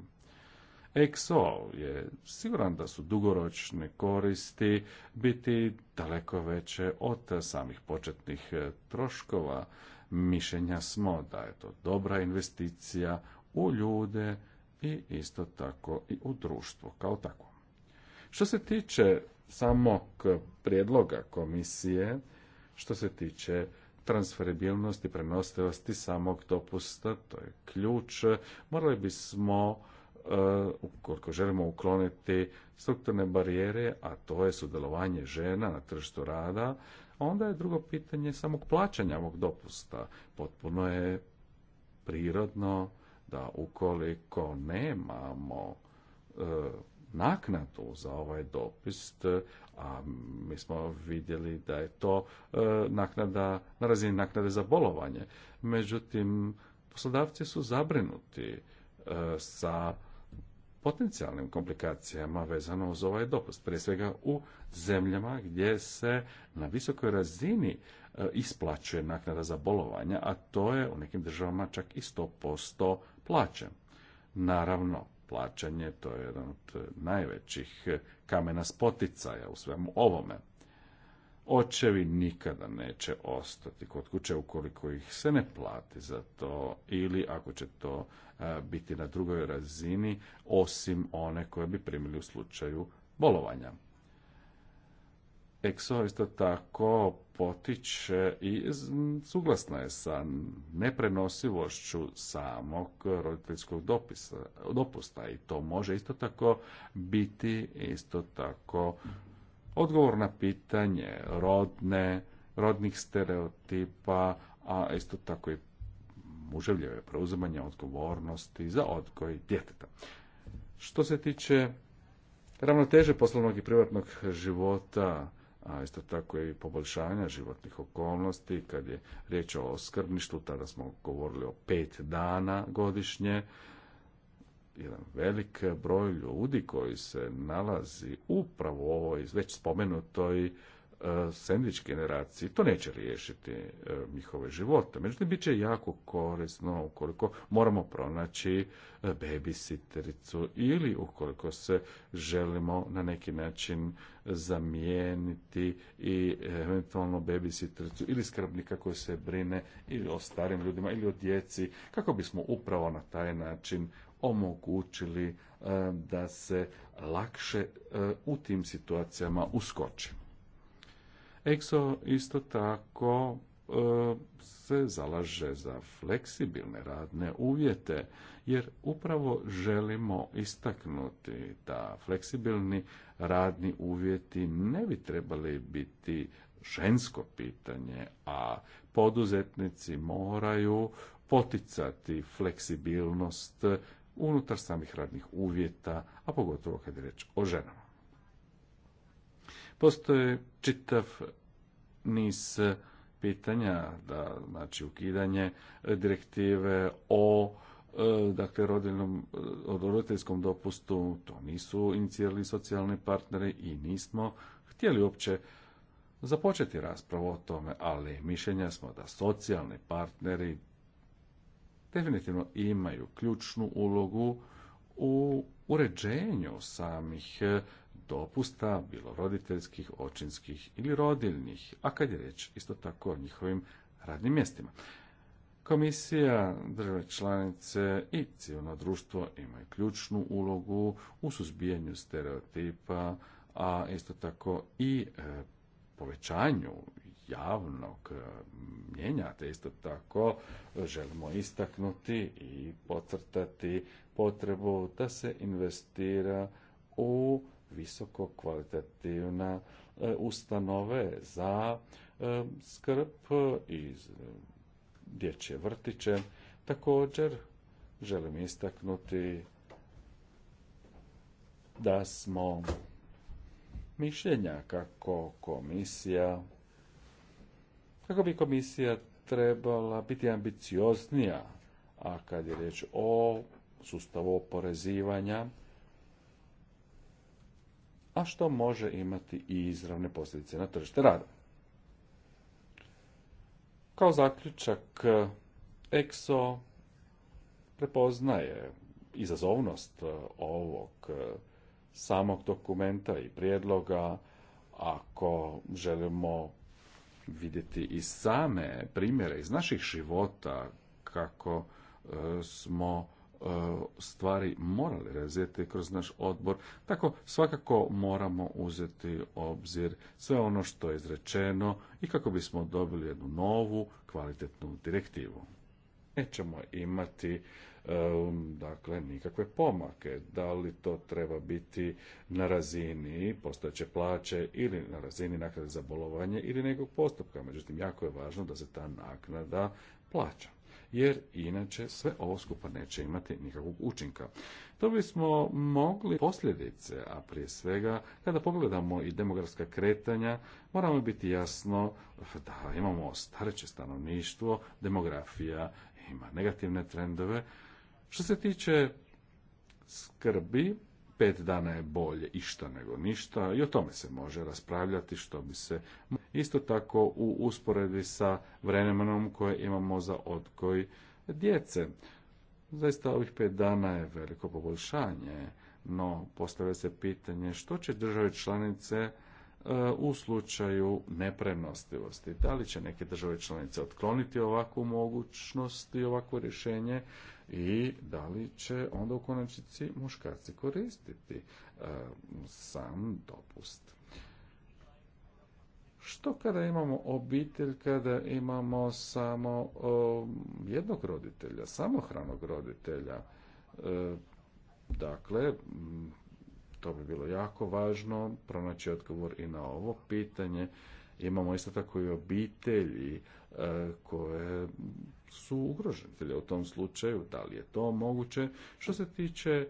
EXO je siguran da su dugoročne koristi biti daleko veće od samih početnih e, troškova. Mišljenja smo da je to dobra investicija u ljude i isto tako i u društvo kao tako. Što se tiče samog prijedloga komisije, što se tiče transferibilnost i samog dopusta, to je ključ. Morali bismo eh, ukoliko želimo ukloniti strukturne barijere, a to je sudjelovanje žena na tržištu rada, onda je drugo pitanje samog plaćanja ovog dopusta. Potpuno je prirodno da ukoliko nemamo eh, naknadu za ovaj dopis, e, a mi smo vidjeli da je to e, naknada na razini naknade za bolovanje. Međutim, poslodavci su zabrinuti e, sa potencijalnim komplikacijama vezano uz ovaj dopust. Prije svega u zemljama gdje se na visokoj razini isplaćuje naknada za bolovanja, a to je u nekim državama čak i 100% plaće. Naravno, plaćanje, to je jedan od eh, najvećih eh, kamena spoticaja u svemu ovome. Očevi nikada neće ostati kod kuće ukoliko ih se ne plati za to ili ako će to eh, biti na drugoj razini osim one koje bi primili u slučaju bolovanja isto tako potiče i suglasna je sa neprenosivošću samog roditeljskog dopisa, dopusta i to može isto tako biti isto tako odgovor na pitanje rodne, rodnih stereotipa, a isto tako i muževljive je preuzimanje odgovornosti za odgoj djeteta. Što se tiče ravnoteže poslovnog i privatnog života, a isto tako i poboljšanja životnih okolnosti. Kad je riječ o skrbništvu, tada smo govorili o pet dana godišnje. Jedan velik broj ljudi koji se nalazi upravo u ovoj već spomenutoj E, sandvič generaciji, to neće riješiti e, njihove života. Međutim, bit će jako korisno ukoliko moramo pronaći e, babysittericu ili ukoliko se želimo na neki način zamijeniti i eventualno babysittericu ili skrbnika koji se brine ili o starim ljudima ili o djeci, kako bismo upravo na taj način omogućili da se lakše u tim situacijama uskoči. EXO isto tako e, se zalaže za fleksibilne radne uvjete, jer upravo želimo istaknuti da fleksibilni radni uvjeti ne bi trebali biti žensko pitanje, a poduzetnici moraju poticati fleksibilnost unutar samih radnih uvjeta, a pogotovo kad je reč o ženama. Postoji čitav niz e, pitanja, da, znači ukidanje e, direktive o e, dakle rodiljnom, o roditeljskom dopustu, to nisu inicijali socijalni partneri i nismo htjeli uopće započeti raspravu o tome, ali mišljenja smo da socijalni partneri definitivno imaju ključnu ulogu u uređenju samih dopusta, bilo roditeljskih, očinskih ili rodiljnih, a kad je reč isto tako o njihovim radnim mjestima. Komisija, države članice i civilno društvo imaju ključnu ulogu u suzbijanju stereotipa, a isto tako i e, povećanju javnog e, mjenja, te isto tako e, želimo istaknuti i podcrtati potrebu da se investira u visoko kvalitativna e, ustanove za e, skrb i e, dječje vrtiće. Također želim istaknuti da smo mišljenja kako komisija kako bi komisija trebala biti ambicioznija, a kad je riječ o sustavu oporezivanja, a što može imati i izravne posljedice na tržište rada. Kao zaključak, EXO prepoznaje izazovnost e, ovog e, samog dokumenta i prijedloga, ako želimo vidjeti i same primjere iz naših života kako e, smo E, stvari morali razvijeti kroz naš odbor. Tako svakako moramo uzeti obzir sve ono što je izrečeno i kako bismo dobili jednu novu kvalitetnu direktivu. Nećemo imati e, um, dakle nikakve pomake. Da li to treba biti na razini postojeće plaće ili na razini naknade za bolovanje ili nekog postupka. Međutim, jako je važno da se ta naknada plaća jer inače sve ovo skupa neće imati nikakvog učinka. To bismo mogli posljedice, a prije svega kada pogledamo i demografska kretanja, moramo biti jasno da imamo stareće stanovništvo, demografija ima negativne trendove. Što se tiče skrbi, pet dana je bolje išta nego ništa i o tome se može raspravljati što bi se isto tako u usporedbi sa vremenom koje imamo za odgoj djece. Zaista ovih pet dana je veliko poboljšanje, no postavlja se pitanje što će države članice e, u slučaju nepremnostivosti. Da li će neke države članice otkloniti ovakvu mogućnost i ovakvo rješenje i da li će onda u konačnici muškarci koristiti e, sam dopust. Što kada imamo obitelj, kada imamo samo e, jednog roditelja, hranog roditelja? E, dakle, to bi bilo jako važno pronaći odgovor i na ovo pitanje. Imamo isto tako i obitelji koje su ugroženi. U tom slučaju, da li je to moguće? Što se tiče e,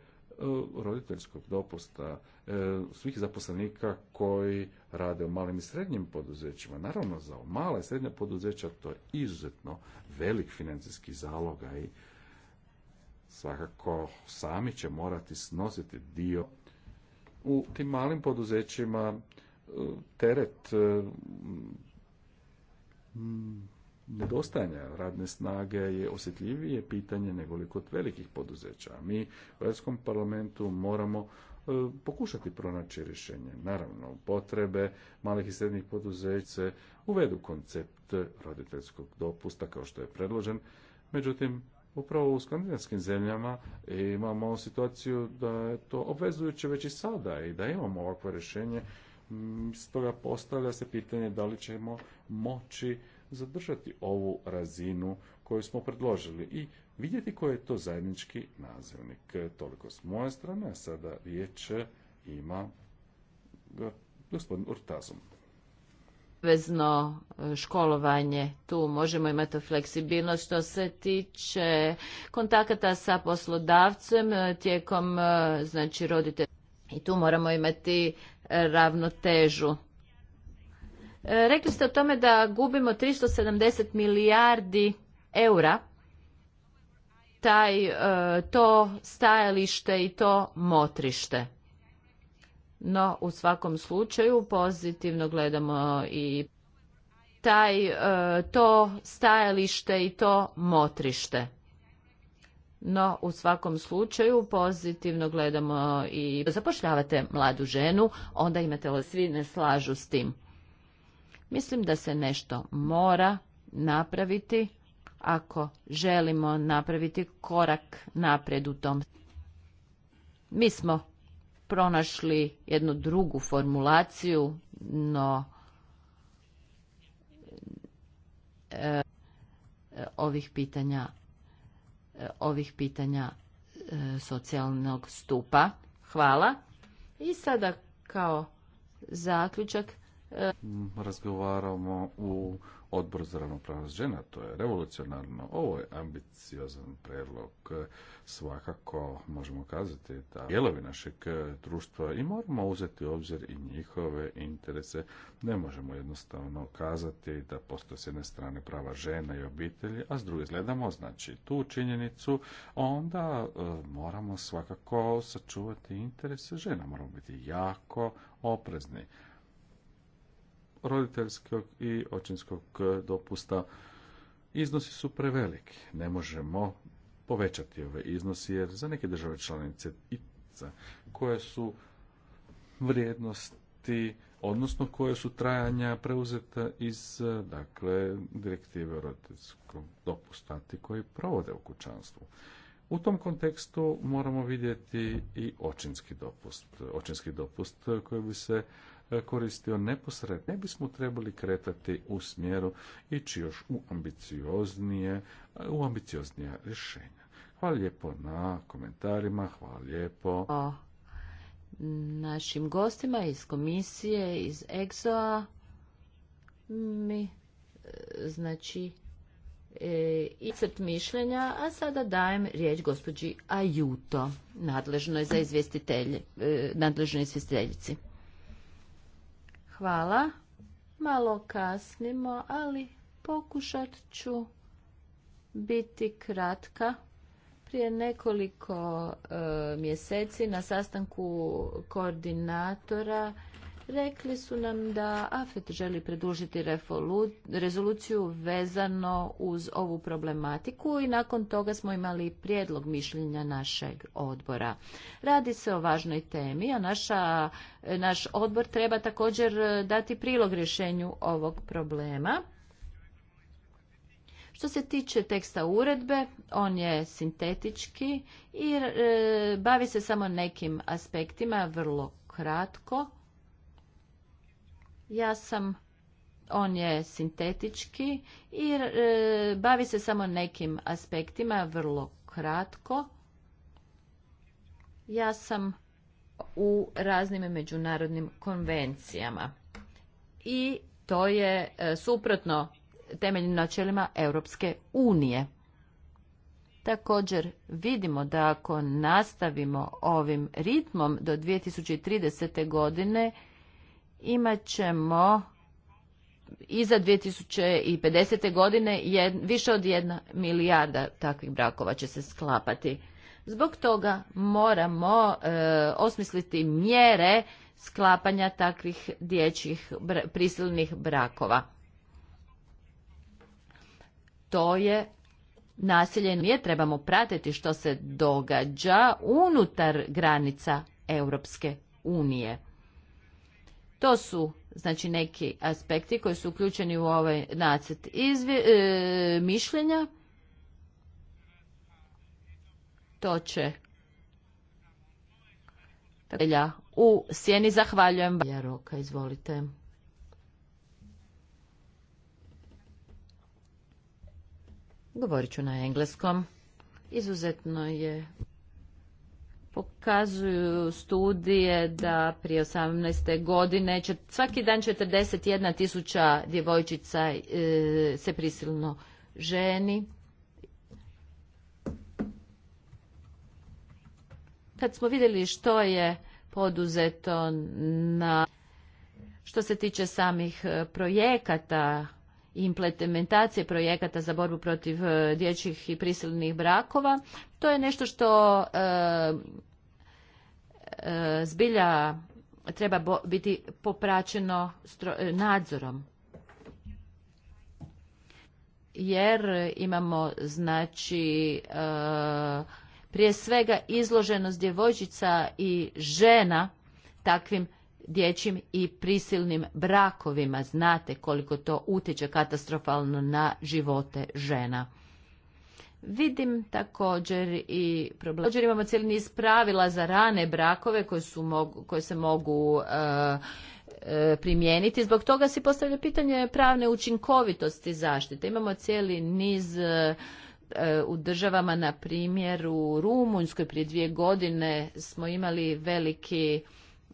roditeljskog dopusta e, svih zaposlenika koji rade u malim i srednjim poduzećima. Naravno, za mala i srednja poduzeća to je izuzetno velik financijski zaloga i svakako sami će morati snositi dio u tim malim poduzećima e, teret nedostajanja radne snage je osjetljivije pitanje nego kod velikih poduzeća. Mi u Europskom parlamentu moramo e, pokušati pronaći rješenje. Naravno, potrebe malih i srednjih poduzeća uvedu koncept roditeljskog dopusta kao što je predložen. Međutim, upravo u skandinavskim zemljama imamo situaciju da je to obvezujuće već i sada i da imamo ovakvo rješenje. Mm, stoga postavlja se pitanje da li ćemo moći zadržati ovu razinu koju smo predložili i vidjeti koji je to zajednički nazivnik. Toliko s moje strane, a sada riječ ima e, gospodin Urtazum. Vezno e, školovanje, tu možemo imati fleksibilnost što se tiče kontakata sa poslodavcem e, tijekom znači roditelja. I tu moramo imati ravnotežu. E, rekli ste o tome da gubimo 370 milijardi eura taj, e, to stajalište i to motrište. No, u svakom slučaju pozitivno gledamo i taj, e, to stajalište i to motrište. No, u svakom slučaju pozitivno gledamo i zapošljavate mladu ženu, onda imate svi ne slažu s tim. Mislim da se nešto mora napraviti ako želimo napraviti korak napred u tom. Mi smo pronašli jednu drugu formulaciju, no e, ovih pitanja e, ovih pitanja e, socijalnog stupa. Hvala. I sada kao zaključak Mm, razgovaramo u odboru za ravnopravnost žena, to je revolucionarno, ovo je ambiciozan predlog. Svakako možemo kazati da dijelovi našeg društva i moramo uzeti u obzir i njihove interese. Ne možemo jednostavno kazati da postoje s jedne strane prava žena i obitelji, a s druge gledamo znači tu činjenicu, onda e, moramo svakako sačuvati interese žena, moramo biti jako oprezni roditeljskog i očinskog dopusta iznosi su preveliki. Ne možemo povećati ove iznosi jer za neke države članice i koje su vrijednosti odnosno koje su trajanja preuzeta iz dakle direktive o roditeljskom dopustu koji provode u kućanstvu. U tom kontekstu moramo vidjeti i očinski dopust. Očinski dopust koji bi se koristio neposredno, ne bismo trebali kretati u smjeru ići još u ambicioznije, u ambicioznija rješenja. Hvala lijepo na komentarima, hvala lijepo. našim gostima iz komisije, iz EXO-a, mi, e, znači, e, i crt mišljenja, a sada dajem riječ gospođi Ajuto, nadležnoj za izvjestitelje, e, nadležnoj izvjestiteljici. Hvala. Malo kasnimo, ali pokušat ću biti kratka. Prije nekoliko e, mjeseci na sastanku koordinatora Rekli su nam da AFET želi predložiti rezoluciju vezano uz ovu problematiku i nakon toga smo imali prijedlog mišljenja našeg odbora. Radi se o važnoj temi, a naša, naš odbor treba također dati prilog rješenju ovog problema. Što se tiče teksta uredbe, on je sintetički i e, bavi se samo nekim aspektima vrlo kratko. Ja sam, on je sintetički i e, bavi se samo nekim aspektima, vrlo kratko. Ja sam u raznim međunarodnim konvencijama i to je e, suprotno temeljnim načelima Europske unije. Također vidimo da ako nastavimo ovim ritmom do 2030. godine imat ćemo iza 2050. godine više od jedna milijarda takvih brakova će se sklapati. Zbog toga moramo e, osmisliti mjere sklapanja takvih dječjih prisilnih brakova. To je nasilje, nije trebamo pratiti što se događa unutar granica Europske unije. To su znači neki aspekti koji su uključeni u ovaj nacrt izvje, e, mišljenja. To će u sjeni zahvaljujem Jaroka, izvolite. Govorit ću na engleskom. Izuzetno je Pokazuju studije da prije 18. godine svaki dan 41 tisuća djevojčica e, se prisilno ženi. Kad smo vidjeli što je poduzeto na što se tiče samih e, projekata i implementacije projekata za borbu protiv e, dječjih i prisilnih brakova, to je nešto što E, zbilja treba biti popraćeno e, nadzorom jer imamo znači e, prije svega izloženost djevojčica i žena takvim dječjim i prisilnim brakovima znate koliko to utječe katastrofalno na živote žena Vidim također i problem. Također imamo cijeli niz pravila za rane brakove koje, su koje se mogu e, e, primijeniti. Zbog toga se postavlja pitanje pravne učinkovitosti zaštite. Imamo cijeli niz e, u državama, na primjer u Rumunjskoj prije dvije godine smo imali veliki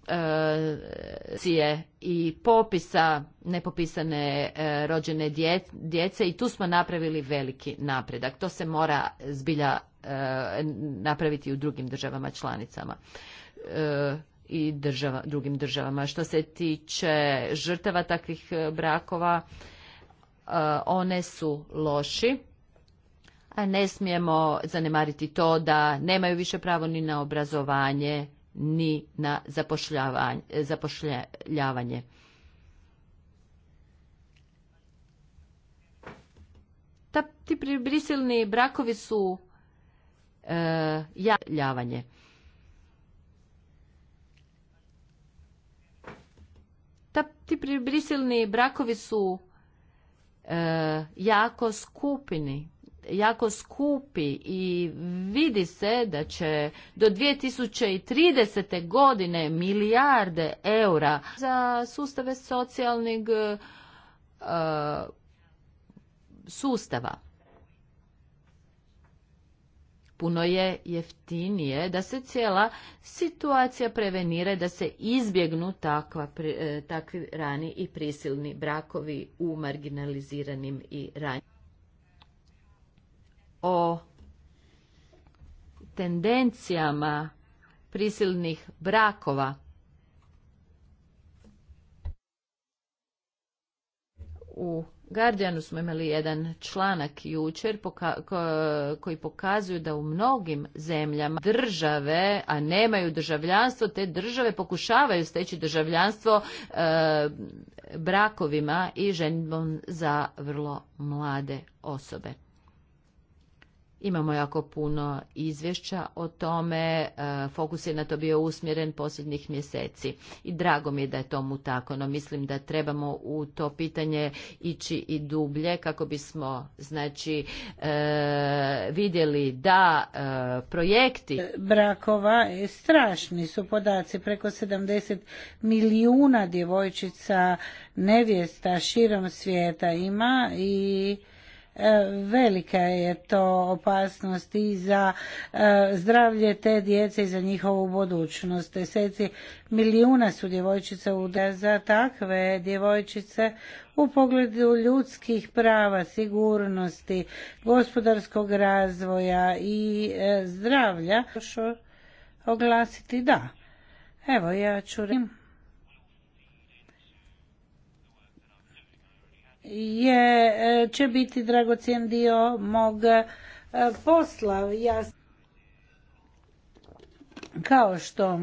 e, i popisa nepopisane e, rođene djece i tu smo napravili veliki napredak. To se mora zbilja e, napraviti u drugim državama članicama e, i država, drugim državama. Što se tiče žrtava takvih e, brakova, one su loši. A ne smijemo zanemariti to da nemaju više pravo ni na obrazovanje, ni na zapošljavanje. Ta, ti prisilni brakovi su e, javljavanje. Ta, ti prisilni brakovi su e, jako skupini jako skupi i vidi se da će do 2030. godine milijarde eura za sustave socijalnih e, sustava. Puno je jeftinije da se cijela situacija prevenira, da se izbjegnu takva, e, takvi rani i prisilni brakovi u marginaliziranim i ranjim o tendencijama prisilnih brakova u Guardianu smo imali jedan članak jučer koji pokazuju da u mnogim zemljama države, a nemaju državljanstvo, te države pokušavaju steći državljanstvo e, brakovima i ženbom za vrlo mlade osobe. Imamo jako puno izvješća o tome, e, fokus je na to bio usmjeren posljednjih mjeseci i drago mi je da je tomu tako, no mislim da trebamo u to pitanje ići i dublje kako bismo znači e, vidjeli da e, projekti brakova strašni su podaci, preko 70 milijuna djevojčica nevjesta širom svijeta ima i E, velika je to opasnost i za e, zdravlje te djece i za njihovu budućnost. Deseci milijuna su djevojčica uda za takve djevojčice u pogledu ljudskih prava, sigurnosti, gospodarskog razvoja i e, zdravlja. Oglasiti da. Evo ja ću je, e, će biti dragocjen dio mog e, posla. Ja kao što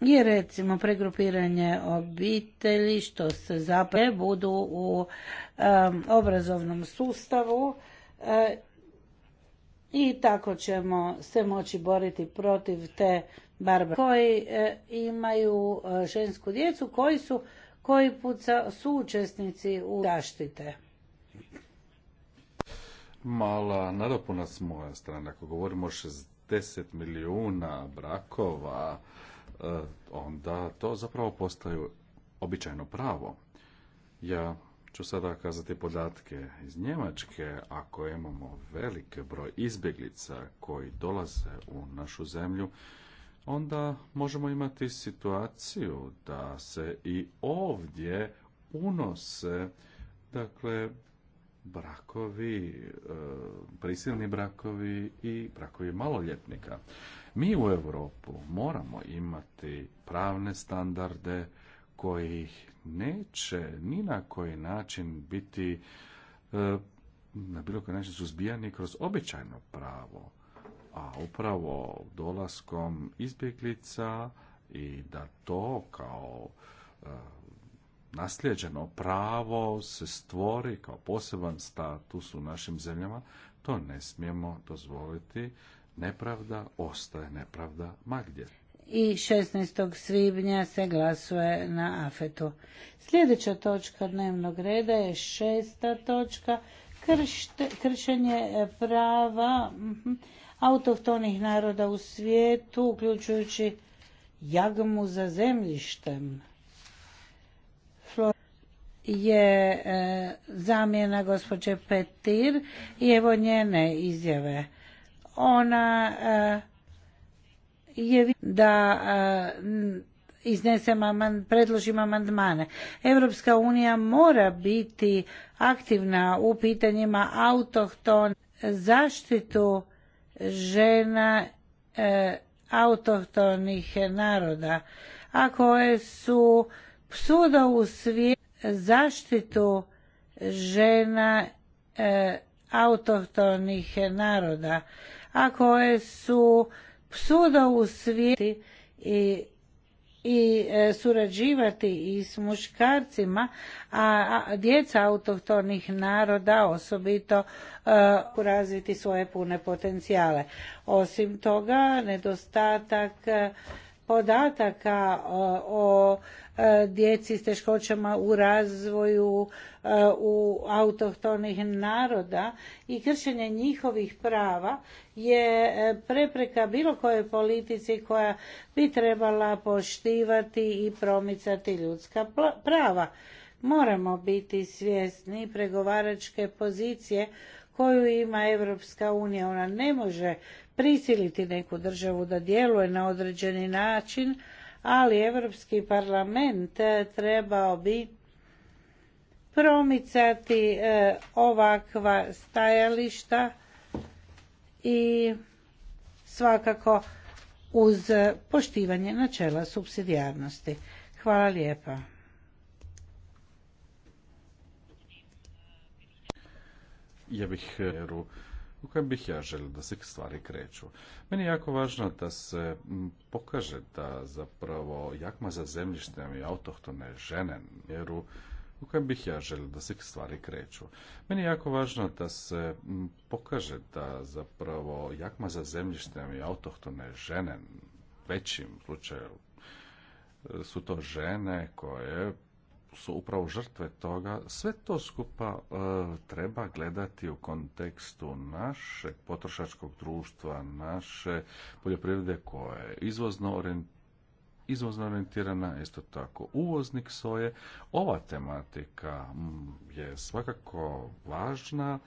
je recimo pregrupiranje obitelji što se zapravo budu u e, obrazovnom sustavu i tako ćemo se moći boriti protiv te barbe koji imaju žensku djecu koji su koji put su učesnici u zaštite. Mala nadopuna s moje strane, ako govorimo o 60 milijuna brakova, eh, onda to zapravo postaju običajno pravo. Ja ću sada kazati podatke iz Njemačke. Ako imamo velik broj izbjeglica koji dolaze u našu zemlju, onda možemo imati situaciju da se i ovdje unose dakle brakovi, e, prisilni brakovi i brakovi maloljetnika. Mi u Europu moramo imati pravne standarde koji neće ni na koji način biti e, na bilo koji način suzbijani kroz običajno pravo a upravo dolaskom izbjeglica i da to kao e, nasljeđeno pravo se stvori kao poseban status u našim zemljama, to ne smijemo dozvoliti. Nepravda ostaje nepravda magdje. I 16. svibnja se glasuje na afetu. Sljedeća točka dnevnog reda je šesta točka kršenje prava mhm, autohtonih naroda u svijetu, uključujući jagmu za zemljištem. je e, zamjena gospođe Petir i evo njene izjave. Ona e, je da e, iznesem aman, predložim amandmane. Europska unija mora biti aktivna u pitanjima autohton zaštitu žena e, autohtonih naroda, a koje su psudo u svijetu zaštitu žena e, autohtonih naroda, a koje su psudo u svijetu i i e, surađivati i s muškarcima, a djeca autohtonih naroda osobito e, razviti svoje pune potencijale. Osim toga, nedostatak e, podataka o E, djeci s teškoćama u razvoju e, u autohtonih naroda i kršenje njihovih prava je e, prepreka bilo koje politici koja bi trebala poštivati i promicati ljudska prava. Moramo biti svjesni pregovaračke pozicije koju ima Europska unija. Ona ne može prisiliti neku državu da djeluje na određeni način, ali Europski parlament e, trebao bi promicati e, ovakva stajališta i svakako uz poštivanje načela subsidijarnosti. Hvala lijepa. E, u kojem bih ja želio da se stvari kreću. Meni je jako važno da se pokaže da zapravo jakma za zemljištem i autohtone žene mjeru u kojem bih ja želio da se stvari kreću. Meni je jako važno da se pokaže da zapravo jakma za zemljištem i autohtone žene većim slučaju e, su to žene koje su upravo žrtve toga, sve to skupa e, treba gledati u kontekstu našeg potrošačkog društva, naše poljoprivrede koja je izvozno orientirana, izvozno orijentirana, isto tako uvoznik soje. Ova tematika mm, je svakako važna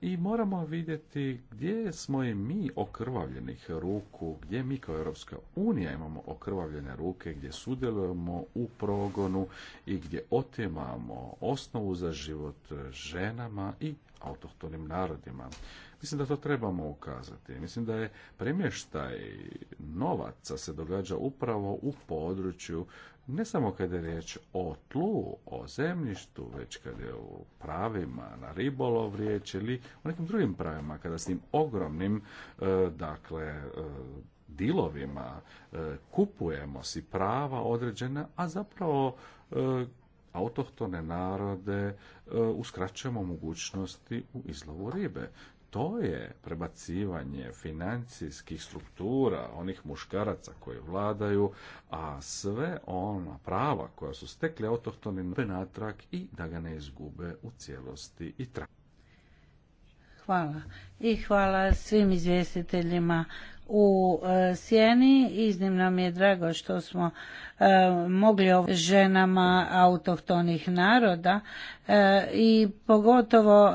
i moramo vidjeti gdje smo i mi okrvavljenih ruku, gdje mi kao Europska unija imamo okrvavljene ruke, gdje sudjelujemo u progonu i gdje otimamo osnovu za život ženama i autohtonim narodima. Mislim da to trebamo ukazati. Mislim da je premještaj novaca se događa upravo u području ne samo kada je riječ o tlu, o zemljištu, već kada je o pravima na ribolov riječ ili o nekim drugim pravima, kada s tim ogromnim, e, dakle, e, dilovima e, kupujemo si prava određena, a zapravo autohtone narode uskraćujemo mogućnosti u izlovu ribe to je prebacivanje financijskih struktura onih muškaraca koji vladaju, a sve ona prava koja su stekle autohtoni natrag i da ga ne izgube u cijelosti i tra. Hvala. I hvala svim izvjestiteljima u e, Sjeni. Iznimno mi je drago što smo e, mogli o ženama autohtonih naroda e, i pogotovo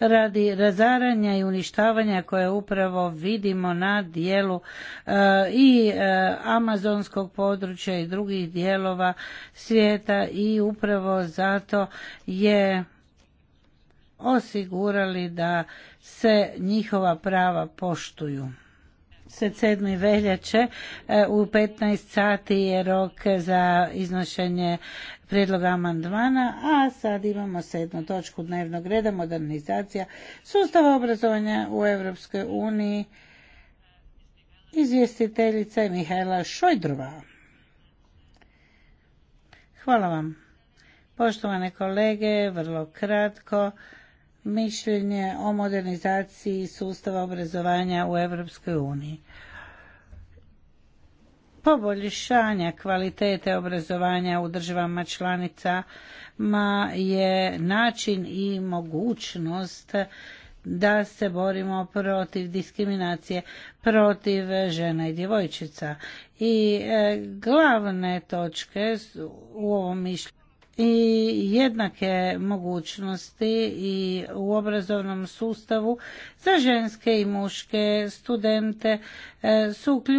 radi razaranja i uništavanja koje upravo vidimo na dijelu i amazonskog područja i drugih dijelova svijeta i upravo zato je osigurali da se njihova prava poštuju. 27. veljače e, u 15 sati je rok za iznošenje prijedloga amandmana, a sad imamo sedmu točku dnevnog reda, modernizacija sustava obrazovanja u Europskoj uniji. Izvjestiteljica Mihajla Šojdrova. Hvala vam. Poštovane kolege, vrlo kratko mišljenje o modernizaciji sustava obrazovanja u Europskoj uniji. Poboljšanje kvalitete obrazovanja u državama članicama je način i mogućnost da se borimo protiv diskriminacije, protiv žena i djevojčica. I e, glavne točke u ovom mišljenju i jednake mogućnosti i u obrazovnom sustavu za ženske i muške studente e, su ključni